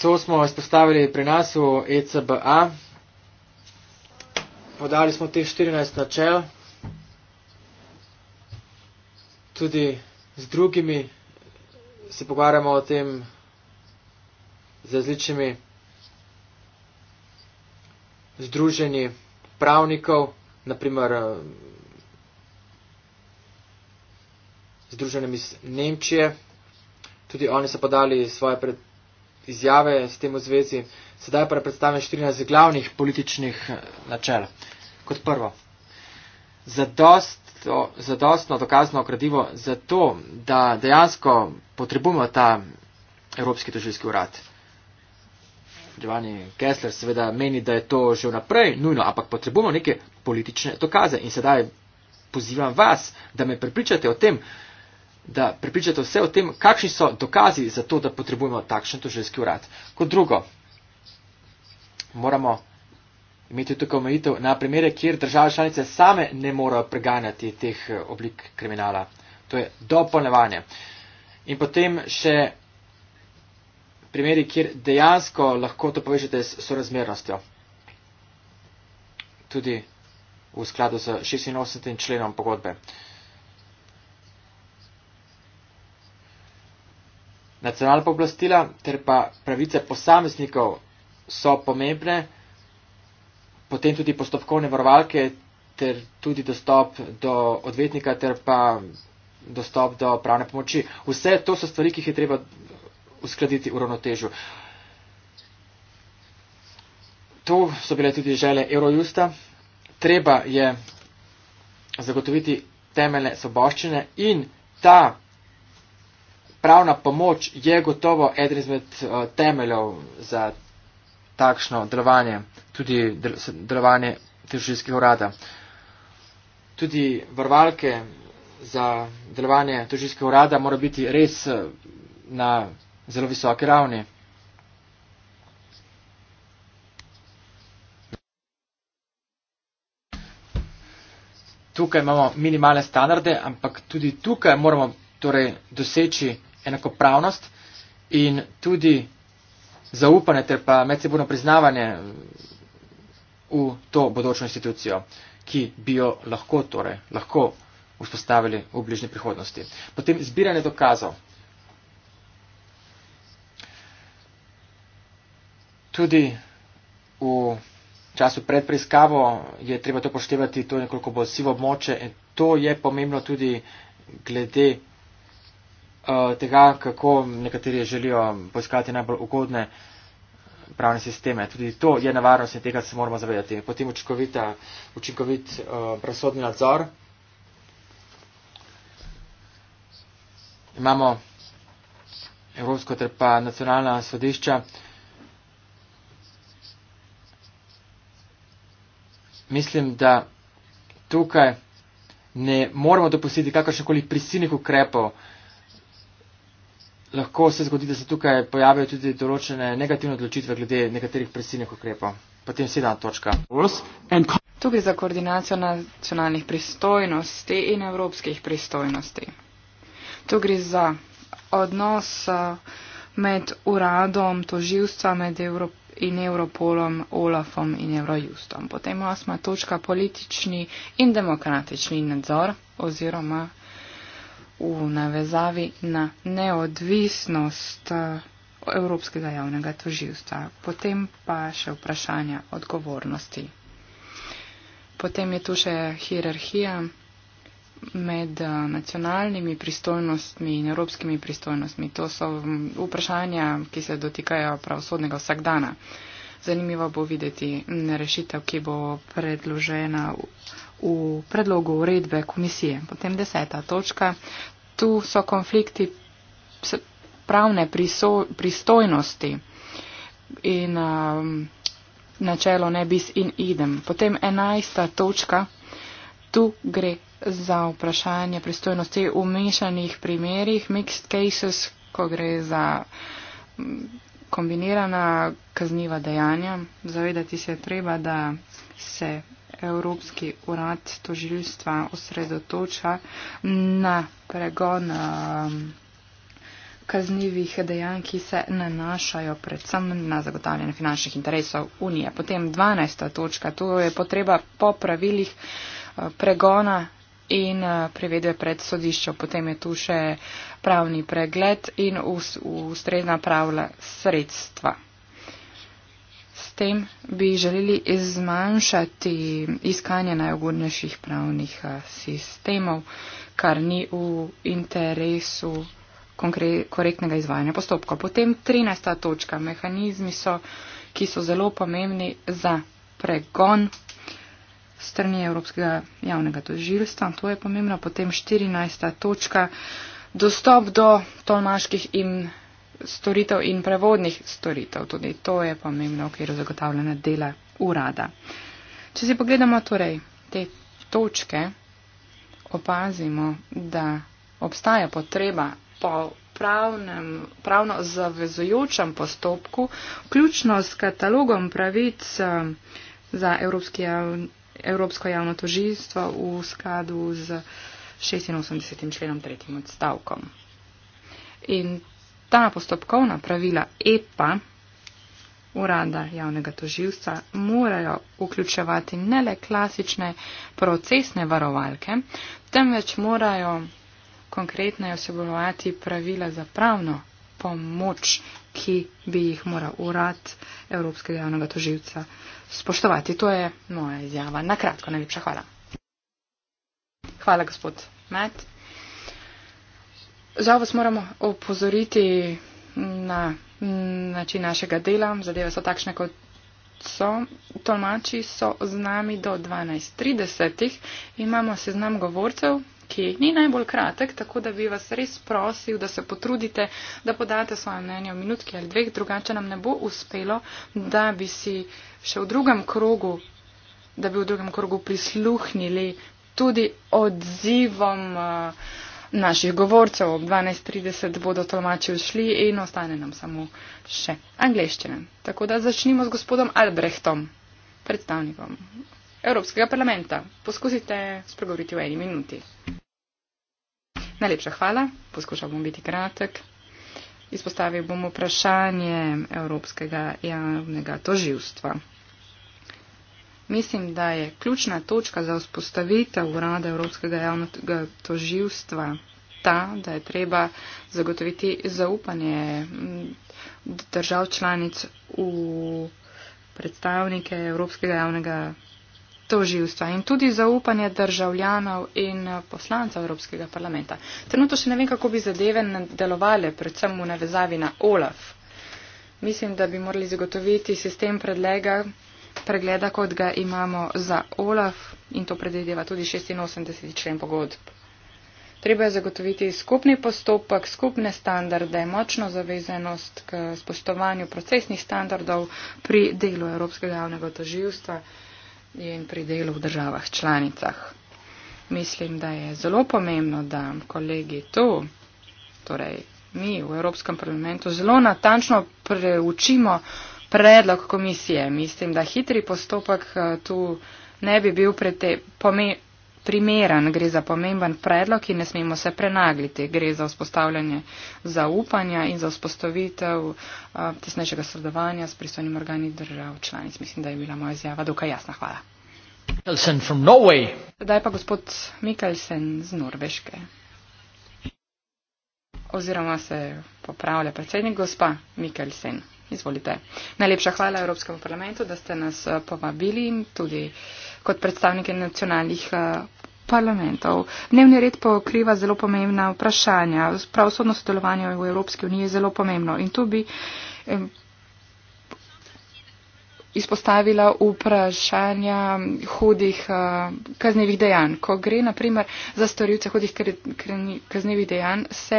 To smo izpostavili pri nas v ECBA. Podali smo te 14 načel tudi z drugimi. Se pogovarjamo o tem z različnimi združenji pravnikov, naprimer združenjem iz Nemčije. Tudi oni so podali svoje predpogoje izjave s tem v zvezi. Sedaj pa predstavim 14 glavnih političnih eh, načel. Kot prvo, zadostno dokazno okradivo za to, da dejansko potrebujemo ta Evropski tožilski urad. Giovanni Kessler seveda meni, da je to že vnaprej nujno, ampak potrebujemo neke politične dokaze in sedaj pozivam vas, da me pripričate o tem, da pripričate vse o tem, kakšni so dokazi za to, da potrebujemo takšen tožilski urad. Kot drugo, moramo imeti tukaj omejitev na primere, kjer države članice same ne morejo preganjati teh eh, oblik kriminala. To je dopolnevanje. In potem še primeri, kjer dejansko lahko to povežete s sorazmernostjo. Tudi v skladu z 86. členom pogodbe. Uh, nacionalna pooblastila ter pa pravice posameznikov so pomembne, potem tudi postopkovne varovalke ter tudi dostop do odvetnika ter pa dostop do pravne pomoči. Vse to so stvari, ki jih je treba uskladiti v ravnotežju. To so bile tudi žele Eurojusta. Treba je zagotoviti temeljne svoboščine in ta pravna pomoč je gotovo eden izmed eh, temeljev za takšno delovanje, tudi delovanje tržiskih urada. Tudi varvalke za delovanje tržiskih urada mora biti res eh, na zelo visoki ravni. Tukaj imamo minimalne standarde, ampak tudi tukaj moramo torej, doseči enakopravnost in tudi zaupanje ter pa medsebojno priznavanje v to bodočno institucijo, ki bi jo lahko, torej, lahko vzpostavili v bližnji prihodnosti. Potem zbiranje dokazov. Tudi v času pred preiskavo je treba to poštevati, to je nekoliko bolj sivo območje in to je pomembno tudi glede Eh, tega, kako nekateri želijo poiskati najbolj ugodne pravne sisteme. Tudi to je nevarnost in tega se moramo zavedati. Potem učinkovita, učinkovit uh, eh, presodni nadzor. Imamo Evropsko ter pa nacionalna sodišča. Mislim, da tukaj ne moramo dopustiti kakršnekoli prisilnih ukrepov, uh, lahko se zgodi, da se tukaj pojavijo tudi določene negativne odločitve glede nekaterih prisilnih ukrepov. Potem sedna točka. Tu gre za koordinacijo nacionalnih pristojnosti in evropskih pristojnosti. Tu gre za odnos eh, med uradom toživstva med Evrop in Europolom, Olafom in Eurojustom. Potem osma točka politični in demokratični nadzor oziroma v navezavi na neodvisnost eh, Evropskega javnega toživstva, potem pa še vprašanja odgovornosti. Potem je tu še hierarhija med eh, nacionalnimi pristojnostmi in evropskimi pristojnostmi. To so mm, vprašanja, ki se dotikajo pravosodnega vsakdana. Zanimivo bo videti mm, rešitev, ki bo predložena v predlogu uredbe komisije. Potem deseta točka. Tu so konflikti pravne priso, pristojnosti in um, načelo ne bis in idem. Potem enajsta točka. Tu gre za vprašanje pristojnosti v mešanih primerih, mixed cases, ko gre za um, kombinirana kazniva dejanja. Zavedati se je treba, da se Evropski urad tožilstva osredotoča na pregon um, kaznivih dejanj, ki se nanašajo predvsem na zagotavljanje finančnih interesov Unije. Potem 12. točka, to je potreba po pravilih uh, pregona in uh, privedbe pred sodiščo. Potem je tu še pravni pregled in ustrezna pravila sredstva tem bi želeli zmanjšati iskanje najugodnejših pravnih sistemov, kar ni v interesu korektnega izvajanja postopka. Potem 13. točka. Mehanizmi so, ki so zelo pomembni za pregon strani Evropskega javnega tožilstva. To je pomembno. Potem 14. točka. Dostop do tolmaških in storitev in prevodnih storitev. Tudi to je pomembno v okviru zagotavljanja dela urada. Če si pogledamo torej te točke, opazimo, da obstaja potreba po pravnem, pravno zavezujočem postopku, vključno s katalogom pravic um, za jav, Evropsko javno tožilstvo v skladu z 86. členom tretjim odstavkom. In ta postopkovna pravila EPA, urada javnega toživstva, morajo vključevati ne le klasične procesne varovalke, temveč morajo konkretno osebovati pravila za pravno pomoč, ki bi jih moral urad Evropskega javnega toživca spoštovati. To je moja izjava. Na kratko, najlepša hvala. Hvala, gospod Matt. Žal vas moramo opozoriti na način našega dela. Zadeve so takšne, kot so. Tolmači so z nami do 12.30. Imamo seznam govorcev, ki ni najbolj kratek, tako da bi vas res prosil, da se potrudite, da podate svoje mnenje v minutki ali dveh, drugače nam ne bo uspelo, da bi si še v drugem krogu, da bi v drugem krogu prisluhnili tudi odzivom. Uh, naših govorcev. Ob 12.30 bodo tolmači ušli in ostane nam samo še angliščina. Tako da začnimo z gospodom Albrechtom, predstavnikom Evropskega parlamenta. Poskusite spregovoriti v eni minuti. Najlepša hvala, poskušal bom biti kratek. Izpostavil bom vprašanje Evropskega javnega toživstva. Mislim, da je ključna točka za vzpostavitev urada Evropskega javnega toživstva ta, da je treba zagotoviti zaupanje držav članic v predstavnike Evropskega javnega toživstva in tudi zaupanje državljanov in poslancev Evropskega parlamenta. Trenutno še ne vem, kako bi zadeve delovale, predvsem v navezavi na OLAF. Mislim, da bi morali zagotoviti sistem predlega pregleda, kot ga imamo za OLAF in to predvideva tudi 86. člen pogodb. Treba je zagotoviti skupni postopek, skupne standarde, močno zavezenost k spoštovanju procesnih standardov pri delu Evropskega javnega toživstva in pri delu v državah članicah. Mislim, da je zelo pomembno, da kolegi tu, torej mi v Evropskem parlamentu, zelo natančno preučimo predlog komisije. Mislim, da hitri postopek eh, tu ne bi bil prete, pome, primeran. Gre za pomemben predlog in ne smemo se prenagliti. Gre za vzpostavljanje zaupanja in za vzpostavitev eh, tesnejšega sodelovanja s pristojnim organi držav članic. Mislim, da je bila moja izjava dokaj jasna. Hvala. Zdaj pa gospod Mikkelsen z Norveške. Oziroma se popravlja predsednik gospa Mikkelsen. Izvolite. Najlepša hvala Evropskemu parlamentu, da ste nas eh, povabili in tudi kot predstavnike nacionalnih eh, parlamentov. Dnevni red pokriva zelo pomembna vprašanja. Pravosodno sodelovanje v Evropski uniji je zelo pomembno in tu bi eh, izpostavila vprašanja hudih uh, kaznevih dejanj. Ko gre naprimer za storilce hudih kaznevih dejanj, se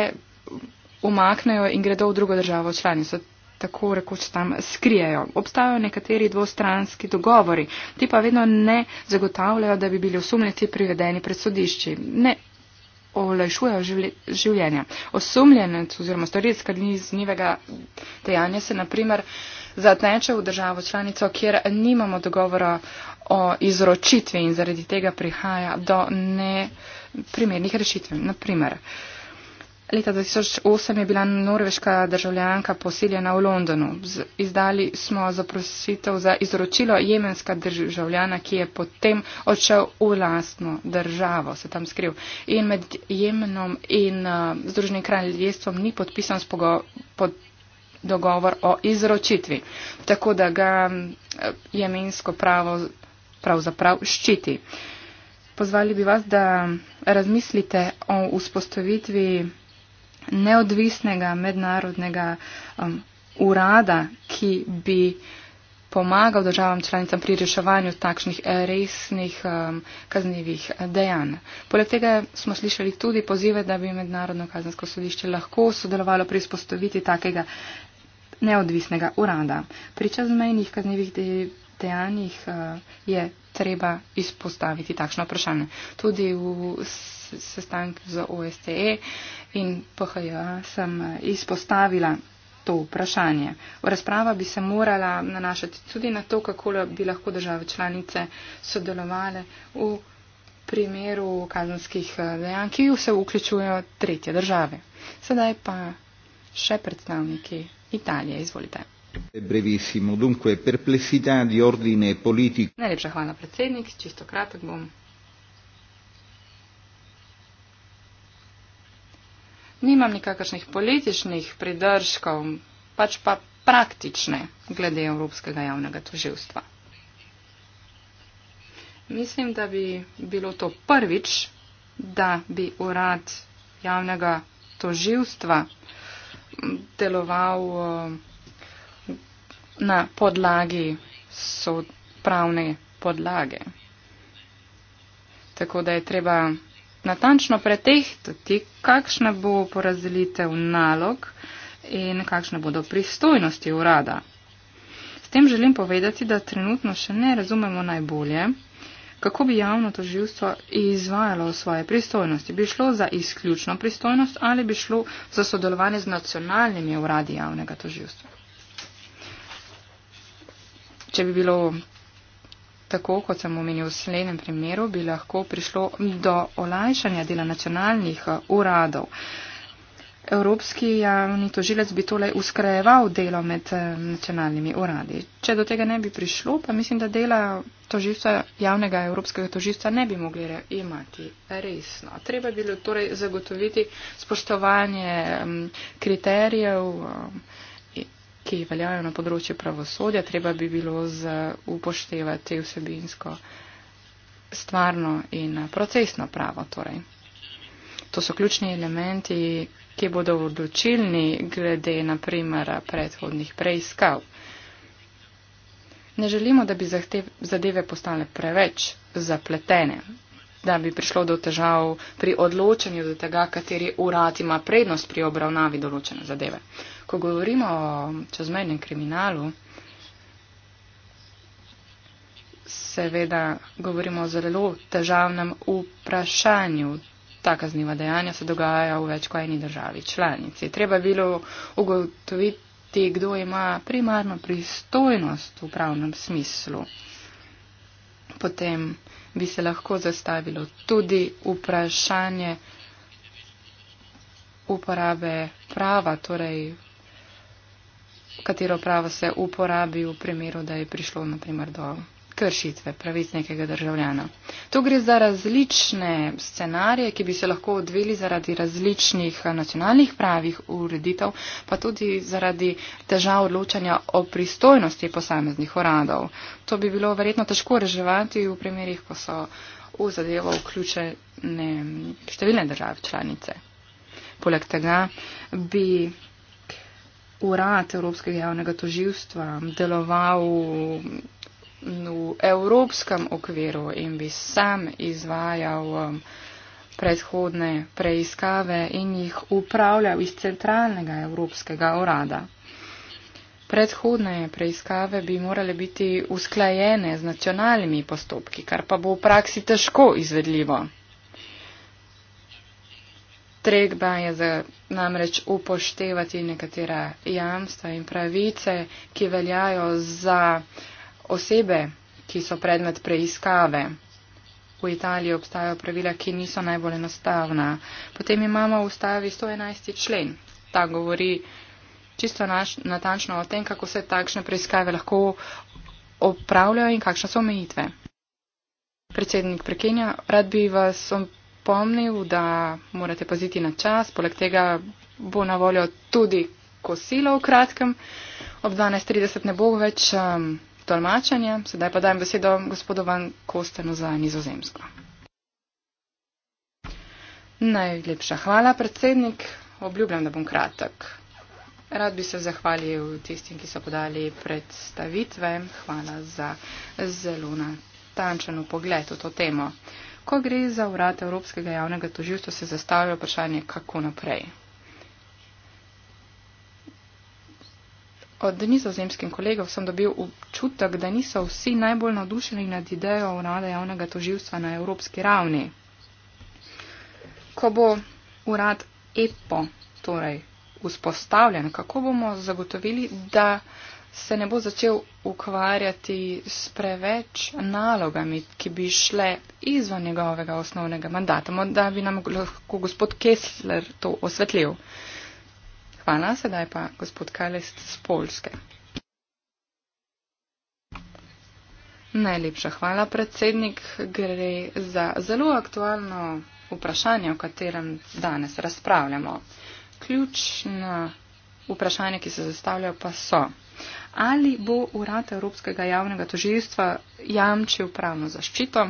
umaknejo in gredo v drugo državo članico tako rekoč tam skrijejo. Obstajajo nekateri dvostranski dogovori, ti pa vedno ne zagotavljajo, da bi bili osumljenci privedeni pred sodišči. Ne olajšujejo življenja. Osumljenec oziroma storilec kaznivega dejanja se naprimer zateče v državo članico, kjer nimamo dogovora o izročitvi in zaradi tega prihaja do neprimernih rešitev. Naprimer, Leta 2008 je bila norveška državljanka posiljena v Londonu. Izdali smo zaprositev za izročilo jemenska državljana, ki je potem odšel v lastno državo, se tam skril. In med Jemenom in uh, Združenim kraljestvom ni podpisan spogo, pod dogovor o izročitvi, tako da ga eh, jemensko pravo pravzaprav ščiti. Pozvali bi vas, da razmislite o vzpostavitvi neodvisnega mednarodnega um, urada, ki bi pomagal državam članicam pri reševanju takšnih eh, resnih um, kaznjivih eh, dejanj. Poleg tega smo slišali tudi pozive, da bi mednarodno kazensko sodišče lahko sodelovalo pri spostoviti takega neodvisnega urada. Pri čezmejnih kaznjivih dejanjih dejanjih eh, je treba izpostaviti takšno vprašanje. Tudi v sestanku z OSCE in PHJA sem eh, izpostavila to vprašanje. Razprava bi se morala nanašati tudi na to, kako bi lahko države članice sodelovale v primeru kazanskih eh, dejanj, ki se vključujejo tretje države. Sedaj pa še predstavniki Italije. Izvolite. Brevissimo, dunque perplessità di ordine politico. Najlepša hvala, predsednik, čisto kratek bom. Nimam nikakršnih političnih pridržkov, pač pa praktične glede Evropskega javnega toživstva. Mislim, da bi bilo to prvič, da bi urad javnega toživstva deloval. Uh, na podlagi sod, pravne podlage. Tako da je treba natančno pretehtati, kakšna bo porazdelitev nalog in kakšne bodo pristojnosti urada. S tem želim povedati, da trenutno še ne razumemo najbolje, kako bi javno toživstvo izvajalo svoje pristojnosti. Bi šlo za izključno pristojnost ali bi šlo za sodelovanje z nacionalnimi uradi javnega toživstva če bi bilo tako, kot sem omenil v slednjem primeru, bi lahko prišlo do olajšanja dela nacionalnih uh, uradov. Evropski javni tožilec bi tole uskrajeval delo med uh, nacionalnimi uradi. Če do tega ne bi prišlo, pa mislim, da dela toživca, javnega evropskega tožilca ne bi mogli imati resno. Treba bi bilo torej zagotoviti spoštovanje um, kriterijev. Um, ki veljajo na področju pravosodja, treba bi bilo upoštevati vsebinsko stvarno in procesno pravo. Torej. To so ključni elementi, ki bodo odločilni glede na primer predhodnih preiskav. Ne želimo, da bi zahtev, zadeve postale preveč zapletene, da bi prišlo do težav pri odločanju do tega, kateri urad ima prednost pri obravnavi določene zadeve. Ko govorimo o čezmejnem kriminalu, seveda govorimo o zelo težavnem vprašanju. Ta kazniva dejanja se dogajajo v več kot eni državi članici. Treba bilo ugotoviti, kdo ima primarno pristojnost v pravnem smislu. Potem bi se lahko zastavilo tudi vprašanje uporabe prava, torej katero pravo se uporabi v primeru, da je prišlo naprimer do kršitve pravic nekega državljana. Tu gre za različne scenarije, ki bi se lahko odvili zaradi različnih nacionalnih pravih ureditev, pa tudi zaradi težav odločanja o pristojnosti posameznih uradov. To bi bilo verjetno težko reževati v primerih, ko so v zadevo vključene številne države članice. Poleg tega bi urad Evropskega javnega toživstva deloval v evropskem okviru in bi sam izvajal um, predhodne preiskave in jih upravljal iz centralnega evropskega urada. Predhodne preiskave bi morale biti usklajene z nacionalnimi postopki, kar pa bo v praksi težko izvedljivo. Treba je za, namreč upoštevati nekatera jamstva in pravice, ki veljajo za uh, osebe, ki so predmet preiskave. V Italiji obstajajo pravila, ki niso najbolj enostavna. Potem imamo v ustavi 111. člen. Ta govori čisto naš, natančno o tem, kako se takšne preiskave lahko opravljajo in kakšne so omejitve. Predsednik prekenja, rad bi vas opomnil, da morate paziti na čas, poleg tega bo na voljo tudi kosilo v kratkem. Ob 12.30 ne bo več. Um, tolmačenje. Sedaj pa dajem besedo gospodu Van Kostenu za nizozemsko. Najlepša hvala, predsednik. Obljubljam, da bom kratek. Rad bi se zahvalil tistim, ki so podali predstavitve. Hvala za zelo natančen pogled v to temo. Ko gre za urad Evropskega javnega toživstva, se zastavlja vprašanje, kako naprej. od nizozemskim kolegov sem dobil občutek, da niso vsi najbolj navdušeni nad idejo urada javnega toživstva na evropski ravni. Ko bo urad EPO torej vzpostavljen, kako bomo zagotovili, da se ne bo začel ukvarjati s preveč nalogami, ki bi šle izvan njegovega osnovnega mandata. Morda bi nam lahko gospod Kessler to osvetlil. Uh, Hvala, sedaj pa gospod Kales z Polske. Najlepša hvala, predsednik. Gre za zelo aktualno vprašanje, o katerem danes razpravljamo. Ključna vprašanja, ki se zastavljajo, pa so, ali bo Urad Evropskega javnega tožilstva jamčil pravno zaščito,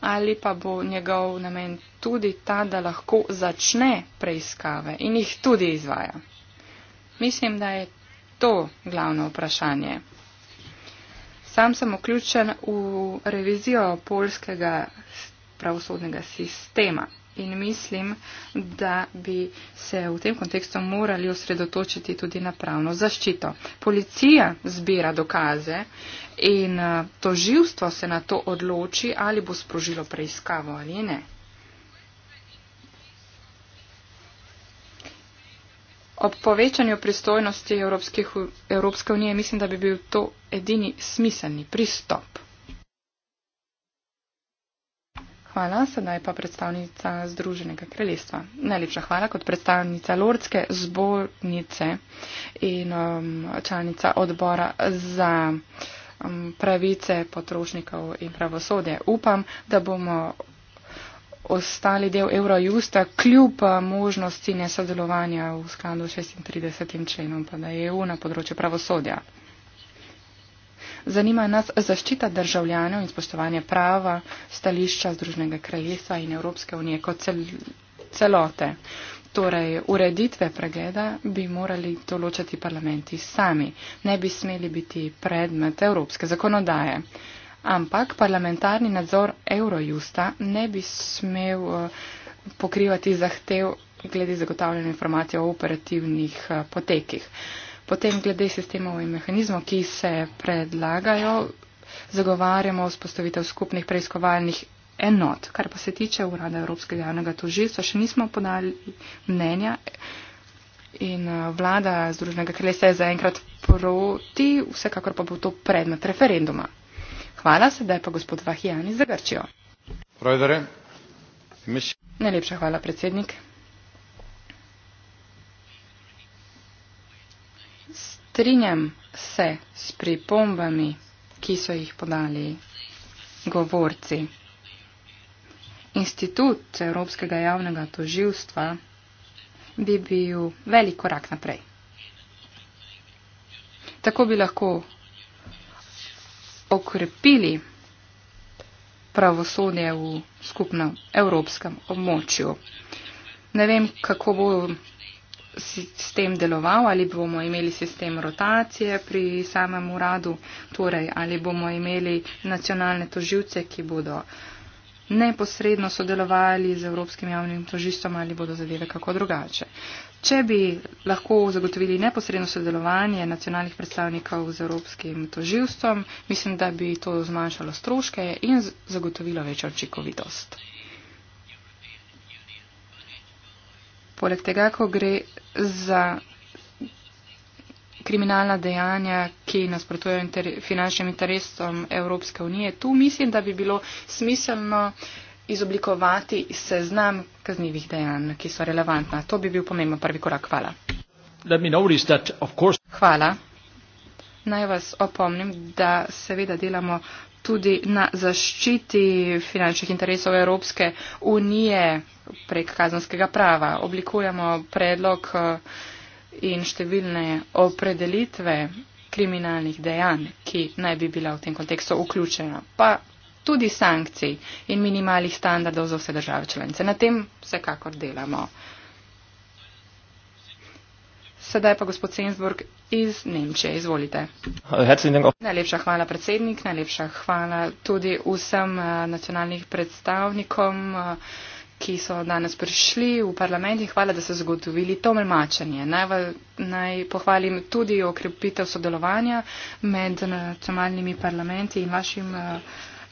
ali pa bo njegov namen tudi ta, da lahko začne preiskave in jih tudi izvaja. Mislim, da je to glavno vprašanje. Sam sem vključen v revizijo polskega pravosodnega sistema in mislim, da bi se v tem kontekstu morali osredotočiti tudi na pravno zaščito. Policija zbira dokaze in eh, toživstvo se na to odloči, ali bo sprožilo preiskavo ali ne. ob povečanju pristojnosti Evropskih, Evropske unije mislim, da bi bil to edini smiselni pristop. Hvala, sedaj pa predstavnica Združenega kraljestva. Najlepša hvala kot predstavnica Lordske zbornice in um, članica odbora za um, pravice potrošnikov in pravosodje. Upam, da bomo ostali del Eurojusta, kljub eh, možnosti nesodelovanja v skladu 36. členom PDEU na področju pravosodja. Zanima nas zaščita državljanov in spoštovanje prava, stališča Združnega kraljestva in Evropske unije kot cel, celote. Torej, ureditve pregleda bi morali določati parlamenti sami, ne bi smeli biti predmet evropske zakonodaje ampak parlamentarni nadzor Eurojusta ne bi smel eh, pokrivati zahtev glede zagotavljanja informacij o operativnih eh, potekih. Potem glede sistemov in mehanizmov, ki se predlagajo, zagovarjamo vzpostavitev skupnih preiskovalnih enot. Kar pa se tiče Urada Evropskega javnega tožilstva, še nismo podali mnenja in eh, vlada Združenega kraljestva je zaenkrat proti, vsekakor pa bo to predmet referenduma. Hvala, sedaj pa gospod Vahijani za Grčijo. Projdere. Miš... Najlepša hvala, predsednik. Strinjam se s pripombami, ki so jih podali govorci. Institut Evropskega javnega toživstva bi bil velik korak naprej. Tako bi lahko okrepili pravosodje v skupnem evropskem območju. Ne vem, kako bo sistem deloval, ali bomo imeli sistem rotacije pri samem uradu, torej ali bomo imeli nacionalne toživce, ki bodo uh, neposredno sodelovali z Evropskim javnim tožistom ali bodo zadeve kako drugače. Če bi lahko zagotovili neposredno sodelovanje nacionalnih predstavnikov z Evropskim tožilstvom, mislim, da bi to zmanjšalo stroške in zagotovilo večjo očikovitost. Poleg tega, ko gre za kriminalna dejanja, ki nasprotujejo inter, finančnim interesom Evropske unije. Tu mislim, da bi bilo smiselno izoblikovati seznam kaznjivih dejanj, ki so relevantna. To bi bil pomemben prvi korak. Hvala. Hvala. Naj vas opomnim, da seveda delamo tudi na zaščiti finančnih interesov Evropske unije prek kazanskega prava. Oblikujemo predlog uh, in številne opredelitve kriminalnih dejanj, ki naj bi bila v tem kontekstu vključena, pa tudi sankcij in minimalnih standardov za vse države članice. Na tem vsekakor delamo. Sedaj pa gospod Sensburg iz Nemčije. Izvolite. Najlepša hvala predsednik, najlepša hvala tudi vsem eh, nacionalnih predstavnikom. Eh, ki so danes prišli v parlament in hvala, da so zgotovili to melmačanje. Naj, naj pohvalim tudi okrepitev sodelovanja med nacionalnimi parlamenti in vašim uh,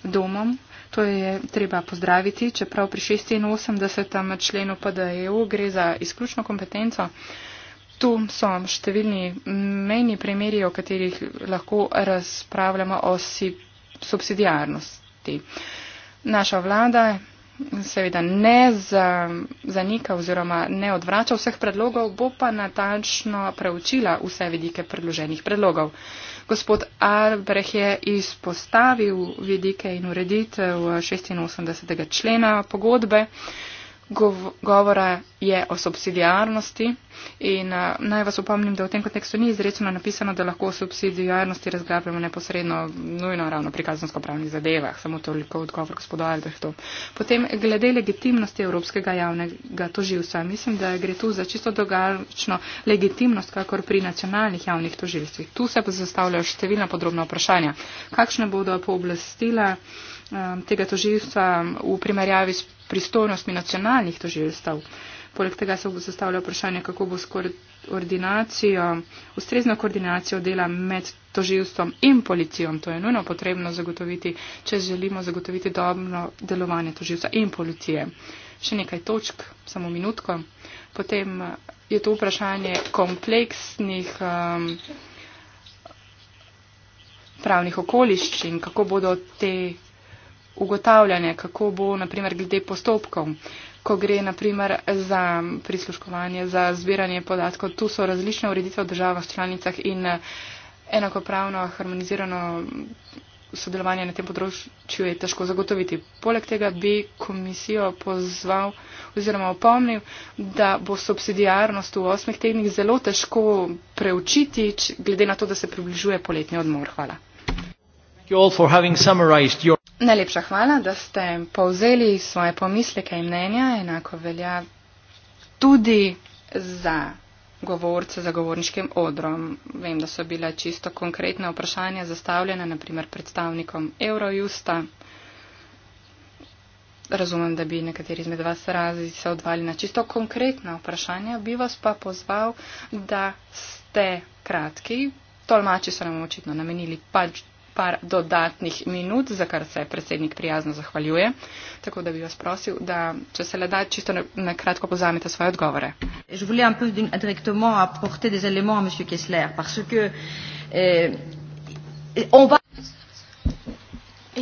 domom. To je treba pozdraviti, čeprav pri 86. členu PDEU gre za izključno kompetenco. Tu so številni menji primeri, o katerih lahko razpravljamo o subsidijarnosti. Naša vlada seveda ne zanika oziroma ne odvrača vseh predlogov, bo pa natančno preučila vse vidike predloženih predlogov. Gospod Albreh je izpostavil vidike in ureditev 86. člena pogodbe gov govora je o subsidijarnosti in uh, naj vas upomnim, da v tem kontekstu ni izrecno napisano, da lahko o subsidijarnosti razgrabljamo neposredno, nujno ravno pri kazenskopravnih zadevah. Samo toliko odgovor gospodu Albrehtu. Potem, glede legitimnosti Evropskega javnega toživstva, mislim, da gre tu za čisto drugačno legitimnost, kakor pri nacionalnih javnih toživstvih. Tu se pa zastavljajo številna podrobna vprašanja. Kakšne bodo pooblastila eh, tega toživstva v primerjavi s pristojnostmi nacionalnih toživstav. Poleg tega se bo zastavljalo vprašanje, kako bo s koordinacijo, ustrezno koordinacijo dela med toživstvom in policijo. To je nujno potrebno zagotoviti, če želimo zagotoviti dobro delovanje toživstva in policije. Še nekaj točk, samo minutko. Potem eh, je to vprašanje kompleksnih. Um, pravnih okoliščin, kako bodo te ugotavljanje, kako bo naprimer glede postopkov, ko gre naprimer za prisluškovanje, za zbiranje podatkov. Tu so različne ureditve v državah članicah in eh, enakopravno harmonizirano sodelovanje na tem področju je težko zagotoviti. Poleg tega bi komisijo pozval oziroma opomnil, da bo subsidijarnost v osmih tednih zelo težko preučiti, glede na to, da se približuje poletni odmor. Hvala. Thank you all for having summarized your Najlepša hvala, da ste povzeli svoje pomisleke in mnenja. Enako velja tudi za govorce za govorniškim odrom. Vem, da so bila čisto konkretna vprašanja zastavljena, naprimer predstavnikom Eurojusta. Razumem, da bi nekateri izmed vas razi se odvali na čisto konkretna vprašanja, bi vas pa pozval, da ste kratki. Tolmači so nam očitno namenili pač par dodatnih minut, za kar se predsednik prijazno zahvaljuje. Tako da bi vas prosil, da če se le da, čisto na kratko pozamete svoje odgovore. Eh,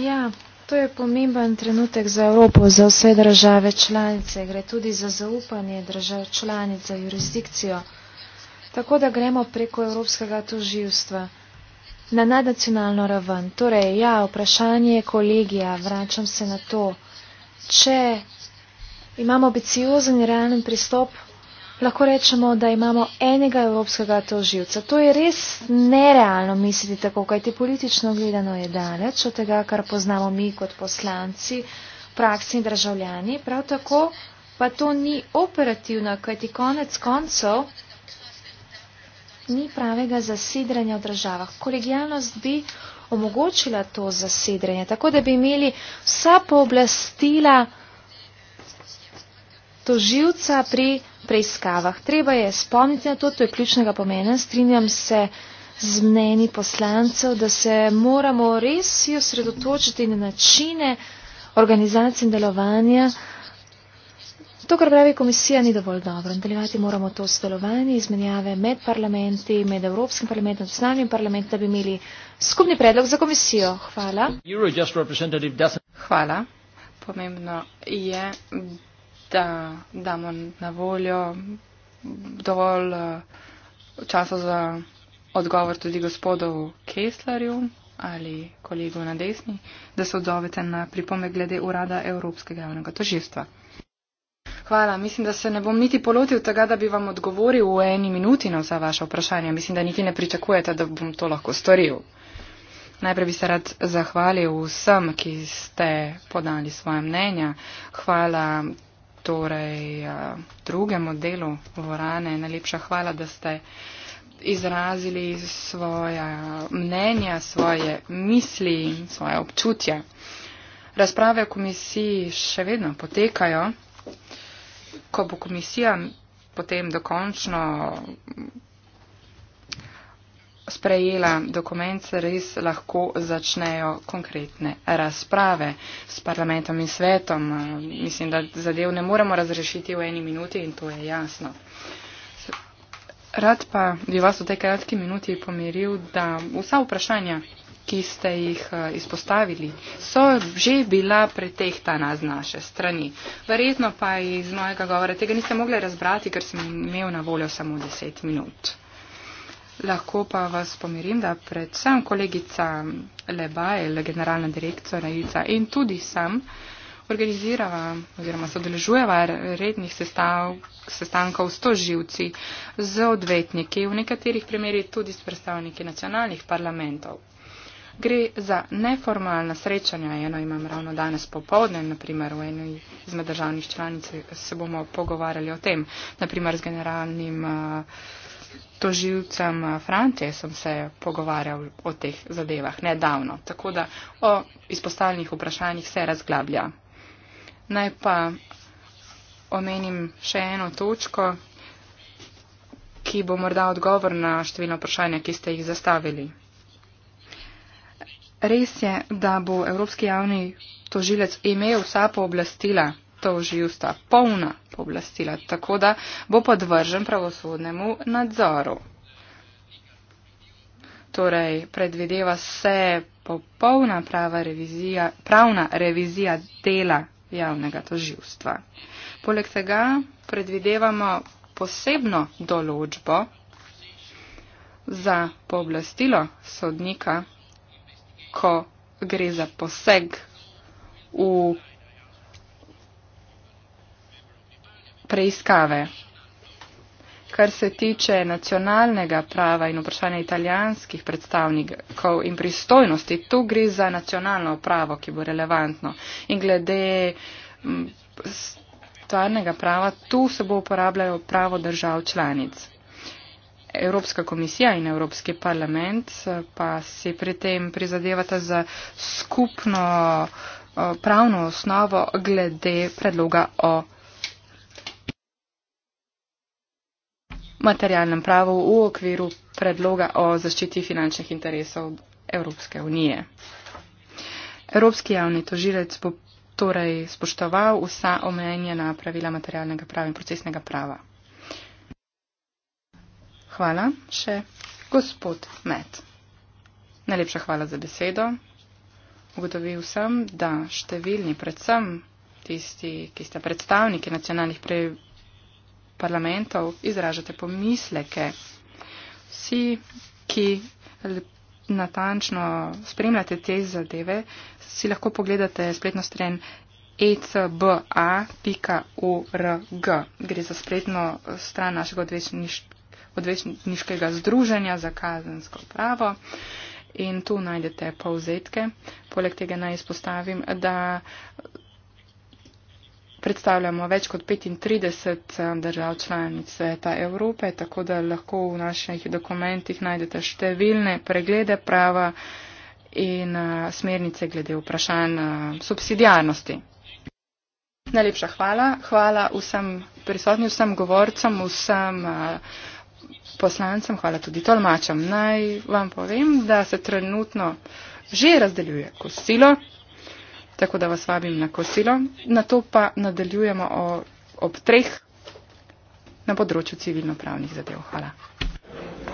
ja, to je pomemben trenutek za Evropo, za vse države članice. Gre tudi za zaupanje držav članic, za jurisdikcijo. Tako da gremo preko Evropskega toživstva. Na nadnacionalno raven. Torej, ja, vprašanje kolegija, vračam se na to. Če imamo ambiciozen in realen pristop, lahko rečemo, da imamo enega evropskega toživca. To je res nerealno misliti tako, kajti politično gledano je daleč od tega, kar poznamo mi kot poslanci, praksni državljani. Prav tako pa to ni operativno, kajti konec koncev ni pravega zasidranja v državah. Kolegijalnost bi omogočila to zasidranje, tako da bi imeli vsa pooblastila toživca pri preiskavah. Treba je spomniti na to, to je ključnega pomena. Strinjam se z mneni poslancev, da se moramo res osredotočiti na načine organizacije in delovanja. To, kar pravi komisija, ni dovolj dobro. Nadaljevati moramo to sodelovanje, izmenjave med parlamenti, med Evropskim parlamentom, nacionalnim parlamentom, da bi imeli skupni predlog za komisijo. Hvala. Hvala. Pomembno je, da damo na voljo dovolj eh, časa za odgovor tudi gospodov Keslarju ali kolegov na desni, da se odzovete na pripome glede Urada Evropskega javnega toživstva. Hvala. Mislim, da se ne bom niti polotil tega, da bi vam odgovoril v eni minuti na vsa vaša vprašanja. Mislim, da niti ne pričakujete, da bom to lahko storil. Najprej bi se rad zahvalil vsem, ki ste podali svoje mnenja. Hvala torej eh, drugemu delu vorane. Najlepša hvala, da ste izrazili svoje mnenja, svoje misli, svoje občutja. Razprave v komisiji še vedno potekajo ko bo komisija potem dokončno sprejela dokument, se res lahko začnejo konkretne razprave s parlamentom in svetom. Mislim, da zadev ne moremo razrešiti v eni minuti in to je jasno. Rad pa bi vas v tej kratki minuti pomiril, da vsa vprašanja ki ste jih eh, izpostavili, so že bila pretehtana z naše strani. Verjetno pa iz mojega govora tega niste mogli razbrati, ker sem imel na voljo samo deset minut. Lahko pa vas pomirim, da predvsem kolegica Lebajl, generalna direktorica in tudi sam organizirava oziroma sodelžujeva rednih sestav, sestankov s toživci, z odvetniki, v nekaterih primerjih tudi s predstavniki nacionalnih parlamentov. Gre za neformalna srečanja, eno imam ravno danes popovdne, naprimer v eni izmed državnih članic se bomo pogovarjali o tem. Naprimer z generalnim toživcem Francije sem se pogovarjal o teh zadevah nedavno, tako da o izpostavljenih vprašanjih se razglablja. Naj pa omenim še eno točko, ki bo morda odgovor na številne vprašanja, ki ste jih zastavili. Res je, da bo Evropski javni tožilec imel vsa pooblastila, tožilstva, polna pooblastila, tako da bo podvržen pravosodnemu nadzoru. Torej, predvideva se popolna prava revizija, pravna revizija dela javnega tožilstva. Poleg tega predvidevamo posebno določbo za pooblastilo sodnika ko gre za poseg v preiskave. Kar se tiče nacionalnega prava in vprašanja italijanskih predstavnikov in pristojnosti, tu gre za nacionalno pravo, ki bo relevantno. In glede mm, stvarnega prava, tu se bo uporabljalo pravo držav članic. Evropska komisija in Evropski parlament eh, pa si pri tem prizadevata za skupno eh, pravno osnovo glede predloga o materialnem pravu v okviru predloga o zaščiti finančnih interesov Evropske unije. Evropski javni tožilec bo torej spoštoval vsa omenjena pravila materialnega prava in procesnega prava. Hvala. Še gospod Met. Najlepša hvala za besedo. Ugotovil sem, da številni, predvsem tisti, ki ste predstavniki nacionalnih pre parlamentov, izražate pomisleke. Vsi, ki natančno spremljate te zadeve, si lahko pogledate spletno stran ecba.org. Gre za spletno stran našega odvečništva odvečniškega združenja za kazensko pravo. In tu najdete povzetke. Poleg tega naj izpostavim, da predstavljamo več kot 35 eh, držav članic Sveta Evrope, tako da lahko v naših dokumentih najdete številne preglede prava in eh, smernice glede vprašanj eh, subsidijarnosti. Najlepša hvala. Hvala vsem prisotnim, vsem govorcem, vsem. Uh, poslancem, hvala tudi tolmačem. Naj vam povem, da se trenutno že razdeljuje kosilo, tako da vas vabim na kosilo. Na to pa nadaljujemo o, ob treh na področju civilno-pravnih zadev. Hvala.